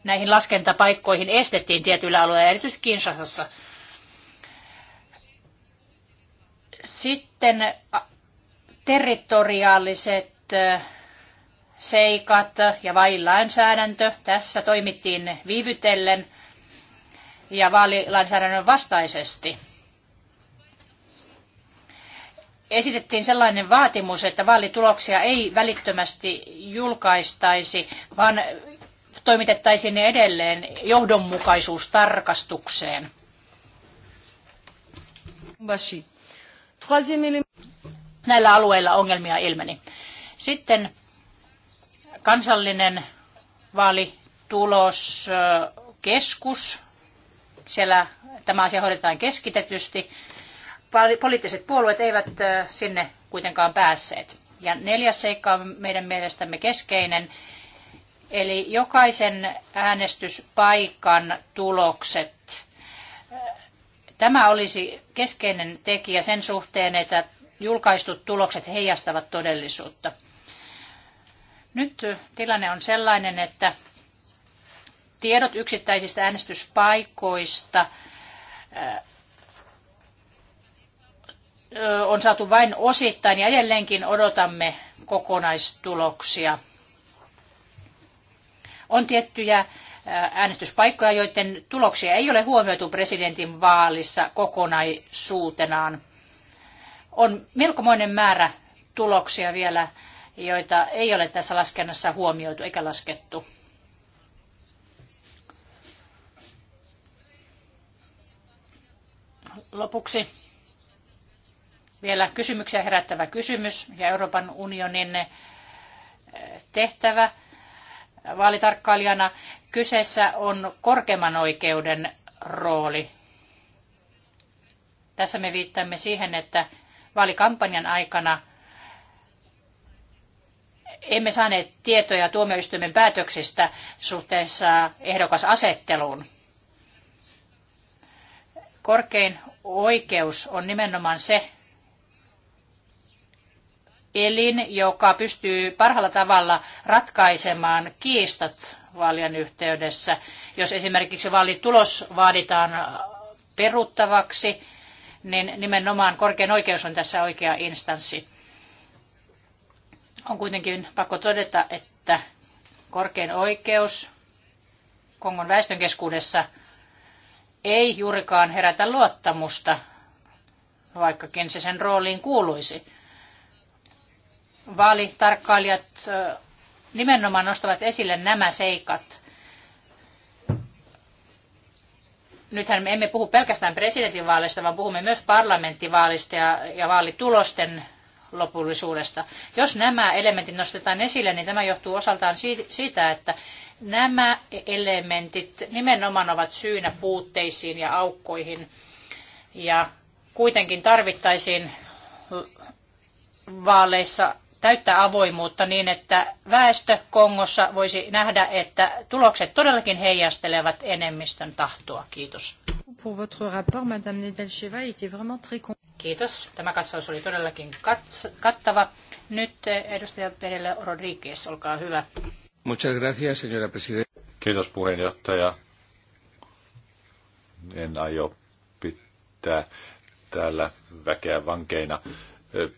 näihin laskentapaikkoihin estettiin tietyillä alueilla, erityisesti Kinshasassa. Sitten territoriaaliset seikat ja vain lainsäädäntö. Tässä toimittiin viivytellen ja vaalilainsäädännön vastaisesti esitettiin sellainen vaatimus, että vaalituloksia ei välittömästi julkaistaisi, vaan toimitettaisiin ne edelleen johdonmukaisuustarkastukseen. Näillä alueilla ongelmia ilmeni. Sitten kansallinen vaalituloskeskus. Siellä tämä asia hoidetaan keskitetysti poliittiset puolueet eivät sinne kuitenkaan päässeet. Ja neljäs seikka on meidän mielestämme keskeinen, eli jokaisen äänestyspaikan tulokset. Tämä olisi keskeinen tekijä sen suhteen, että julkaistut tulokset heijastavat todellisuutta. Nyt tilanne on sellainen, että tiedot yksittäisistä äänestyspaikoista on saatu vain osittain ja edelleenkin odotamme kokonaistuloksia. On tiettyjä äänestyspaikkoja, joiden tuloksia ei ole huomioitu presidentin vaalissa kokonaisuutenaan. On melkomoinen määrä tuloksia vielä, joita ei ole tässä laskennassa huomioitu eikä laskettu. Lopuksi vielä kysymyksiä herättävä kysymys ja Euroopan unionin eh, tehtävä vaalitarkkailijana. Kyseessä on korkeimman oikeuden rooli. Tässä me viittaamme siihen, että vaalikampanjan aikana emme saaneet tietoja tuomioistuimen päätöksistä suhteessa ehdokasasetteluun. Korkein oikeus on nimenomaan se elin, joka pystyy parhaalla tavalla ratkaisemaan kiistat vaalien yhteydessä. Jos esimerkiksi vaalitulos vaaditaan peruuttavaksi, niin nimenomaan korkein oikeus on tässä oikea instanssi. On kuitenkin pakko todeta, että korkein oikeus Kongon väestön keskuudessa ei juurikaan herätä luottamusta, vaikkakin se sen rooliin kuuluisi vaalitarkkailijat nimenomaan nostavat esille nämä seikat. Nythän me emme puhu pelkästään presidentinvaaleista, vaan puhumme myös parlamenttivaalista ja, ja vaalitulosten lopullisuudesta. Jos nämä elementit nostetaan esille, niin tämä johtuu osaltaan siitä, että nämä elementit nimenomaan ovat syynä puutteisiin ja aukkoihin. Ja kuitenkin tarvittaisiin vaaleissa täyttä avoimuutta niin, että väestö Kongossa voisi nähdä, että tulokset todellakin heijastelevat enemmistön tahtoa. Kiitos. Kiitos. Tämä katsaus oli todellakin kats- kattava. Nyt eh, edustaja Perille Rodriguez, olkaa hyvä. Muchas gracias, señora Kiitos puheenjohtaja. En aio pitää täällä väkeä vankeina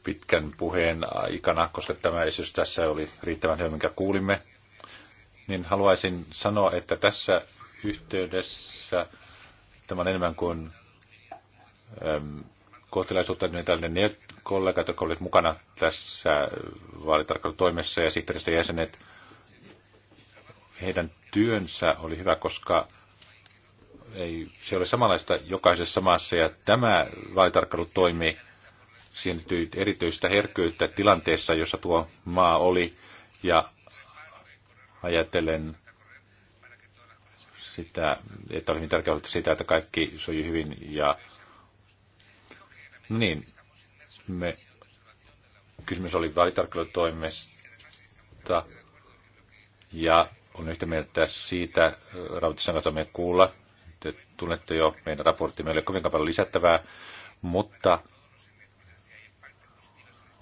pitkän puheen aikana, koska tämä esitys tässä oli riittävän hyvä, minkä kuulimme, niin haluaisin sanoa, että tässä yhteydessä tämä on enemmän kuin äm, kohtilaisuutta, niin tällainen ne kollegat, jotka olivat mukana tässä vaalitarkkailutoimessa ja sihteeristä jäsenet, heidän työnsä oli hyvä, koska ei, se oli samanlaista jokaisessa maassa ja tämä vaalitarkkailutoimi siirtyi erityistä herkkyyttä tilanteessa, jossa tuo maa oli, ja ajatellen sitä, että oli hyvin tärkeää sitä, että kaikki soi hyvin, ja no niin, me, kysymys oli vaalitarkkailutoimesta, ja on yhtä mieltä siitä, Rautisen kanssa me kuulla, te tunnette jo meidän raporttimme, ei ole kovinkaan paljon lisättävää, mutta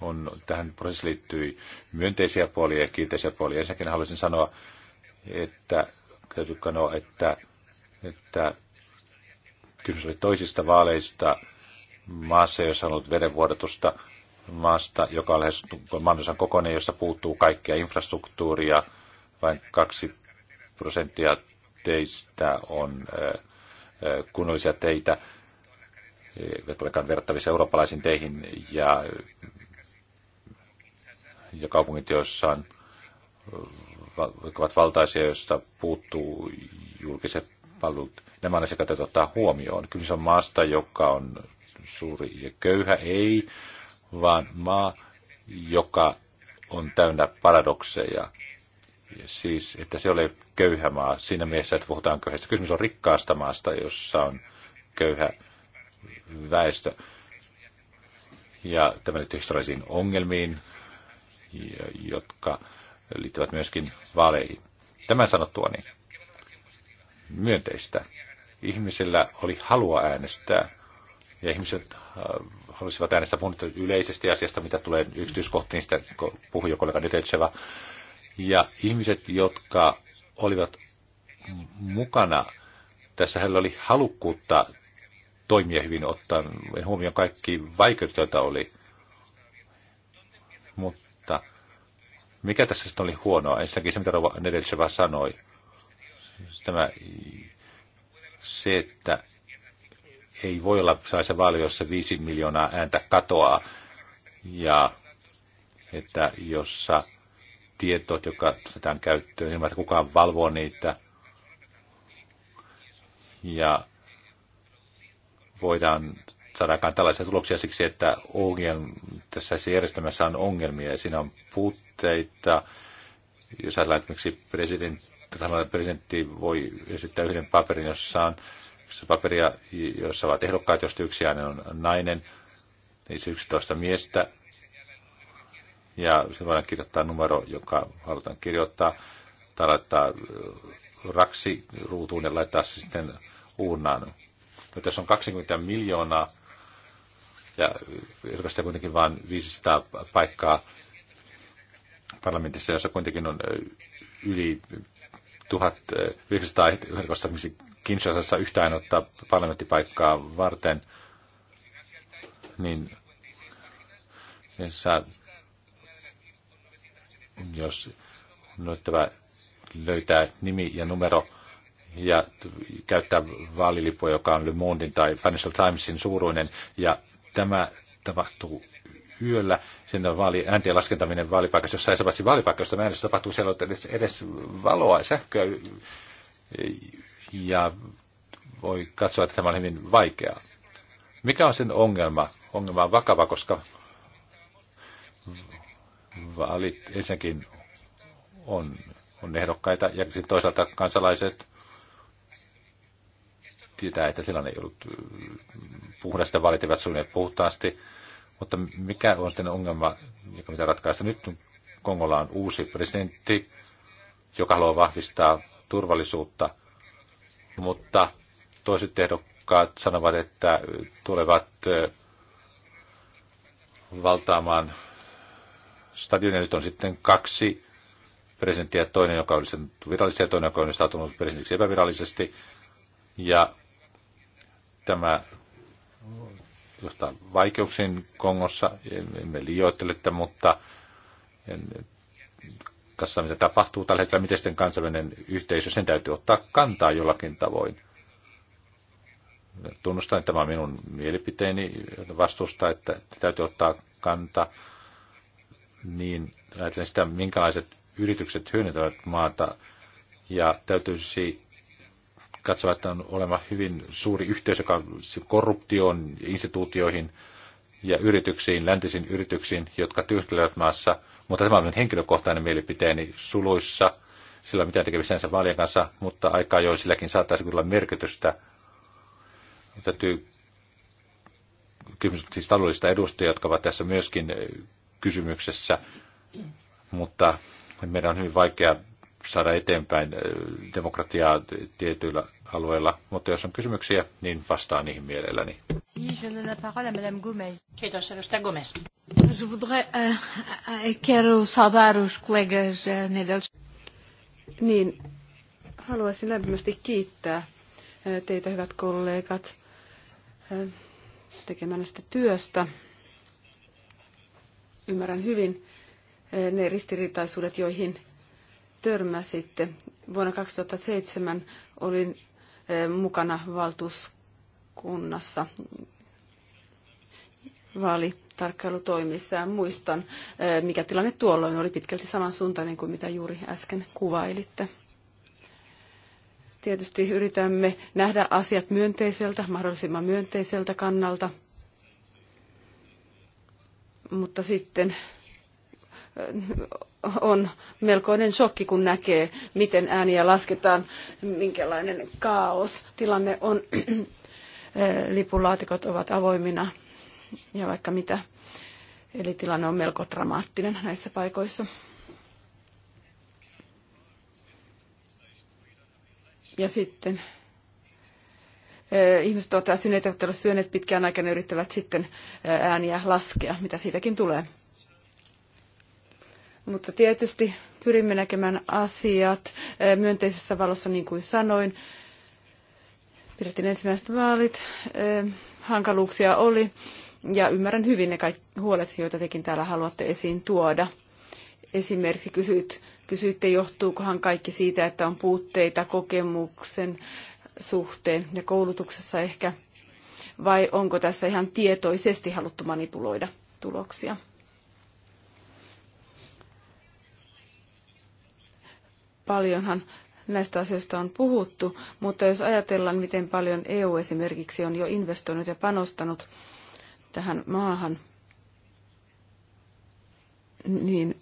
on, tähän prosessiin liittyy myönteisiä puolia ja kielteisiä puolia. Ensinnäkin haluaisin sanoa, että täytyy sanoa, että, että kysymys oli toisista vaaleista maassa, jossa on ollut vedenvuodatusta maasta, joka on lähes maanosan kokoinen, jossa puuttuu kaikkea infrastruktuuria. Vain kaksi prosenttia teistä on kunnollisia teitä, jotka verrattavissa eurooppalaisiin teihin, ja ja kaupungit, joissa on, ovat valtaisia, joista puuttuu julkiset palvelut. Nämä asiat täytyy ottaa huomioon. Kyllä se on maasta, joka on suuri ja köyhä, ei, vaan maa, joka on täynnä paradokseja. Siis, että se ole köyhä maa siinä mielessä, että puhutaan köyhästä. Kysymys on rikkaasta maasta, jossa on köyhä väestö. Ja tämä nyt historiallisiin ongelmiin, jotka liittyvät myöskin vaaleihin. Tämän niin myönteistä. Ihmisillä oli halua äänestää ja ihmiset äh, halusivat äänestää puhunut yleisesti asiasta, mitä tulee yksityiskohtiin, sitä puhui jo kollega Nedeltseva. Ja ihmiset, jotka olivat mukana, tässä heillä oli halukkuutta toimia hyvin, ottaen huomioon kaikki vaikeudet, joita oli. Mutta mikä tässä sitten oli huonoa? Ensinnäkin se, mitä Rova Nedelcheva sanoi. Tämä, se, että ei voi olla sellaisia vaali, jossa viisi miljoonaa ääntä katoaa. Ja että jossa tietot, jotka otetaan käyttöön ilman, niin että kukaan valvoo niitä. Ja voidaan saadaankaan tällaisia tuloksia siksi, että ongel... tässä siis järjestelmässä on ongelmia ja siinä on puutteita. Jos ajatellaan, että presidentti, presidentti voi esittää yhden paperin, jossa on paperia, jossa ovat ehdokkaat, josta yksi on nainen, niin se 11 miestä. Ja sitten voidaan kirjoittaa numero, joka halutaan kirjoittaa, tai laittaa äh, raksi ruutuun ja laittaa se sitten uurnaan. mutta no, tässä on 20 miljoonaa ja edustaa kuitenkin vain 500 paikkaa parlamentissa, jossa kuitenkin on yli 1900 verkossa, miksi Kinshasassa yhtä ainutta parlamenttipaikkaa varten, niin jos noittava löytää nimi ja numero ja käyttää vaalilipua, joka on Le Mondin tai Financial Timesin suuruinen, ja Tämä tapahtuu yöllä, sen vaali, ääntien laskentaminen vaalipaikassa, jossa ei paitsi vaalipaikka, josta äänestys tapahtuu siellä, on edes, edes valoa ja sähköä, ja voi katsoa, että tämä on hyvin vaikeaa. Mikä on sen ongelma? Ongelma on vakava, koska vaalit ensinnäkin on, on ehdokkaita ja sitten toisaalta kansalaiset tietää, että silloin ei ollut puhdasta, valitivat suunnilleen puhtaasti. Mutta mikä on sitten ongelma, joka mitä ratkaista nyt? Kongolla on uusi presidentti, joka haluaa vahvistaa turvallisuutta, mutta toiset ehdokkaat sanovat, että tulevat valtaamaan stadionia. Nyt on sitten kaksi presidenttiä, toinen, joka on virallisesti ja toinen, joka on saatunut presidentiksi epävirallisesti. Ja Tämä johtaa vaikeuksiin Kongossa, emme liioittele tätä, mutta kanssa, mitä tapahtuu tällä hetkellä, miten sitten kansainvälinen yhteisö, sen täytyy ottaa kantaa jollakin tavoin. Tunnustan, että tämä on minun mielipiteeni vastusta, että täytyy ottaa kanta niin, ajattelen sitä, minkälaiset yritykset hyödyntävät maata, ja täytyisi katsovat, että on olema hyvin suuri yhteys, joka korruptioon, instituutioihin ja yrityksiin, läntisiin yrityksiin, jotka työskentelevät maassa. Mutta tämä on henkilökohtainen mielipiteeni suluissa, sillä mitään tekemistä vaalien kanssa, mutta aika ajoin silläkin saattaisi kyllä merkitystä. Täytyy kysymys siis taloudellista edustajia, jotka ovat tässä myöskin eh, kysymyksessä, mutta meidän on hyvin vaikea saada eteenpäin demokratiaa tietyillä alueilla, mutta jos on kysymyksiä, niin vastaan niihin mielelläni. Kiitos, edustaja Gomez. Euh, euh, niin, haluaisin lämpimästi kiittää teitä, hyvät kollegat, näistä työstä. Ymmärrän hyvin ne ristiriitaisuudet, joihin törmäsitte. Vuonna 2007 olin eh, mukana valtuuskunnassa vaalitarkkailutoimissa ja muistan, eh, mikä tilanne tuolloin oli pitkälti samansuuntainen kuin mitä juuri äsken kuvailitte. Tietysti yritämme nähdä asiat myönteiseltä, mahdollisimman myönteiseltä kannalta, mutta sitten on melkoinen shokki, kun näkee, miten ääniä lasketaan, minkälainen kaos tilanne on. Lipulaatikot ovat avoimina ja vaikka mitä. Eli tilanne on melko dramaattinen näissä paikoissa. Ja sitten ihmiset ovat väsyneitä, jotka ovat syöneet pitkään aikana yrittävät sitten ääniä laskea, mitä siitäkin tulee. Mutta tietysti pyrimme näkemään asiat eh, myönteisessä valossa, niin kuin sanoin. Pidettiin ensimmäiset vaalit, eh, hankaluuksia oli, ja ymmärrän hyvin ne kaikki huolet, joita tekin täällä haluatte esiin tuoda. Esimerkiksi kysyt, kysyitte, johtuukohan kaikki siitä, että on puutteita kokemuksen suhteen ja koulutuksessa ehkä, vai onko tässä ihan tietoisesti haluttu manipuloida tuloksia? Paljonhan näistä asioista on puhuttu, mutta jos ajatellaan, miten paljon EU esimerkiksi on jo investoinut ja panostanut tähän maahan, niin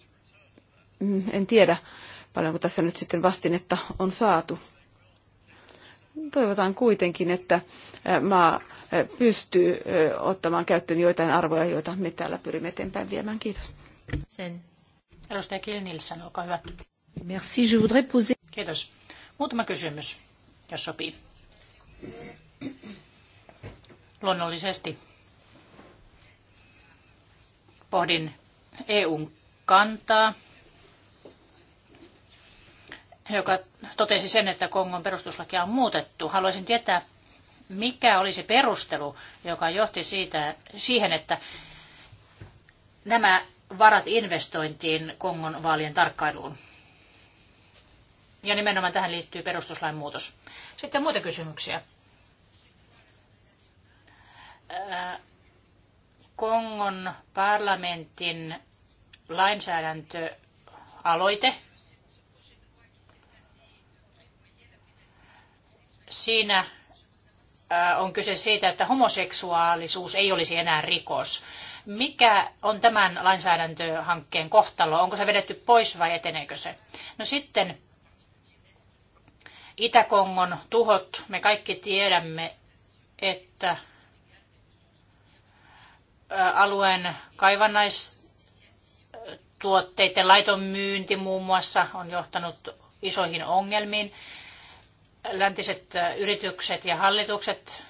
en tiedä, paljonko tässä nyt sitten vastinetta on saatu. Toivotaan kuitenkin, että maa pystyy ottamaan käyttöön joitain arvoja, joita me täällä pyrimme eteenpäin viemään. Kiitos. Sen. Edustaja Kiel olkaa hyvä. Merci, je voudrais poser... Kiitos. Muutama kysymys, jos sopii. Luonnollisesti pohdin EUn kantaa, joka totesi sen, että Kongon perustuslakia on muutettu. Haluaisin tietää, mikä oli se perustelu, joka johti siitä, siihen, että nämä varat investointiin Kongon vaalien tarkkailuun. Ja nimenomaan tähän liittyy perustuslain muutos. Sitten muita kysymyksiä. Äh, Kongon parlamentin lainsäädäntöaloite. Siinä äh, on kyse siitä, että homoseksuaalisuus ei olisi enää rikos. Mikä on tämän lainsäädäntöhankkeen kohtalo? Onko se vedetty pois vai eteneekö se? No sitten Itä-Kongon tuhot, me kaikki tiedämme, että alueen kaivannaistuotteiden laiton myynti muun muassa on johtanut isoihin ongelmiin. Läntiset yritykset ja hallitukset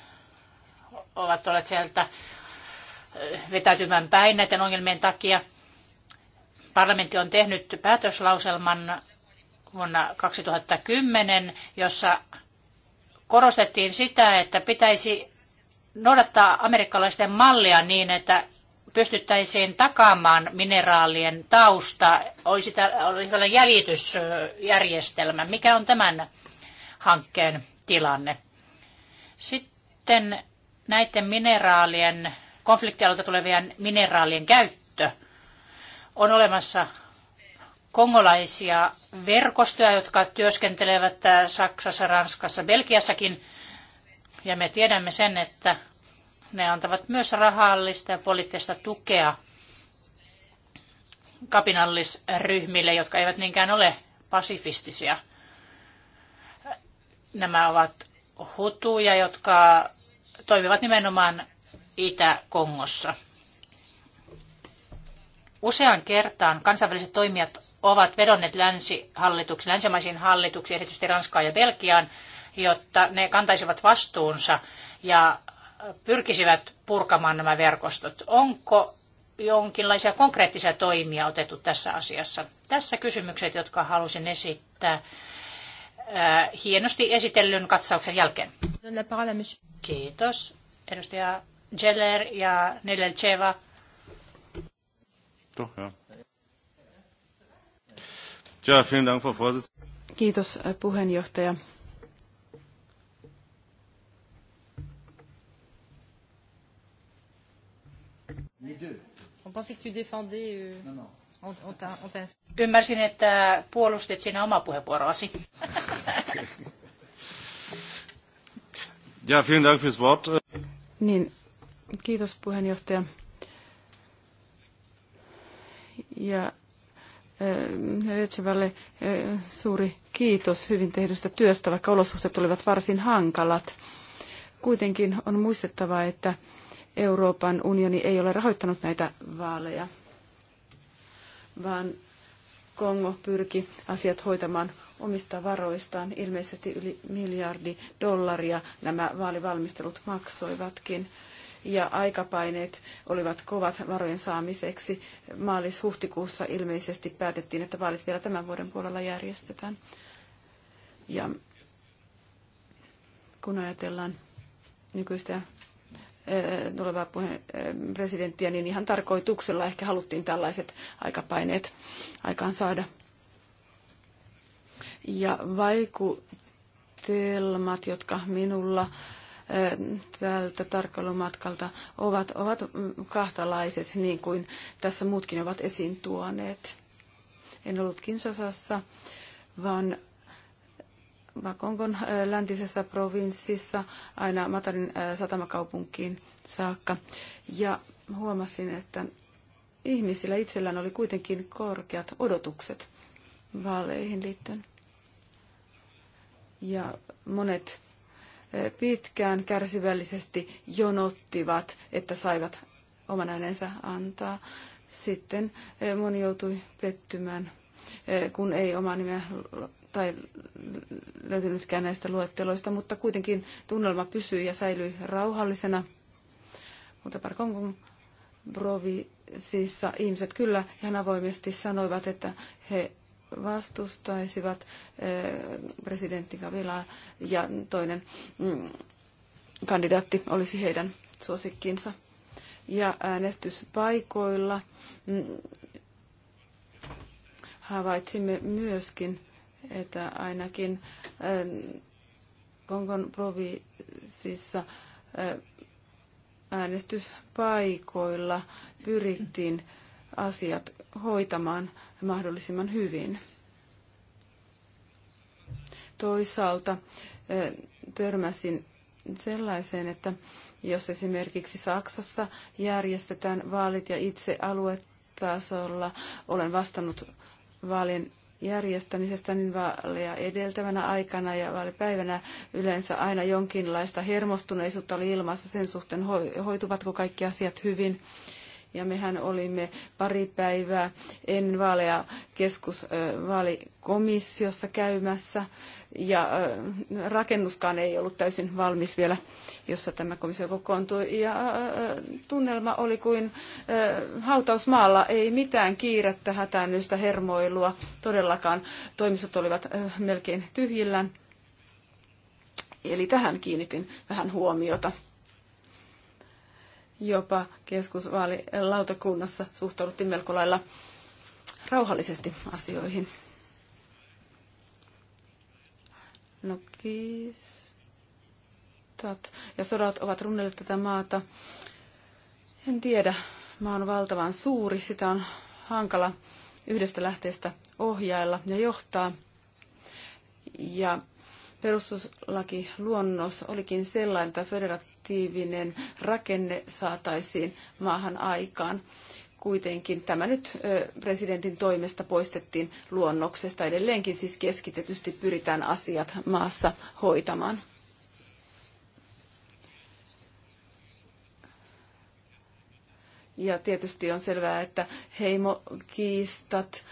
ovat olleet sieltä vetäytymään päin näiden ongelmien takia. Parlamentti on tehnyt päätöslauselman vuonna 2010, jossa korostettiin sitä, että pitäisi noudattaa amerikkalaisten mallia niin, että pystyttäisiin takaamaan mineraalien tausta, olisi, tällainen jäljitysjärjestelmä. Mikä on tämän hankkeen tilanne? Sitten näiden mineraalien, konfliktialueelta tulevien mineraalien käyttö. On olemassa kongolaisia verkostoja, jotka työskentelevät Saksassa, Ranskassa, Belgiassakin. Ja me tiedämme sen, että ne antavat myös rahallista ja poliittista tukea kapinallisryhmille, jotka eivät niinkään ole pasifistisia. Nämä ovat hutuja, jotka toimivat nimenomaan Itä-Kongossa. Usean kertaan kansainväliset toimijat ovat vedonneet länsihallituksiin, länsimaisiin hallituksiin, erityisesti Ranskaan ja Belgiaan, jotta ne kantaisivat vastuunsa ja pyrkisivät purkamaan nämä verkostot. Onko jonkinlaisia konkreettisia toimia otettu tässä asiassa? Tässä kysymykset, jotka halusin esittää äh, hienosti esitellyn katsauksen jälkeen. Kiitos. Edustaja Jeller ja Nelelcheva. Tuh, joo. Ja, vielen Dank, Frau Vorsitzende. Kiitos äh, puheenjohtaja. Euh, Ymmärsin, että puolustit sinä oma puheenvuoroasi. ja, vielen Dank fürs Wort. Niin, kiitos puheenjohtaja. Ja Recevalle suuri kiitos hyvin tehdystä työstä, vaikka olosuhteet olivat varsin hankalat. Kuitenkin on muistettava, että Euroopan unioni ei ole rahoittanut näitä vaaleja, vaan Kongo pyrki asiat hoitamaan omista varoistaan. Ilmeisesti yli miljardi dollaria nämä vaalivalmistelut maksoivatkin ja aikapaineet olivat kovat varojen saamiseksi. Maalis-huhtikuussa ilmeisesti päätettiin, että vaalit vielä tämän vuoden puolella järjestetään. Ja kun ajatellaan nykyistä eh, tulevaa eh, presidenttiä, niin ihan tarkoituksella ehkä haluttiin tällaiset aikapaineet aikaan saada. Ja vaikutelmat, jotka minulla tältä tarkkailumatkalta ovat, ovat kahtalaiset, niin kuin tässä muutkin ovat esiin tuoneet. En ollut Kinsasassa, vaan Vakongon läntisessä provinssissa aina Matarin satamakaupunkiin saakka. Ja huomasin, että ihmisillä itsellään oli kuitenkin korkeat odotukset vaaleihin liittyen. Ja monet pitkään kärsivällisesti jonottivat, että saivat oman äänensä antaa. Sitten moni joutui pettymään, kun ei oma nimeä tai löytynytkään näistä luetteloista, mutta kuitenkin tunnelma pysyi ja säilyi rauhallisena. Mutta Parkongon provisissa ihmiset kyllä ihan avoimesti sanoivat, että he vastustaisivat eh, presidentti Kavilaa ja toinen mm, kandidaatti olisi heidän suosikkinsa. Ja äänestyspaikoilla mm, havaitsimme myöskin, että ainakin eh, Kongon provisissa eh, äänestyspaikoilla pyrittiin asiat hoitamaan – mahdollisimman hyvin. Toisaalta törmäsin sellaiseen, että jos esimerkiksi Saksassa järjestetään vaalit ja itse aluetasolla olen vastannut vaalien järjestämisestä niin vaaleja edeltävänä aikana ja vaalipäivänä yleensä aina jonkinlaista hermostuneisuutta oli ilmassa sen suhteen, hoituvatko kaikki asiat hyvin. Ja mehän olimme pari päivää ennen vaaleja keskusvaalikomissiossa käymässä. Ja rakennuskaan ei ollut täysin valmis vielä, jossa tämä komissio kokoontui. Ja tunnelma oli kuin hautausmaalla. Ei mitään kiirettä, hätäännystä, hermoilua. Todellakaan toimistot olivat melkein tyhjillään. Eli tähän kiinnitin vähän huomiota jopa keskusvaalilautakunnassa suhtauduttiin melko lailla rauhallisesti asioihin. No kiistat ja sodat ovat runnelleet tätä maata. En tiedä, maa on valtavan suuri, sitä on hankala yhdestä lähteestä ohjailla ja johtaa. Ja Perustuslakiluonnos olikin sellainen, että federatiivinen rakenne saataisiin maahan aikaan. Kuitenkin tämä nyt presidentin toimesta poistettiin luonnoksesta. Edelleenkin siis keskitetysti pyritään asiat maassa hoitamaan. Ja tietysti on selvää, että heimokiistat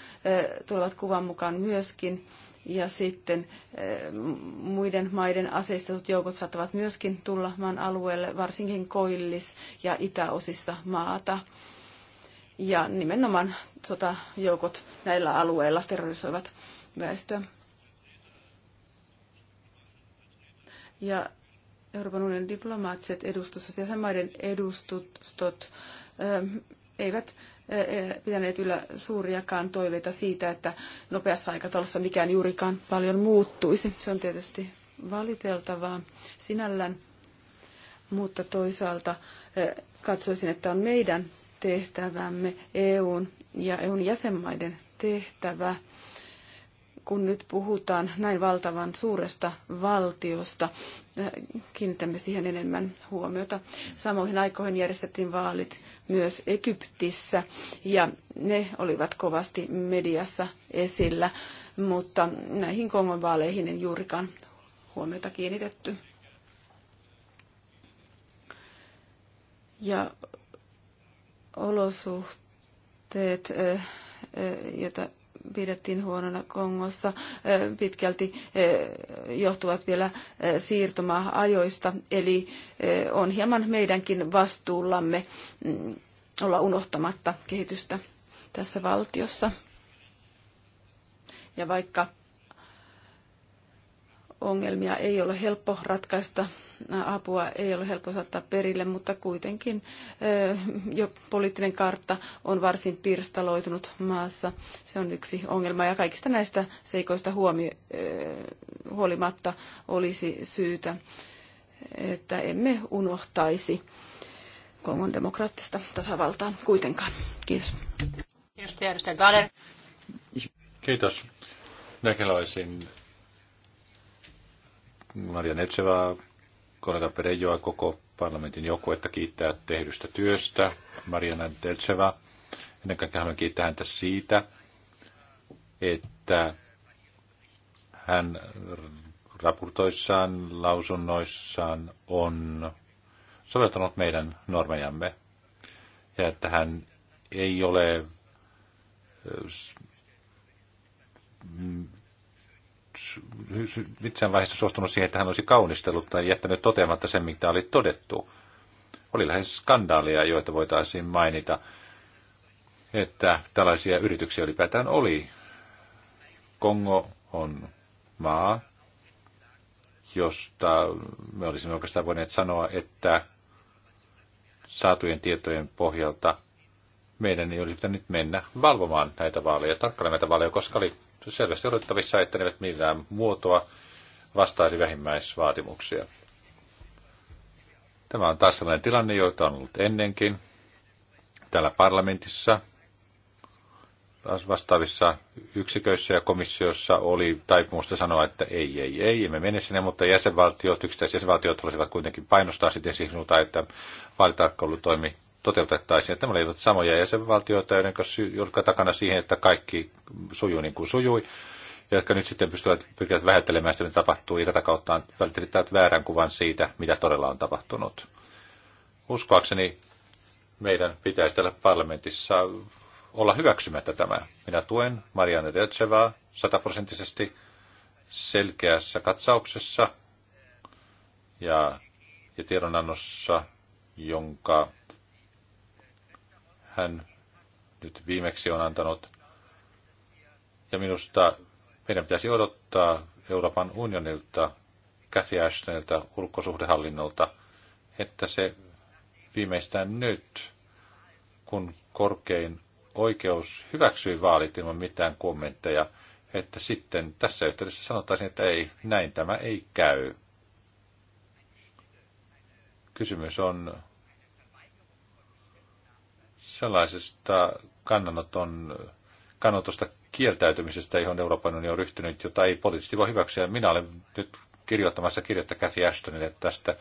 tulevat kuvan mukaan myöskin ja sitten eh, muiden maiden aseistetut joukot saattavat myöskin tulla maan alueelle, varsinkin koillis- ja itäosissa maata. Ja nimenomaan sotajoukot näillä alueilla terrorisoivat väestöä. Ja Euroopan unionin diplomaattiset edustustot ja jäsenmaiden edustustot eivät pitäneet yllä suuriakaan toiveita siitä, että nopeassa aikataulussa mikään juurikaan paljon muuttuisi. Se on tietysti valiteltavaa sinällään, mutta toisaalta katsoisin, että on meidän tehtävämme EUn ja EUn jäsenmaiden tehtävä kun nyt puhutaan näin valtavan suuresta valtiosta, eh, kiinnitämme siihen enemmän huomiota. Samoihin aikoihin järjestettiin vaalit myös Egyptissä ja ne olivat kovasti mediassa esillä, mutta näihin Kongon vaaleihin ei juurikaan huomiota kiinnitetty. Ja olosuhteet, eh, eh, joita pidettiin huonona Kongossa pitkälti johtuvat vielä siirtomaajoista, eli on hieman meidänkin vastuullamme mm, olla unohtamatta kehitystä tässä valtiossa. Ja vaikka ongelmia ei ole helppo ratkaista apua ei ole helppo saattaa perille, mutta kuitenkin jo poliittinen kartta on varsin pirstaloitunut maassa. Se on yksi ongelma ja kaikista näistä seikoista huomio huolimatta olisi syytä, että emme unohtaisi Kongon demokraattista tasavaltaa kuitenkaan. Kiitos. Kiitos. Minäkin Maria Netsevaa kollega Perejoa koko parlamentin joukkuetta kiittää tehdystä työstä. Mariana Delceva, ennen kaikkea haluan kiittää häntä siitä, että hän raportoissaan, lausunnoissaan on soveltanut meidän normejamme. Ja että hän ei ole missään vaiheessa suostunut siihen, että hän olisi kaunistellut tai jättänyt toteamatta sen, mitä oli todettu. Oli lähes skandaalia, joita voitaisiin mainita, että tällaisia yrityksiä ylipäätään oli. Kongo on maa, josta me olisimme oikeastaan voineet sanoa, että saatujen tietojen pohjalta meidän ei olisi pitänyt mennä valvomaan näitä vaaleja, tarkkailemaan näitä vaaleja, koska oli selvästi odotettavissa, että ne eivät millään muotoa vastaisi vähimmäisvaatimuksia. Tämä on taas sellainen tilanne, joita on ollut ennenkin täällä parlamentissa. Vastaavissa yksiköissä ja komissiossa oli taipumusta sanoa, että ei, ei, ei, emme mene sinne, mutta jäsenvaltiot, yksittäiset jäsenvaltiot olisivat kuitenkin painostaa sitten siihen suuntaan, että vaalitarkkailutoimi toteutettaisiin. Että ne olivat samoja jäsenvaltioita, joiden, takana siihen, että kaikki sujuu niin kuin sujui, ja jotka nyt sitten pystyvät pyrkivät vähättelemään sitä, mitä tapahtuu, ja tätä kautta välttämättä väärän kuvan siitä, mitä todella on tapahtunut. Uskoakseni meidän pitäisi täällä parlamentissa olla hyväksymättä tämä. Minä tuen Marianne Dötsevaa sataprosenttisesti selkeässä katsauksessa ja, ja tiedonannossa, jonka hän nyt viimeksi on antanut. Ja minusta meidän pitäisi odottaa Euroopan unionilta, Cathy Ashtonilta, ulkosuhdehallinnolta, että se viimeistään nyt, kun korkein oikeus hyväksyi vaalit ilman mitään kommentteja, että sitten tässä yhteydessä sanottaisiin, että ei, näin tämä ei käy. Kysymys on sellaisesta kannanoton, kannanotosta kieltäytymisestä, johon Euroopan unioni on ryhtynyt, jota ei poliittisesti voi hyväksyä. Minä olen nyt kirjoittamassa kirjettä Kathy Ashtonille tästä,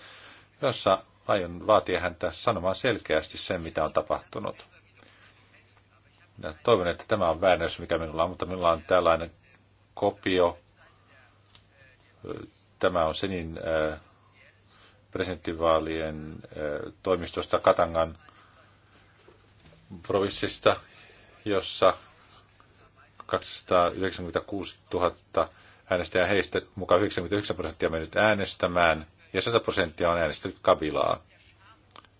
jossa aion vaatia häntä sanomaan selkeästi sen, mitä on tapahtunut. Minä toivon, että tämä on väännös, mikä minulla on, mutta minulla on tällainen kopio. Tämä on Senin äh, presidenttivaalien äh, toimistosta Katangan provinssista, jossa 296 000 äänestäjää heistä mukaan 99 prosenttia mennyt äänestämään ja 100 prosenttia on äänestänyt Kabilaa.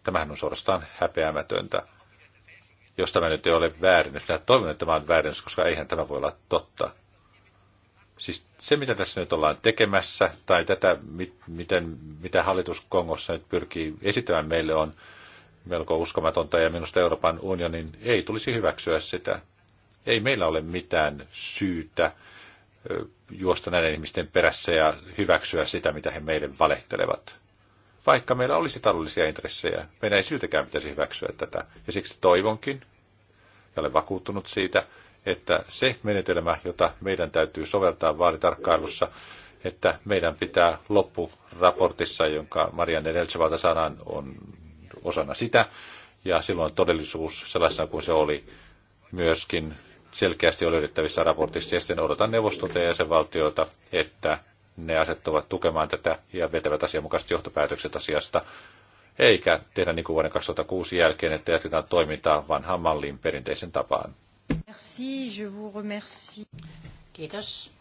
Tämähän on suorastaan häpeämätöntä. Jos tämä nyt ei ole väärin, minä toivon, että tämä on väärin, koska eihän tämä voi olla totta. Siis se, mitä tässä nyt ollaan tekemässä, tai tätä, miten, mitä hallitus Kongossa nyt pyrkii esittämään meille, on melko uskomatonta ja minusta Euroopan unionin ei tulisi hyväksyä sitä. Ei meillä ole mitään syytä juosta näiden ihmisten perässä ja hyväksyä sitä, mitä he meille valehtelevat. Vaikka meillä olisi taloudellisia intressejä, meidän ei siltäkään pitäisi hyväksyä tätä. Ja siksi toivonkin, ja olen vakuuttunut siitä, että se menetelmä, jota meidän täytyy soveltaa vaalitarkkailussa, että meidän pitää loppuraportissa, jonka Marian Edelsevalta sanan on osana sitä, ja silloin todellisuus sellaisena kuin se oli myöskin selkeästi oli löydettävissä raportissa, ja sitten odotan neuvostolta ja jäsenvaltioilta, että ne asettuvat tukemaan tätä ja vetävät asianmukaiset johtopäätökset asiasta, eikä tehdä niin kuin vuoden 2006 jälkeen, että jatketaan toimintaa vanhaan malliin perinteisen tapaan. Merci, je vous remercie. Kiitos.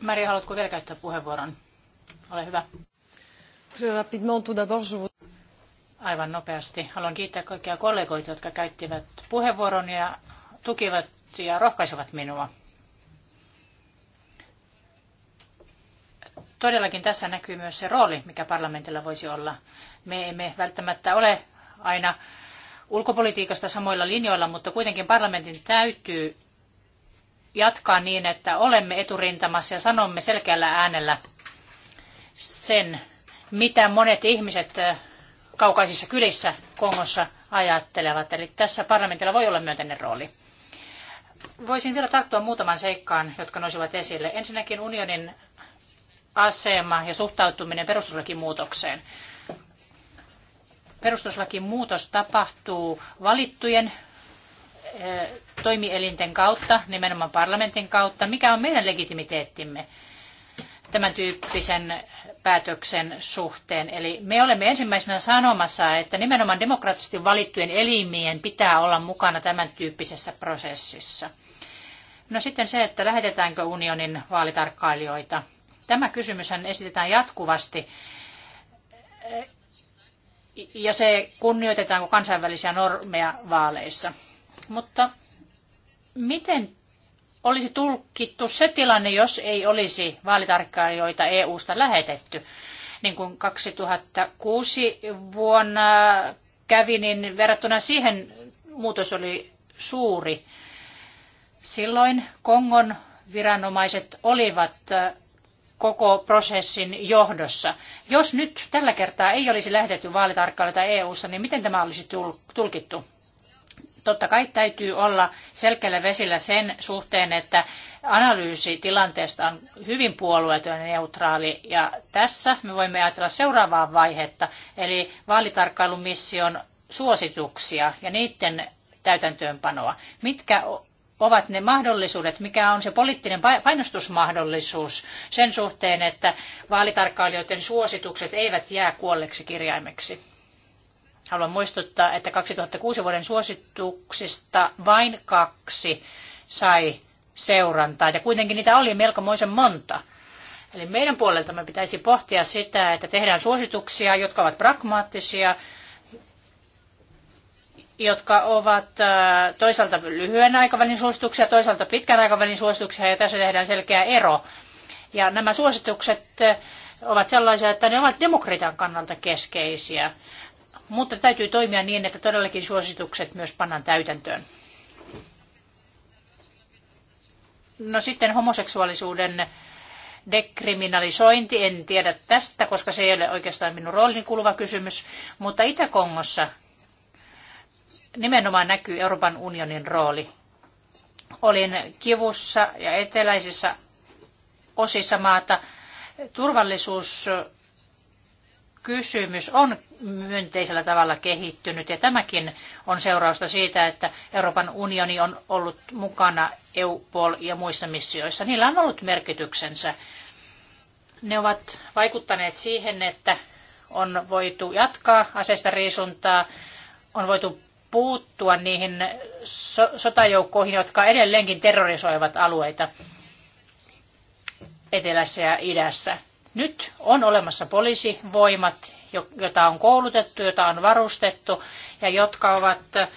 Maria, haluatko vielä käyttää puheenvuoron? Ole hyvä aivan nopeasti. Haluan kiittää kaikkia kollegoita, jotka käyttivät puheenvuoron ja tukivat ja rohkaisivat minua. Todellakin tässä näkyy myös se rooli, mikä parlamentilla voisi olla. Me emme välttämättä ole aina ulkopolitiikasta samoilla linjoilla, mutta kuitenkin parlamentin täytyy jatkaa niin, että olemme eturintamassa ja sanomme selkeällä äänellä sen, mitä monet ihmiset kaukaisissa kylissä Kongossa ajattelevat. Eli tässä parlamentilla voi olla myönteinen rooli. Voisin vielä tarttua muutaman seikkaan, jotka nousivat esille. Ensinnäkin unionin asema ja suhtautuminen perustuslakimuutokseen. Perustuslakimuutos tapahtuu valittujen eh, toimielinten kautta, nimenomaan parlamentin kautta. Mikä on meidän legitimiteettimme? tämän tyyppisen päätöksen suhteen. Eli me olemme ensimmäisenä sanomassa, että nimenomaan demokraattisesti valittujen elimien pitää olla mukana tämän tyyppisessä prosessissa. No sitten se, että lähetetäänkö unionin vaalitarkkailijoita. Tämä kysymyshän esitetään jatkuvasti. Ja se kunnioitetaanko kansainvälisiä normeja vaaleissa. Mutta miten olisi tulkittu se tilanne, jos ei olisi vaalitarkkailijoita EU-sta lähetetty. Niin kuin 2006 vuonna kävi, niin verrattuna siihen muutos oli suuri. Silloin Kongon viranomaiset olivat koko prosessin johdossa. Jos nyt tällä kertaa ei olisi lähetetty vaalitarkkailijoita EU-ssa, niin miten tämä olisi tulkittu? Totta kai täytyy olla selkeällä vesillä sen suhteen, että analyysi tilanteesta on hyvin puolueeton ja neutraali. Ja tässä me voimme ajatella seuraavaa vaihetta, eli vaalitarkkailumission suosituksia ja niiden täytäntöönpanoa. Mitkä ovat ne mahdollisuudet, mikä on se poliittinen painostusmahdollisuus sen suhteen, että vaalitarkkailijoiden suositukset eivät jää kuolleeksi kirjaimeksi? Haluan muistuttaa, että 2006 vuoden suosituksista vain kaksi sai seurantaa, ja kuitenkin niitä oli melkomoisen monta. Eli meidän puoleltamme pitäisi pohtia sitä, että tehdään suosituksia, jotka ovat pragmaattisia, jotka ovat äh, toisaalta lyhyen aikavälin suosituksia, toisaalta pitkän aikavälin suosituksia, ja tässä tehdään selkeä ero. Ja nämä suositukset äh, ovat sellaisia, että ne ovat demokratian kannalta keskeisiä mutta täytyy toimia niin, että todellakin suositukset myös pannaan täytäntöön. No sitten homoseksuaalisuuden dekriminalisointi, en tiedä tästä, koska se ei ole oikeastaan minun roolini kuuluva kysymys, mutta Itä-Kongossa nimenomaan näkyy Euroopan unionin rooli. Olin kivussa ja eteläisissä osissa maata. Turvallisuus kysymys on myönteisellä tavalla kehittynyt ja tämäkin on seurausta siitä, että Euroopan unioni on ollut mukana EUPOL ja muissa missioissa. Niillä on ollut merkityksensä. Ne ovat vaikuttaneet siihen, että on voitu jatkaa aseista riisuntaa, on voitu puuttua niihin so- sotajoukkoihin, jotka edelleenkin terrorisoivat alueita etelässä ja idässä nyt on olemassa poliisivoimat, jota on koulutettu, jota on varustettu ja jotka ovat äh,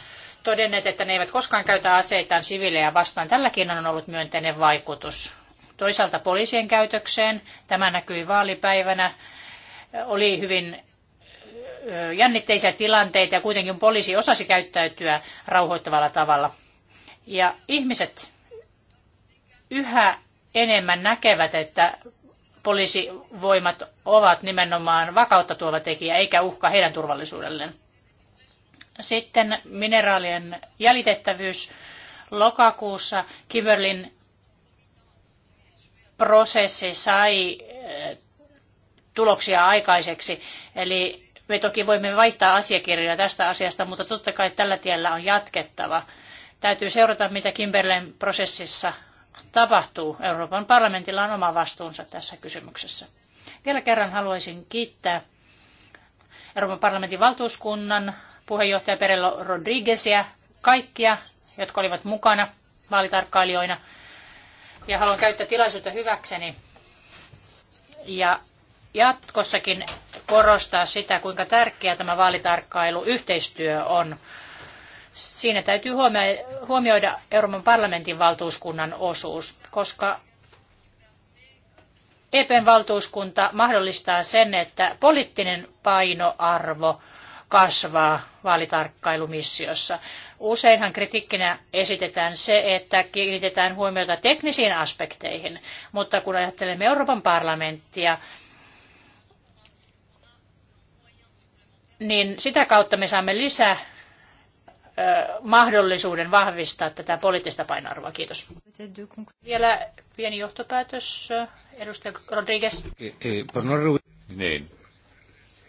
todenneet, että ne eivät koskaan käytä aseitaan siviilejä vastaan. Tälläkin on ollut myönteinen vaikutus. Toisaalta poliisien käytökseen, tämä näkyi vaalipäivänä, oli hyvin äh, jännitteisiä tilanteita ja kuitenkin poliisi osasi käyttäytyä rauhoittavalla tavalla. Ja ihmiset yhä enemmän näkevät, että poliisivoimat ovat nimenomaan vakautta tuova tekijä, eikä uhka heidän turvallisuudelleen. Sitten mineraalien jäljitettävyys. Lokakuussa Kiberlin prosessi sai eh, tuloksia aikaiseksi. Eli me toki voimme vaihtaa asiakirjoja tästä asiasta, mutta totta kai tällä tiellä on jatkettava. Täytyy seurata, mitä Kimberlen prosessissa tapahtuu. Euroopan parlamentilla on oma vastuunsa tässä kysymyksessä. Vielä kerran haluaisin kiittää Euroopan parlamentin valtuuskunnan puheenjohtaja Perello Rodriguezia, kaikkia, jotka olivat mukana vaalitarkkailijoina. Ja haluan käyttää tilaisuutta hyväkseni ja jatkossakin korostaa sitä, kuinka tärkeää tämä vaalitarkkailu yhteistyö on siinä täytyy huomioida Euroopan parlamentin valtuuskunnan osuus, koska EPn valtuuskunta mahdollistaa sen, että poliittinen painoarvo kasvaa vaalitarkkailumissiossa. Useinhan kritiikkinä esitetään se, että kiinnitetään huomiota teknisiin aspekteihin, mutta kun ajattelemme Euroopan parlamenttia, niin sitä kautta me saamme lisää mahdollisuuden vahvistaa tätä poliittista painoarvoa. Kiitos. Vielä pieni johtopäätös, edustaja Rodriguez. Niin.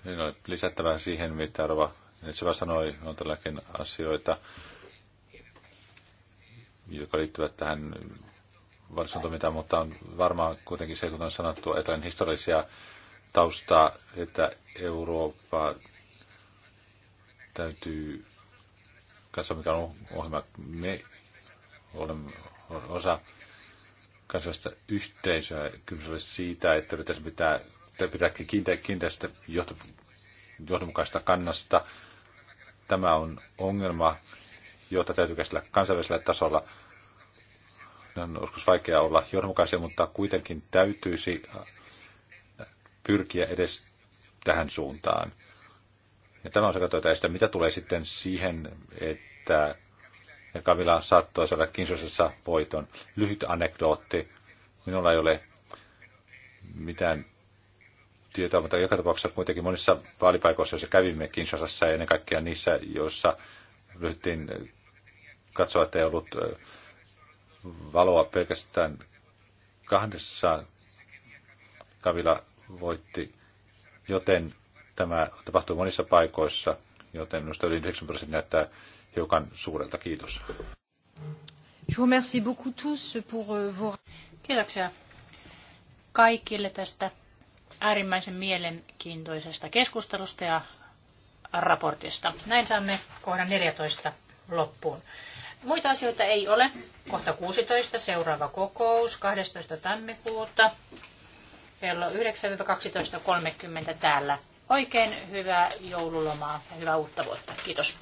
niin on lisättävää siihen, mitä Rova Nitsevä sanoi, on tälläkin asioita, jotka liittyvät tähän toimintaan, mutta on varmaan kuitenkin se, kun on sanottu, että historiallisia taustaa, että Eurooppa täytyy kanssa, mikä on ohjelma. Me olemme osa kansallista yhteisöä. kyllä siitä, että pitäisi pitää, pitää kiinteä, kiinteästä johdonmukaista kannasta. Tämä on ongelma, jota täytyy käsitellä kansainvälisellä tasolla. On joskus vaikea olla johdonmukaisia, mutta kuitenkin täytyisi pyrkiä edes tähän suuntaan. Ja tämä on se katsotaan että mitä tulee sitten siihen, että Kavila saattoi saada Kinsosessa voiton. Lyhyt anekdootti. Minulla ei ole mitään tietoa, mutta joka tapauksessa kuitenkin monissa vaalipaikoissa, joissa kävimme Kinsosassa ja ennen kaikkea niissä, joissa ryhdyttiin katsoa, että ei ollut valoa pelkästään kahdessa Kavila voitti, joten Tämä tapahtuu monissa paikoissa, joten minusta yli 9 prosenttia näyttää hiukan suurelta. Kiitos. Euh, Kiitoksia kaikille tästä äärimmäisen mielenkiintoisesta keskustelusta ja raportista. Näin saamme kohdan 14 loppuun. Muita asioita ei ole. Kohta 16 seuraava kokous 12. tammikuuta kello 9-12.30 täällä Oikein hyvää joululomaa ja hyvää uutta vuotta. Kiitos.